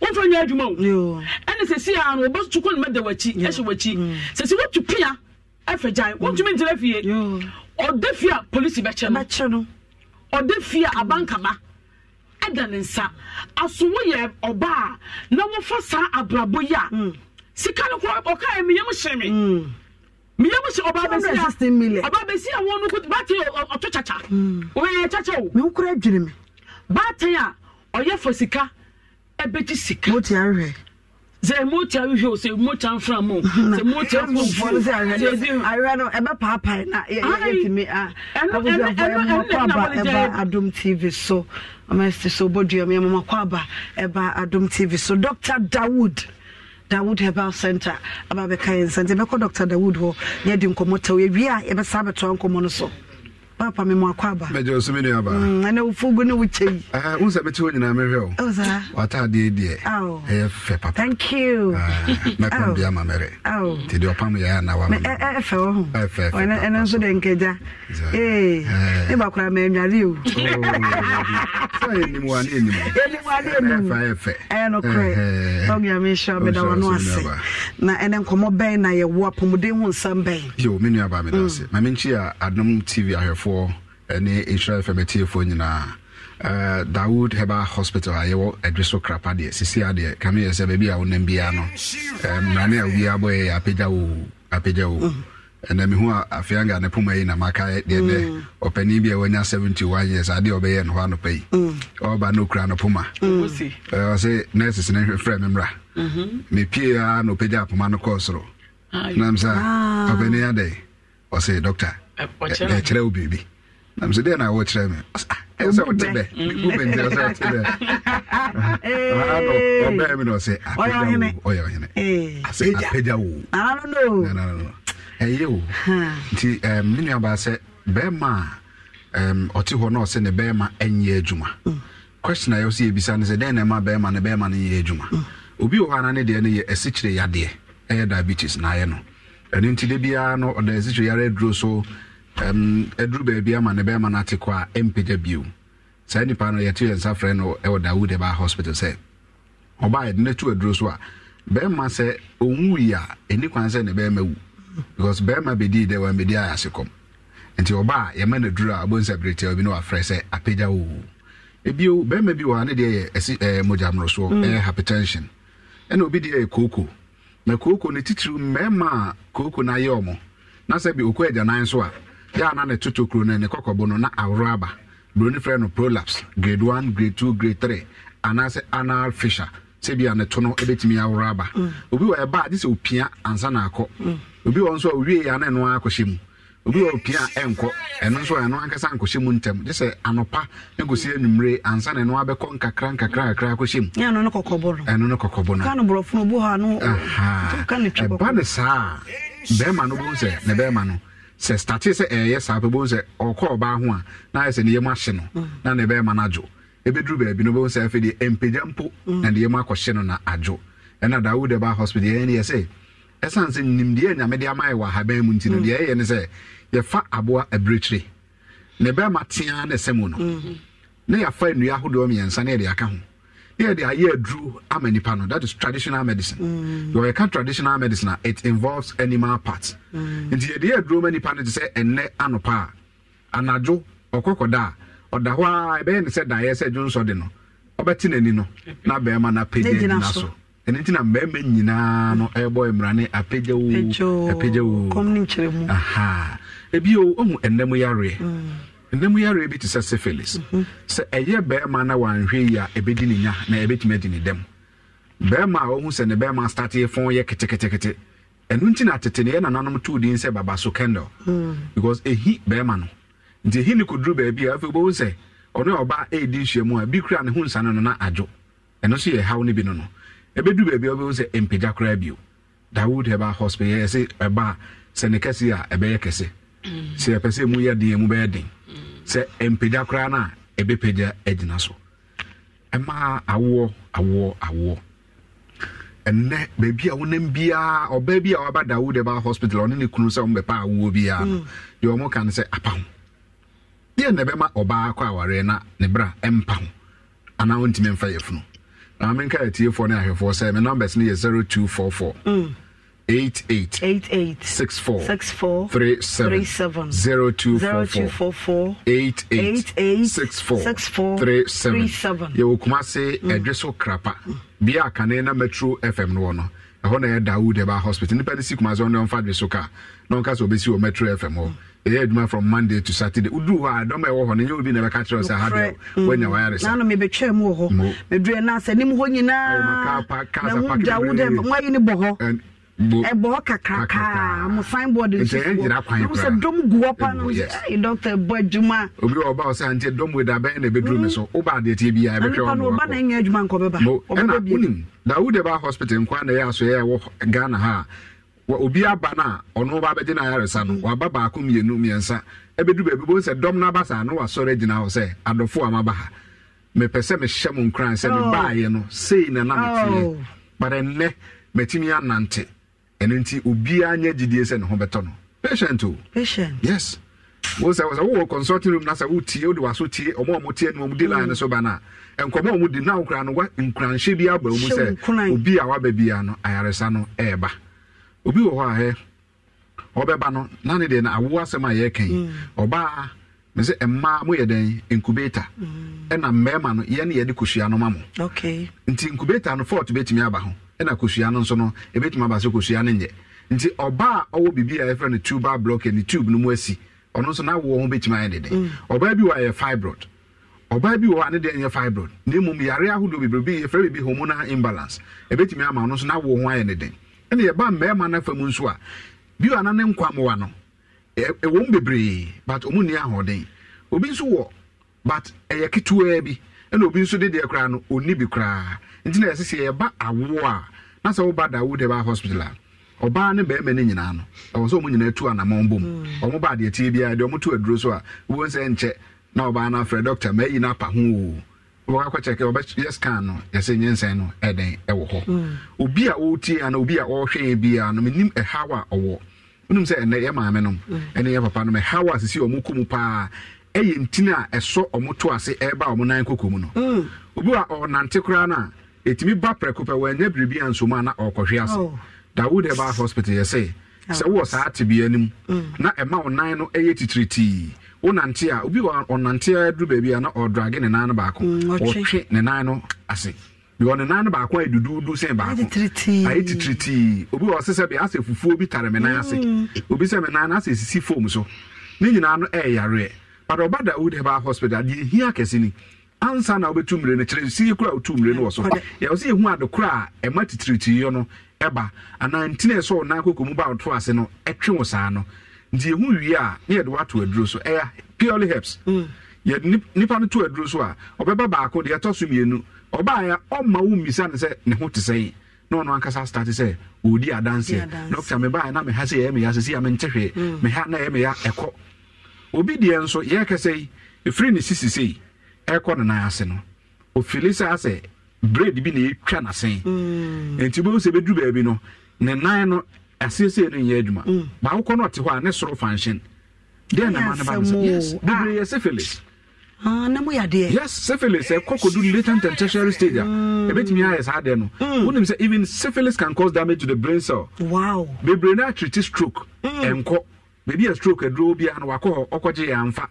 wọn fɛn yɛ adwuma o ɛna sɛsi a no ɔba so kɔ nomɛ da w'akyi ɛhyɛ w'akyi sɛsi wotu pia ɛfɛ gyan wɔntumi ntena fie ɔda fie polisi bɛkyɛ no ɔda fie a abankaba ɛda ne nsa asowo yɛ ɔbaa na wɔfa saa abrabɔ yi a mm. sika no kɔ ɔka yɛ miyam hyɛ me miyam hyɛ ɔbaa bɛsi a ɔbaa bɛsi a wɔn no kɔ baate ɔtɔ kyakya mm. ɔyɛ kyakya o. mi n kura adwiri mi. baate a ɔyɛ fɔ sika ɛbɛgye sika. mo ti ahwɛ. sɛ mota wohwɛ sɛ mota mfra mo sɛ mota awerɛ no ɛbɛpaapae na yɛtumi ɛnɛ na wɔde gya adom tv so ɔmɛsɛ sɛ wobɔdua me ɛmama kɔ aba ɛba adom tv so dr dawood dawood herbal center aba bɛka yɛ nsa nti bɛkɔ dr dawood hɔ ne adi nkɔmmɔ tɛw yɛwie a yɛbɛsa bɛtoa nkɔmmɔ no so papa me mu akɔ aba bɛgye ɔso me nua aba ɛnɛ wofogo ne wokyɛ yi wo sɛ bɛte hɔ nyinaa mehwɛ o watadeɛ deɛ ɛyɛ fɛ papa thank you ah, mɛkɔ bia ma mɛrɛ nti deɛ ɔpam yɛ ana waɛfɛ wo ho ɛno nso de nkagya ne bakora maanware o ɛnimuaneɛnimuɛfɛ ɛyɛ nokorɛ ɔnyame hyɛ meda wano ase na ɛnɛ nkɔmmɔ bɛn na yɛwo apɔmuden ho nsɛm bɛn yo me nua aba meda mm. ase ma menkyi a adom tv ahwɛfo atiefoɔ ne israel fm atiefoɔ nyinaa Uh, eh, dawood heba hospital a yɛwɔ ɛdwe so krapa deɛ sisi adeɛ kame yɛ sɛ baabi a wonam biara no eh, mmerane a wobiaa bɔɛ yɛ apagya wo apagya wo ɛna mehu a afeanga ne mm. poma yi na maka deɛ dɛ ɔpanin bi a wanya 71 years adeɛ ɔbɛyɛ no hɔ anɔpa yi ɔba no ɔkura mm. no poma ɔse mm. eh, nurses ne frɛ mm-hmm. me mmra mepie a na ɔpagya apoma no kɔɔ soro ah, nam sɛ ɔpanin adɛ ɔse doctor Eh, eh, kyerɛ wo biribi nam sɛ deɛ na wɔkyerɛ ah, mm-hmm. eh. ah, me na apagya o nuabaa sɛ a ɔte hɔ na ɔsɛ ne ɛnyɛ adwuma mm. question a ɛwɔ sɛ yɛbisa no sɛ dɛn na ɛma bɛrima ne bɛrima no yɛ adwuma mm. obi wɔ hɔ ana ne deɛ no yɛ ɛsikyire yadeɛ ɛyɛ diabetes na no ɛno nti de biara no ɔda ɛsikyire yare aduro so ɛduru baabi ama ne bɛrima no ate kɔ a ɛmpagya bio saa nnipa no yɛte yɛ frɛ no ɛwɔ dawood ɛbaa hospital sɛ ɔbaa yɛde no atu aduro so a bɛrima sɛ ɔwui a ɛni kwan sɛ ne bɛrima wu because bɛrima bɛdii dɛ wɔmmɛdi ayɛ ase kɔm nti ɔbaa yɛma no aduro a ɔbɛnsa beretia bi na wafrɛ sɛ apagya woo ebio bɛrima bi wɔ ne deɛ yɛ ɛsi ɛɛ mogya mmorosoɔ ɛyɛ mm. hypertension ɛna obi deɛ yɛ kooko na kooko ne titiri mmarima a kooko na ayɛ ɔmo na sɛ bi okɔ agya nan so a yɛ ana ne toto kuro no ne kɔkɔbo no na aworɔ aba buroni frɛ no prolapse grade one, grade two, grade three. anaasɛ anal fissure sɛbi a ne to no bɛtumi aworɔ aba mm. obi wɔ ɛba gye sɛ opia ansa na akɔ mm. obi wɔ nso a owie yɛ ana ɛno akɔhyɛ mu obi wɔ opia ɛnkɔ ɛno nso a ɛno ankasa nkɔhyɛ mu ntɛm gye sɛ anɔpa nkɔsi anwummere ansa na ɛno abɛkɔ nkakra nkakra nkakra akɔhyɛ mu ɛno no kɔkɔbɔ no ɛno no kɔkɔbɔ no kano borɔfono obi hɔ ano ɛba ne saa bɛrima no bɛhu sɛ ne bɛrima no sɛ state sɛ ɛyɛ saa pɛ bɛhu sɛ ɔkɔ ɔbaa ho a na ayɛ sɛ ne yɛm ahye no na ne ɛbɛyɛ ma no adwo ɛbɛduru baabi no bɛhu sɛ afei deɛ ɛmpagya mpo na ne yɛm akɔhye no na adwo ɛna dawood ba hospital yɛn neɛ sɛ ɛsiane sɛ nimdeɛ nyame de ama yɛ wɔ ahaban mu nti no deɛ ɛyɛ ne sɛ yɛfa aboa abirekyire ne bɛma tea ne sɛ mu no mhm. na yɛafa nnua ahodoɔ mmiɛnsa ne yɛde aka ho yɛ de ayɛ aduru ama nipa no that is traditional medicine mm. yɛ yɛka traditional medicine a ah, it involves animal part mm. nti yɛ de yɛ aduru ma nipa no te sɛ ɛnɛ anɔpa a anadwo ɔkɔkɔda a ɔda hɔ a ɛbɛyɛ ne sɛ daeɛ sɛ dwonsɔ de no ɔbɛte n'ani no na bɛrima no apagya gyina so ɛno nti na mmarima nyinaa no ɛbɔ mmara ne apagya wo apagya wo aha ebio ɔhu ɛnɛ mu yareɛ mm nnam yare bi te sɛ syphilis sɛ ɛyɛ bɛrima na wanhwɛ yi a ɛbɛdi ne nya na ɛbɛtumi adi ne dɛm bɛrima a wohu sɛ ne bɛrima starte fon yɛ keteketekete ɛno nti na tete ne yɛ nananom too din sɛ baba so candle because ɛhi bɛrima no oh. nti ɛhi ne kɔduru baabi a afei wobɛhu sɛ ɔno yɛ ɔba ɛɛdi eh, nhyiamu a bi kura ne ho nsane no na adwo ɛno nso yɛ haw no bi no no ɛbɛduru baabi a wobɛhu sɛ mpagya koraa bio dawood ɛba hospital yɛyɛ sɛ ɛba sɛ yɛpɛ sɛ mu yɛ den mu bɛyɛ den sɛ mpagya koraa no a ɛbɛpagya agyina so ɛmaa awoɔ awoɔ awoɔ ɛnɛ baabi a wonam biara ɔbaa bi a waba dawood baa hospital ɔne ne kunu sɛ wɔmbɛpa awoɔ biara no mm. deɛ ɔmo ka no sɛ apa ho deɛ na ɛbɛma ɔbaa kɔ awareɛ na ne bra ɛmpa ho anaa wontumi mfa yɛ funu na menka yɛtiefoɔ ne ahwɛfoɔ sɛ me numbers no yɛ 0244 mm. eight eight eight eight six four six four three seven three seven zero two zero two four four eight eight eight eight six four six four three seven three kumase mm. ẹdweso krapa bia akane na metro fm no wọ no ɛhɔ na yɛ dawood ɛba hospital nipa ne si kumase ɔno ɔmfa adweso ka na ɔnka sɛ obesi wɔ metro fm hɔ mm. ɛyɛ adwuma from monday to saturday woduru hɔ a dɔm a ɛwɔ hɔ no nyɛ obi na ɛbɛka kyerɛ sɛ hadeɛ mm. woanya wayare sano mebɛtwaa mu wɔ hɔ medurɛ no asɛ nyinaa na wodawood mayɛ ne bɔ hɔ ɛbɔ kakraka mo signboard nsosɛ dɔm guɔ pa no ɛ dɔctr bɔ adwuma obi wɔ ɔba ɔ sɛ nti dɔm wei da bɛn na ɛbɛduru me mm. so woba adeɛ tie biaa ɛbɛhwɛ no ɔba na ɛnyɛ adwuma nkɔ bɛba ɛna wonim dawode ba hospital nkwa na ɛyɛ asoɛ ɛwɔ ghana ha a obi aba no a ɔno ba bɛgye no ayaresa no waba baako mmienu mmiɛnsa ɛbɛduru baabi bo sɛ dɔm no aba saa na wasɔre agyina hɔ sɛ adɔfo a maba ha mepɛ sɛ mehyɛ mo nkran sɛ oh. mebaayɛ no sei na na meteɛ oh. but ɛno nti obiara nyɛ gyidie sɛ ne ho bɛtɔ no patient o patient yes wo sɛ sɛ wowɔ consulting room na sɛ wotie wode tie ɔma ɔmo tie no ɔmde line so ba no a nkɔmmɔ ɔmo di na wokora no wa nkuranhyɛ bi aba sɛ obi a waba no ayaresa no ɛɛba obi wɔ hɔ a hɛ ɔbɛba no deɛ no awo a mm. ɔbaa me sɛ mmaa moyɛ dɛn mm. ɛna mmarima no yɛne yɛde kosua no ma mo nti ɛna kosua no nso no ɛbɛtumi aba sɛ kosua no nyɛ nti ɔbaa a ɔwɔ biribi a yɛfrɛ no tuba block ne tube no mu asi ɔno nso n'awoɔ ho bɛtumi ayɛ deden mm. ɔbaa bi wɔ ayɛ fibroid ɔbaa bi wɔ hɔ deɛ nyɛ fibroid na mmom yare ahodoɔ bebrebe yɛfrɛ biribi hormonal imbalance ɛbɛtumi ama ɔno nso n'awoɔ ho ayɛ deden ɛna yɛba mmarima no afa mu nso a bi wɔ ana ne nkwamoa no ɛwɔ mu bebree but ɔmo nni ahoɔden obi nso wɔ but ɛyɛ ketewaa bi ɛna obi nso de deɛ koraa no ɔnni bi koraa nti na yɛsɛ sɛ yɛba awoɔ a na sɛ woba dawo de ba hospital a ɔbaa ne bɛrima no nyinaa no ɛwɔ sɛ ɔmo nyinaa tu anamɔn bom mm. ɔmo ba adeɛ tie biara deɛ ɔmo tu aduro so a wɔn sɛ nkyɛ na ɔbaa no afrɛ dɔkta mɛyi no apa ho o wɔkakɔ kyɛkɛ ɔbɛyɛ scan no yɛsɛ nyɛnsɛn no ɛdɛn ɛwɔ hɔ mm. obi a ɔretie anaa obi a ɔrehwɛ biara no menim ɛhaw a ɔwɔ wonim sɛ ɛnɛ yɛ maame nom mm. ɛne yɛ papa nom ɛhaw a sisi ɔmo kɔ mu paa ɛyɛ ntin a ɛsɔ ɔmo to ase ɛreba ɔmo nan koko mu no obi a ɔnante koraa no a ɛtumi ba prɛko pɛ wɔanyɛ biribi a nsomu a na ɔkɔhwe ase oh. dawode ba hospital yɛ sɛ oh. sɛ wowɔ saa tebea no mu mm. na ɛma wo nan no ɛyɛ titiritii wonante a obi ɔnante aduru baabi a na ɔdrage ne nan no baako mm, ɔtwe ne nan no ase bíwọ ne nan no baako ayɛ duduudu sɛn baako ayɛ titiritii obi wɔ sɛ bi asɛ fufuo bi tare me nan mm. ase obi sɛ me nan no asɛ sisi fom so ne nyinaa no ɛyɛ yareɛ padà ɔba dawode ba hospital deɛ ehia kɛse ni ansa na wobɛtu mmire no kyerɛ sie kora wotu mmire no wɔ so yɛwɔ sɛ yɛhu ade kora a ɛma titirikyiyɔ no ɛba anaa ntina ɛsɛ ɔna akoko mu ba woto ase no ɛtwe wo saa no nti yɛhu wie a ne yɛde woato aduro so ɛyɛ purely herbs mm. yɛde nipa no to aduro so a ɔbɛba baako deɛ ɛtɔ so mmienu ɔbaayɛ ɔma wo mmisa ne sɛ ne ho te sɛn na ɔno ankasa start sɛ ɔredi adanseɛ dɔkta mebaɛ na meha sɛ yɛɛ meya sɛ si a mente hwee meha na ɛyɛ meya ɛkɔ obi deɛ nso yɛɛkɛ sɛ yi ɛfiri ne sisisei ɛkɔ ne nan ase no ofili saa sɛ braid bi na etwa n'asen mm. nti bɛhu sɛ bɛduru baabi no ne nan no asiesie no nyɛ adwuma mm. baako no ɔte hɔ a ne soro fanhyɛn deɛ na ma ne ba ne sɛ yes bebree yɛ ah. syphilis ah, na mo yadeɛ yes syphilis ɛkɔ kɔdu latent and tertiary stage a ɛbɛtumi mm. ayɛ saa no even syphilis can cause damage to the brain cell wow bebree no atrete stroke ɛnkɔ baabi a stroke aduro biara no wakɔ hɔ ɔkɔgye yɛ amfa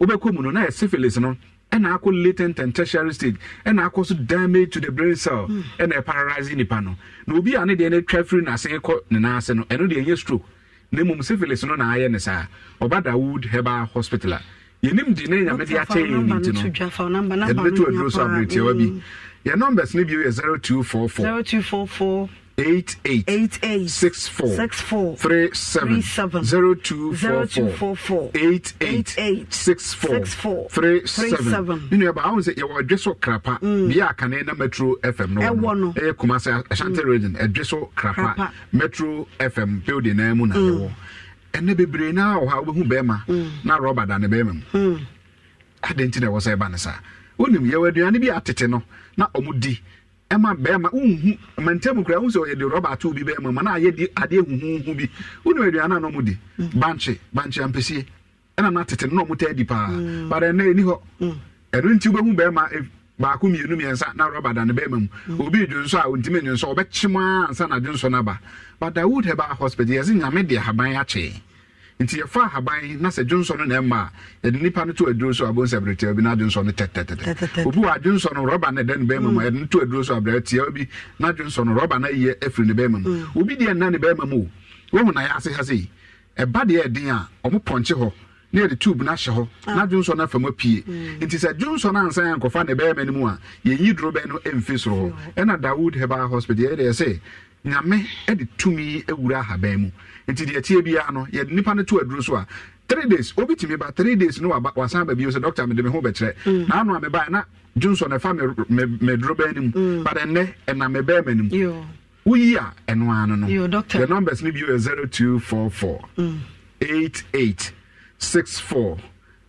wobɛkɔ mu no na yɛ syphilis no ɛna akɔ latent and tertiary stage ɛna akɔ so damage to the brain cell ɛna hmm. ɛparalyze nipa no na obi a ne deɛ no twa firi n'ase kɔ ne nan ase no ɛno deɛ ɛnyɛ stroke na mmom syphilis no na ayɛ ne saa ɔba dawood herbal hospital a yɛnim de ne nyame de akyɛ yɛ ne nti no yɛde bɛto aduro so aberɛtiawa bi mm. yɛ numbers no bio yɛ 0244 0244 nuaba ahu sɛ yɛwɔ ɛdwe so krapa bia akane na metro fm no ɛyɛ kuma sɛ ashanti region ɛdwe so krapa metro fm building na mu na yɛwɔ ɛnɛ bebree na wɔ ha wobɛhu bɛrima na rɔba da ne bɛrima mu adɛn nti na ɛwɔ sɛ ɛba ne saa wonim yɛwɔ aduane bi atete no na ɔmo di ɛma bɛrima nhu mantam kura nhu sɛ yɛde rɔba ato bi bɛrima ma na ayɛ de adeɛ huhuhu bi wonu aduane na ɔmo di bankye bankye ampesie ɛna na tete mm. na ɔmo taa di paa bada ɛnna ɛni hɔ ɛno nti wobɛhu bɛrima baako mmienu mmiɛnsa na rɔba da ne bɛrima mu mm. obi dwo nso a ntumi nwo nso ɔbɛkye mu na dwo nso na ba but i would have a hospital yɛsɛ nyame de ahaban akyɛ nti yɛfa ahaban na sɛ dwonsɔ no na ɛma a yɛde nipa no to aduro so abonsɛbere tia bi na adwonsɔ no tɛtɛtɛtɛ obi wɔ adwonsɔ no rɔba na ɛda ne bɛrima mu yɛde no to aduro so abrɛ tia bi na adwonsɔ no rɔba na yɛ afiri ne bɛrima mu mm. obi deɛ nna ne bɛrima mu o wɔn na yɛ ase ha sei ɛba deɛ ɛden a ɔmo pɔnkye hɔ ne yɛde tube no ahyɛ hɔ na ah. dwonsɔ no afam apue mm. nti sɛ dwonsɔ no ansan ankɔfa ne bɛrima no mu a yɛyi duro bɛn no ɛmfi soro hɔ ɛna dawood herbal hospital yɛdeɛ sɛ nyame de tumi awura ahaban mu nti deɛ tie biara no yɛ nipa no to aduro so a three days obi tumi ba three days no wasan ba bio sɛ doctor mede me ho bɛkyerɛ mm. na ano a mebae na johnson ɛfa me duro bɛn no mu mm. but ɛnnɛ ɛna me bɛɛ ma no mu woyi a ɛno ara no no the numbers no bio yɛ 0244 mm. 88 64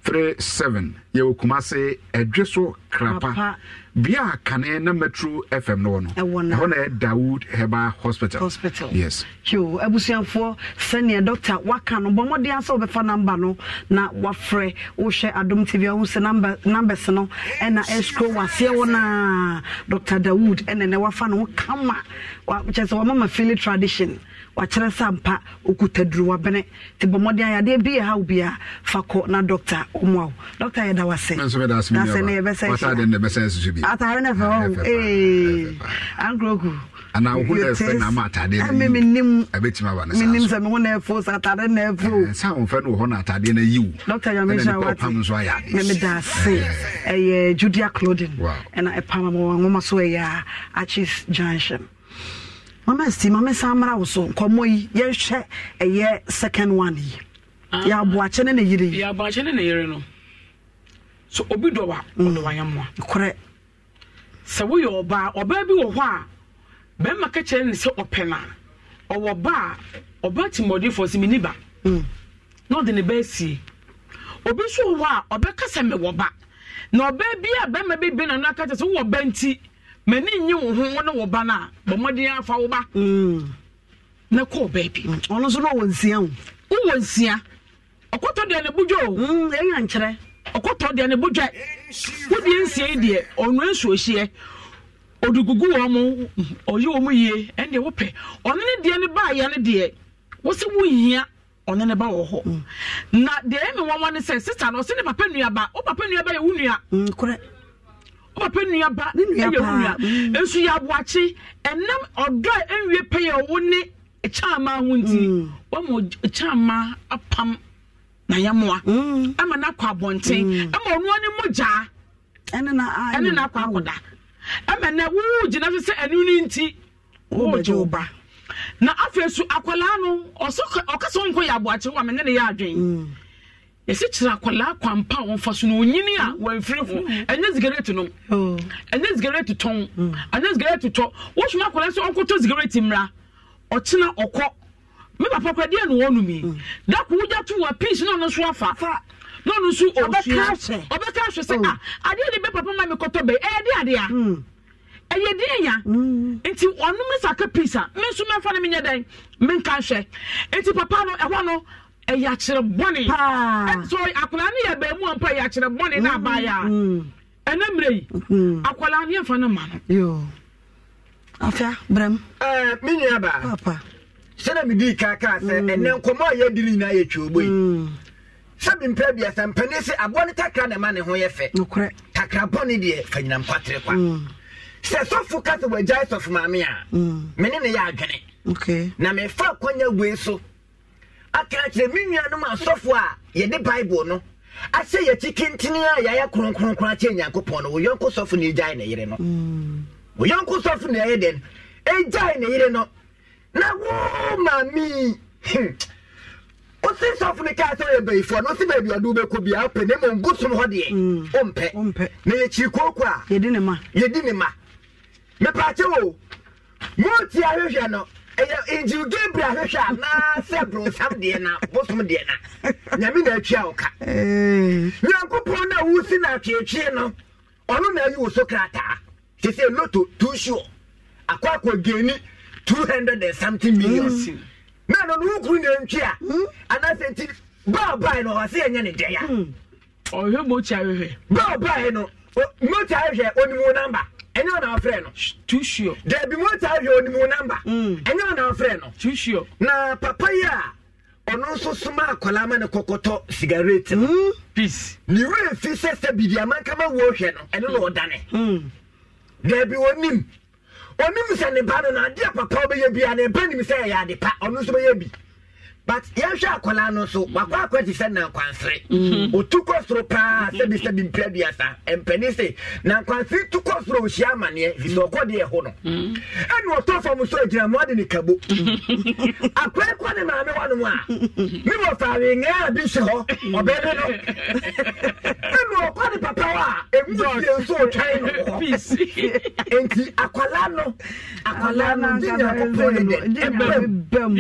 three seven yɛwɔ kumase ɛdwe so krapa bia a kane na metro fm no wɔ no ɛhɔ na ɛ dawood heba hospital hospital yes yo abusuafoɔ sɛnea dɔctor waka no bɔ mmɔden sɛ namba no na wafrɛ wohwɛ adom tv a wohu sɛ numbers no ɛna ɛscro waseɛ wo naa dɔctor dawood ɛnɛ nɛ wafa no ho kama kyɛ sɛ wamama fili tradition wakyerɛ sɛ mpa okuta duruwabene nti bɔ mmɔden ayadeɛ bi yɛ haw bia fa kɔ na dɔkta ɔmoa wo dɔkta yɛda wasɛ nasɛ ne yɛbɛsɛ atare ne fɛ hɔ ankuroku menim sɛ meho na ɛfo sɛ atade na ɛfo dɔkta eh, nyamehyawate na meda ase eh. ɛyɛ judia clothing ɛna ɛpama ma wɔnwoma so ɛyɛ achis junction mama si mama san mara wo so nkɔmmɔ yi yɛhwɛ ɛyɛ second one yi ah. yɛaboakye ne ne yere yi yɛaboakye ne ne yere no so obi dɔ wa mm. ɔdɔ wa yɛmmoa korɛ sɛ woyɛ ɔbaa ɔbaa bi wɔ hɔ a bɛrima ka kyerɛ ne sɛ ɔpɛ no baa ɔwɔ ba a ɔbaa timmɔdefoɔ sɛ menni ba mm. na ɔde ne bɛɛ sie obi nso wɔ hɔ a ɔbɛka sɛ mewɔ ba na ɔbaa bi a bɛrima bi bɛ nano aka kyɛ sɛ wowɔ ba mani nyi wo ho ne wo ba a afa wo ba mm. na kɔɔ baabi mm. ɔno nso na ɔwɔ nsia wo nsia ɔkɔtɔ deɛ ne bodwa o mm, ɛnya nkyerɛ ɔkɔtɔ deɛ ne bodwa wodeɛ nsia yi deɛ gugu wɔn wɔn yie wopɛ ɔno ne deɛ ne ba ya ne deɛ wosi ne ba wɔ hɔ na deɛ ɛmi wɔn wɔn ne sɛ ɔsi ne papa papa wopɛ nnuaba ɛyɛ wo nua nso yɛ ɛnam ɔdɔ a ɛnwie ya yɛ ne kyaama ho nti mm. wama kyaama apam mm. ama no akɔ abɔnten mm. ama ɔnoa ne mogyaa ɛne no akɔ akɔda ama nɛ woo gyina so sɛ ɛno no nti wogye wo ba na afei so akwalaa no ɔkasa wo yɛ aboakye wo amɛnyɛ ne yɛ adwen yɛsɛ kyerɛ akwadaa kwampa a wɔmfa so no onyini a wɔamfiri ho mm-hmm. ɛnyɛ zigareti nom oh. ɛnyɛ zigareti tɔn mm. ɛnyɛ zigareti tɔ wosoma akwadaa sɛ ɔnkɔtɔ zigareti mmra ɔkyena ɔkɔ me papa kora na wɔnom yi mm. dako wogya to wɔ piece na ɔno nso afa na ɔno nso ɔsua ɔbɛka ahwɛ sɛ oh. a ah, adeɛ de bɛ papa ma me kɔtɔ bɛ ɛyɛ de adeɛ a mm. ɛyɛ de ya nti ɔnom ne saka piece a me nso mɛfa no menyɛ dɛn menka hwɛ nti papa no ɛhɔ no ɛyɛ akyerɛ bɔne ɛso akwadaa no yɛ baamu a mpo ɛyɛ bɔne na mm-hmm. abaayɛ a ɛnɛ mmerɛ yi mm-hmm. akwadaa no yɛmfa no ma no afia brɛm me nua baa sɛdɛ medii kaakaa sɛ mm. ɛnɛ nkɔmmɔ a yɛdi no nyinaa yɛtwa obɔ yi mm. sɛ mempɛ bia sɛ mpane sɛ aboɔ no takra ne ma ne ho yɛ fɛ takra bɔne deɛ fa nyinam kwatere kwa mm. sɛ sɔfo ka sɛ wɔagyae sɔfo maame a mene ne yɛ adwene na mefa akwanya wei so aka me nuanom asɔfoɔ a yɛde bible no asɛ yɛkyi kentini a yɛayɛ kronkronkron akyerɛ nyankopɔn no woyɔnko sɔfo no ɛgyae ne yere no mm. woyɔnko sɔfo no ɛyɛ dɛn ɛgyae ne yere no na wo maami hmm, wosi sɔfo kaa sɛ ɔyɛ bayifoɔ no wosi baabi ɔde wobɛkɔ bia wopɛ na mmom bosom hɔ deɛ mm. na yɛkyiri kooko a yɛdi ma yɛdi ne ma wo mootie ahwehwɛ no nti gabriel ahwehwɛ anaa sɛ bronsam deɛ na bosom deɛ na nyame na atua wo ka eh. nyankopɔn no a wosi no atweetwee no ɔno na ayi wo so krataa te sɛ loto too sure akɔakɔ geni 200 and something million hmm. na no no wokuru na ntwi a hmm? anaasɛ nti baa bae no ɔwɔ sɛ ɛnyɛ ne dɛn a hmm. ɔhwɛ mochi ahwehwɛ baa bae no mokyi ahwehwɛ onimu namba ɛnyɛ ɔna afrɛ no tusio dabi mota ahwɛ onimu namba mm. ɛnyɛ ɔna afrɛ no tusio na papa yi a ɔno nso soma akwadaa ma ne kɔkɔtɔ sigareti mm. peace ne wura efi sɛ sɛ bibi amankama wo hwɛ no ɛno na mm. ɔdane dabi onim onim sɛ ne ba no na adeɛ papa bɛyɛ bi a ne ba nim sɛ ɛyɛ ade pa ɔno nso bɛyɛ bi but yɛhwɛ akwadaa no so mm. wakɔ akɔ ti sɛ nankwansere mm. otu kɔ soro paa sɛbi sɛbi mpɛ duasa mpanin se nankwansere tu kɔ soro ohyia amaneɛ fisɛ mm. ɔkɔ deɛ ɛho no ɛna ɔtɔ fam so gyina mu ɔde ne kabo akwadaa kɔ ne maame hɔ nom a ne wɔ faare ngaa bi hyɛ hɔ ɔbɛ ne no ɛna ɔkɔ ne papa hɔ a emu die nso ɔtwan no wɔ nti akwadaa no akwadaa no di nyɛ ne dɛ ɛbɛm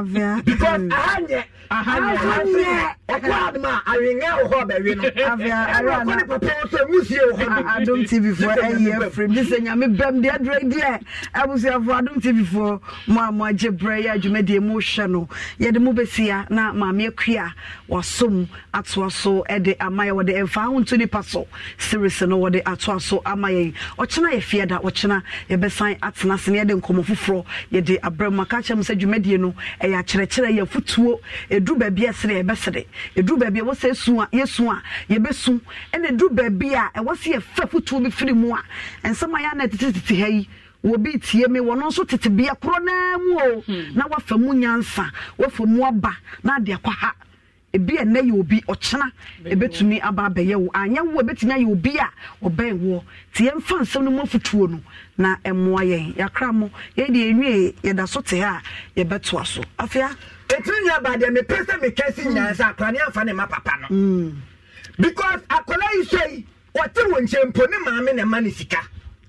because ahanyɛ ahanyɛ ɔkɔ aduma awenya wɔ hɔ bɛwi no ɛna ɔkɔ ne papa wɔ sɛ musie wɔ hɔ. adum tv fo ɛyɛ efirim ne sɛ nyame bɛm deɛ duro deɛ abusuafo adum tv fo mo a mo agye brɛ yɛ adwumadie mo hwɛ no yɛde mo bɛsia na maame akua wasom atoa so ɛde ama yɛ wɔde ɛmfa ho nto nipa so series no wɔde atoa so ama yɛn ɔkyena yɛ fie da ɔkyena yɛbɛsan atena se ne yɛde nkɔmɔ foforɔ yɛde abrɛ mu aka kyerɛ mo sɛ dwumadie no ɛyɛ akyerɛkyerɛ yɛ afutuo ɛduru baabi ɛsere yɛbɛsere ɛduru baabi ɛwɔ sɛ ɛsu a yɛsu a yɛbɛsu ɛna ɛduru baabi a ɛwɔ sɛ yɛfɛ afutuo bi firi mu a nsɛm a yɛ ana ɛtetetete ha yi wɔbi tie me wɔno nso tete bea korɔ naa mu o hmm. na wafa mu nyansa wafa mu aba na ade akɔ ha ebi ɛnɛ yɛ obi ɔkyena ebetumi aba abɛyɛ wo anya wo ebetumi ayɛ obi a ɔbɛn wo te yɛn fa nsɛm no mu afutuo no na ɛmoa yɛn yakra mo yɛn deɛ enwie yɛda so te ha yɛbɛtoa so afia. etiri nyɛ ba deɛ mepɛ sɛ meka hmm. si nyinaa sɛ akora ne afa ne ma papa no. Hmm. because akɔla yi sɛ yi wɔte wɔn nkyɛn mpo ne maame na ɛma ne sika.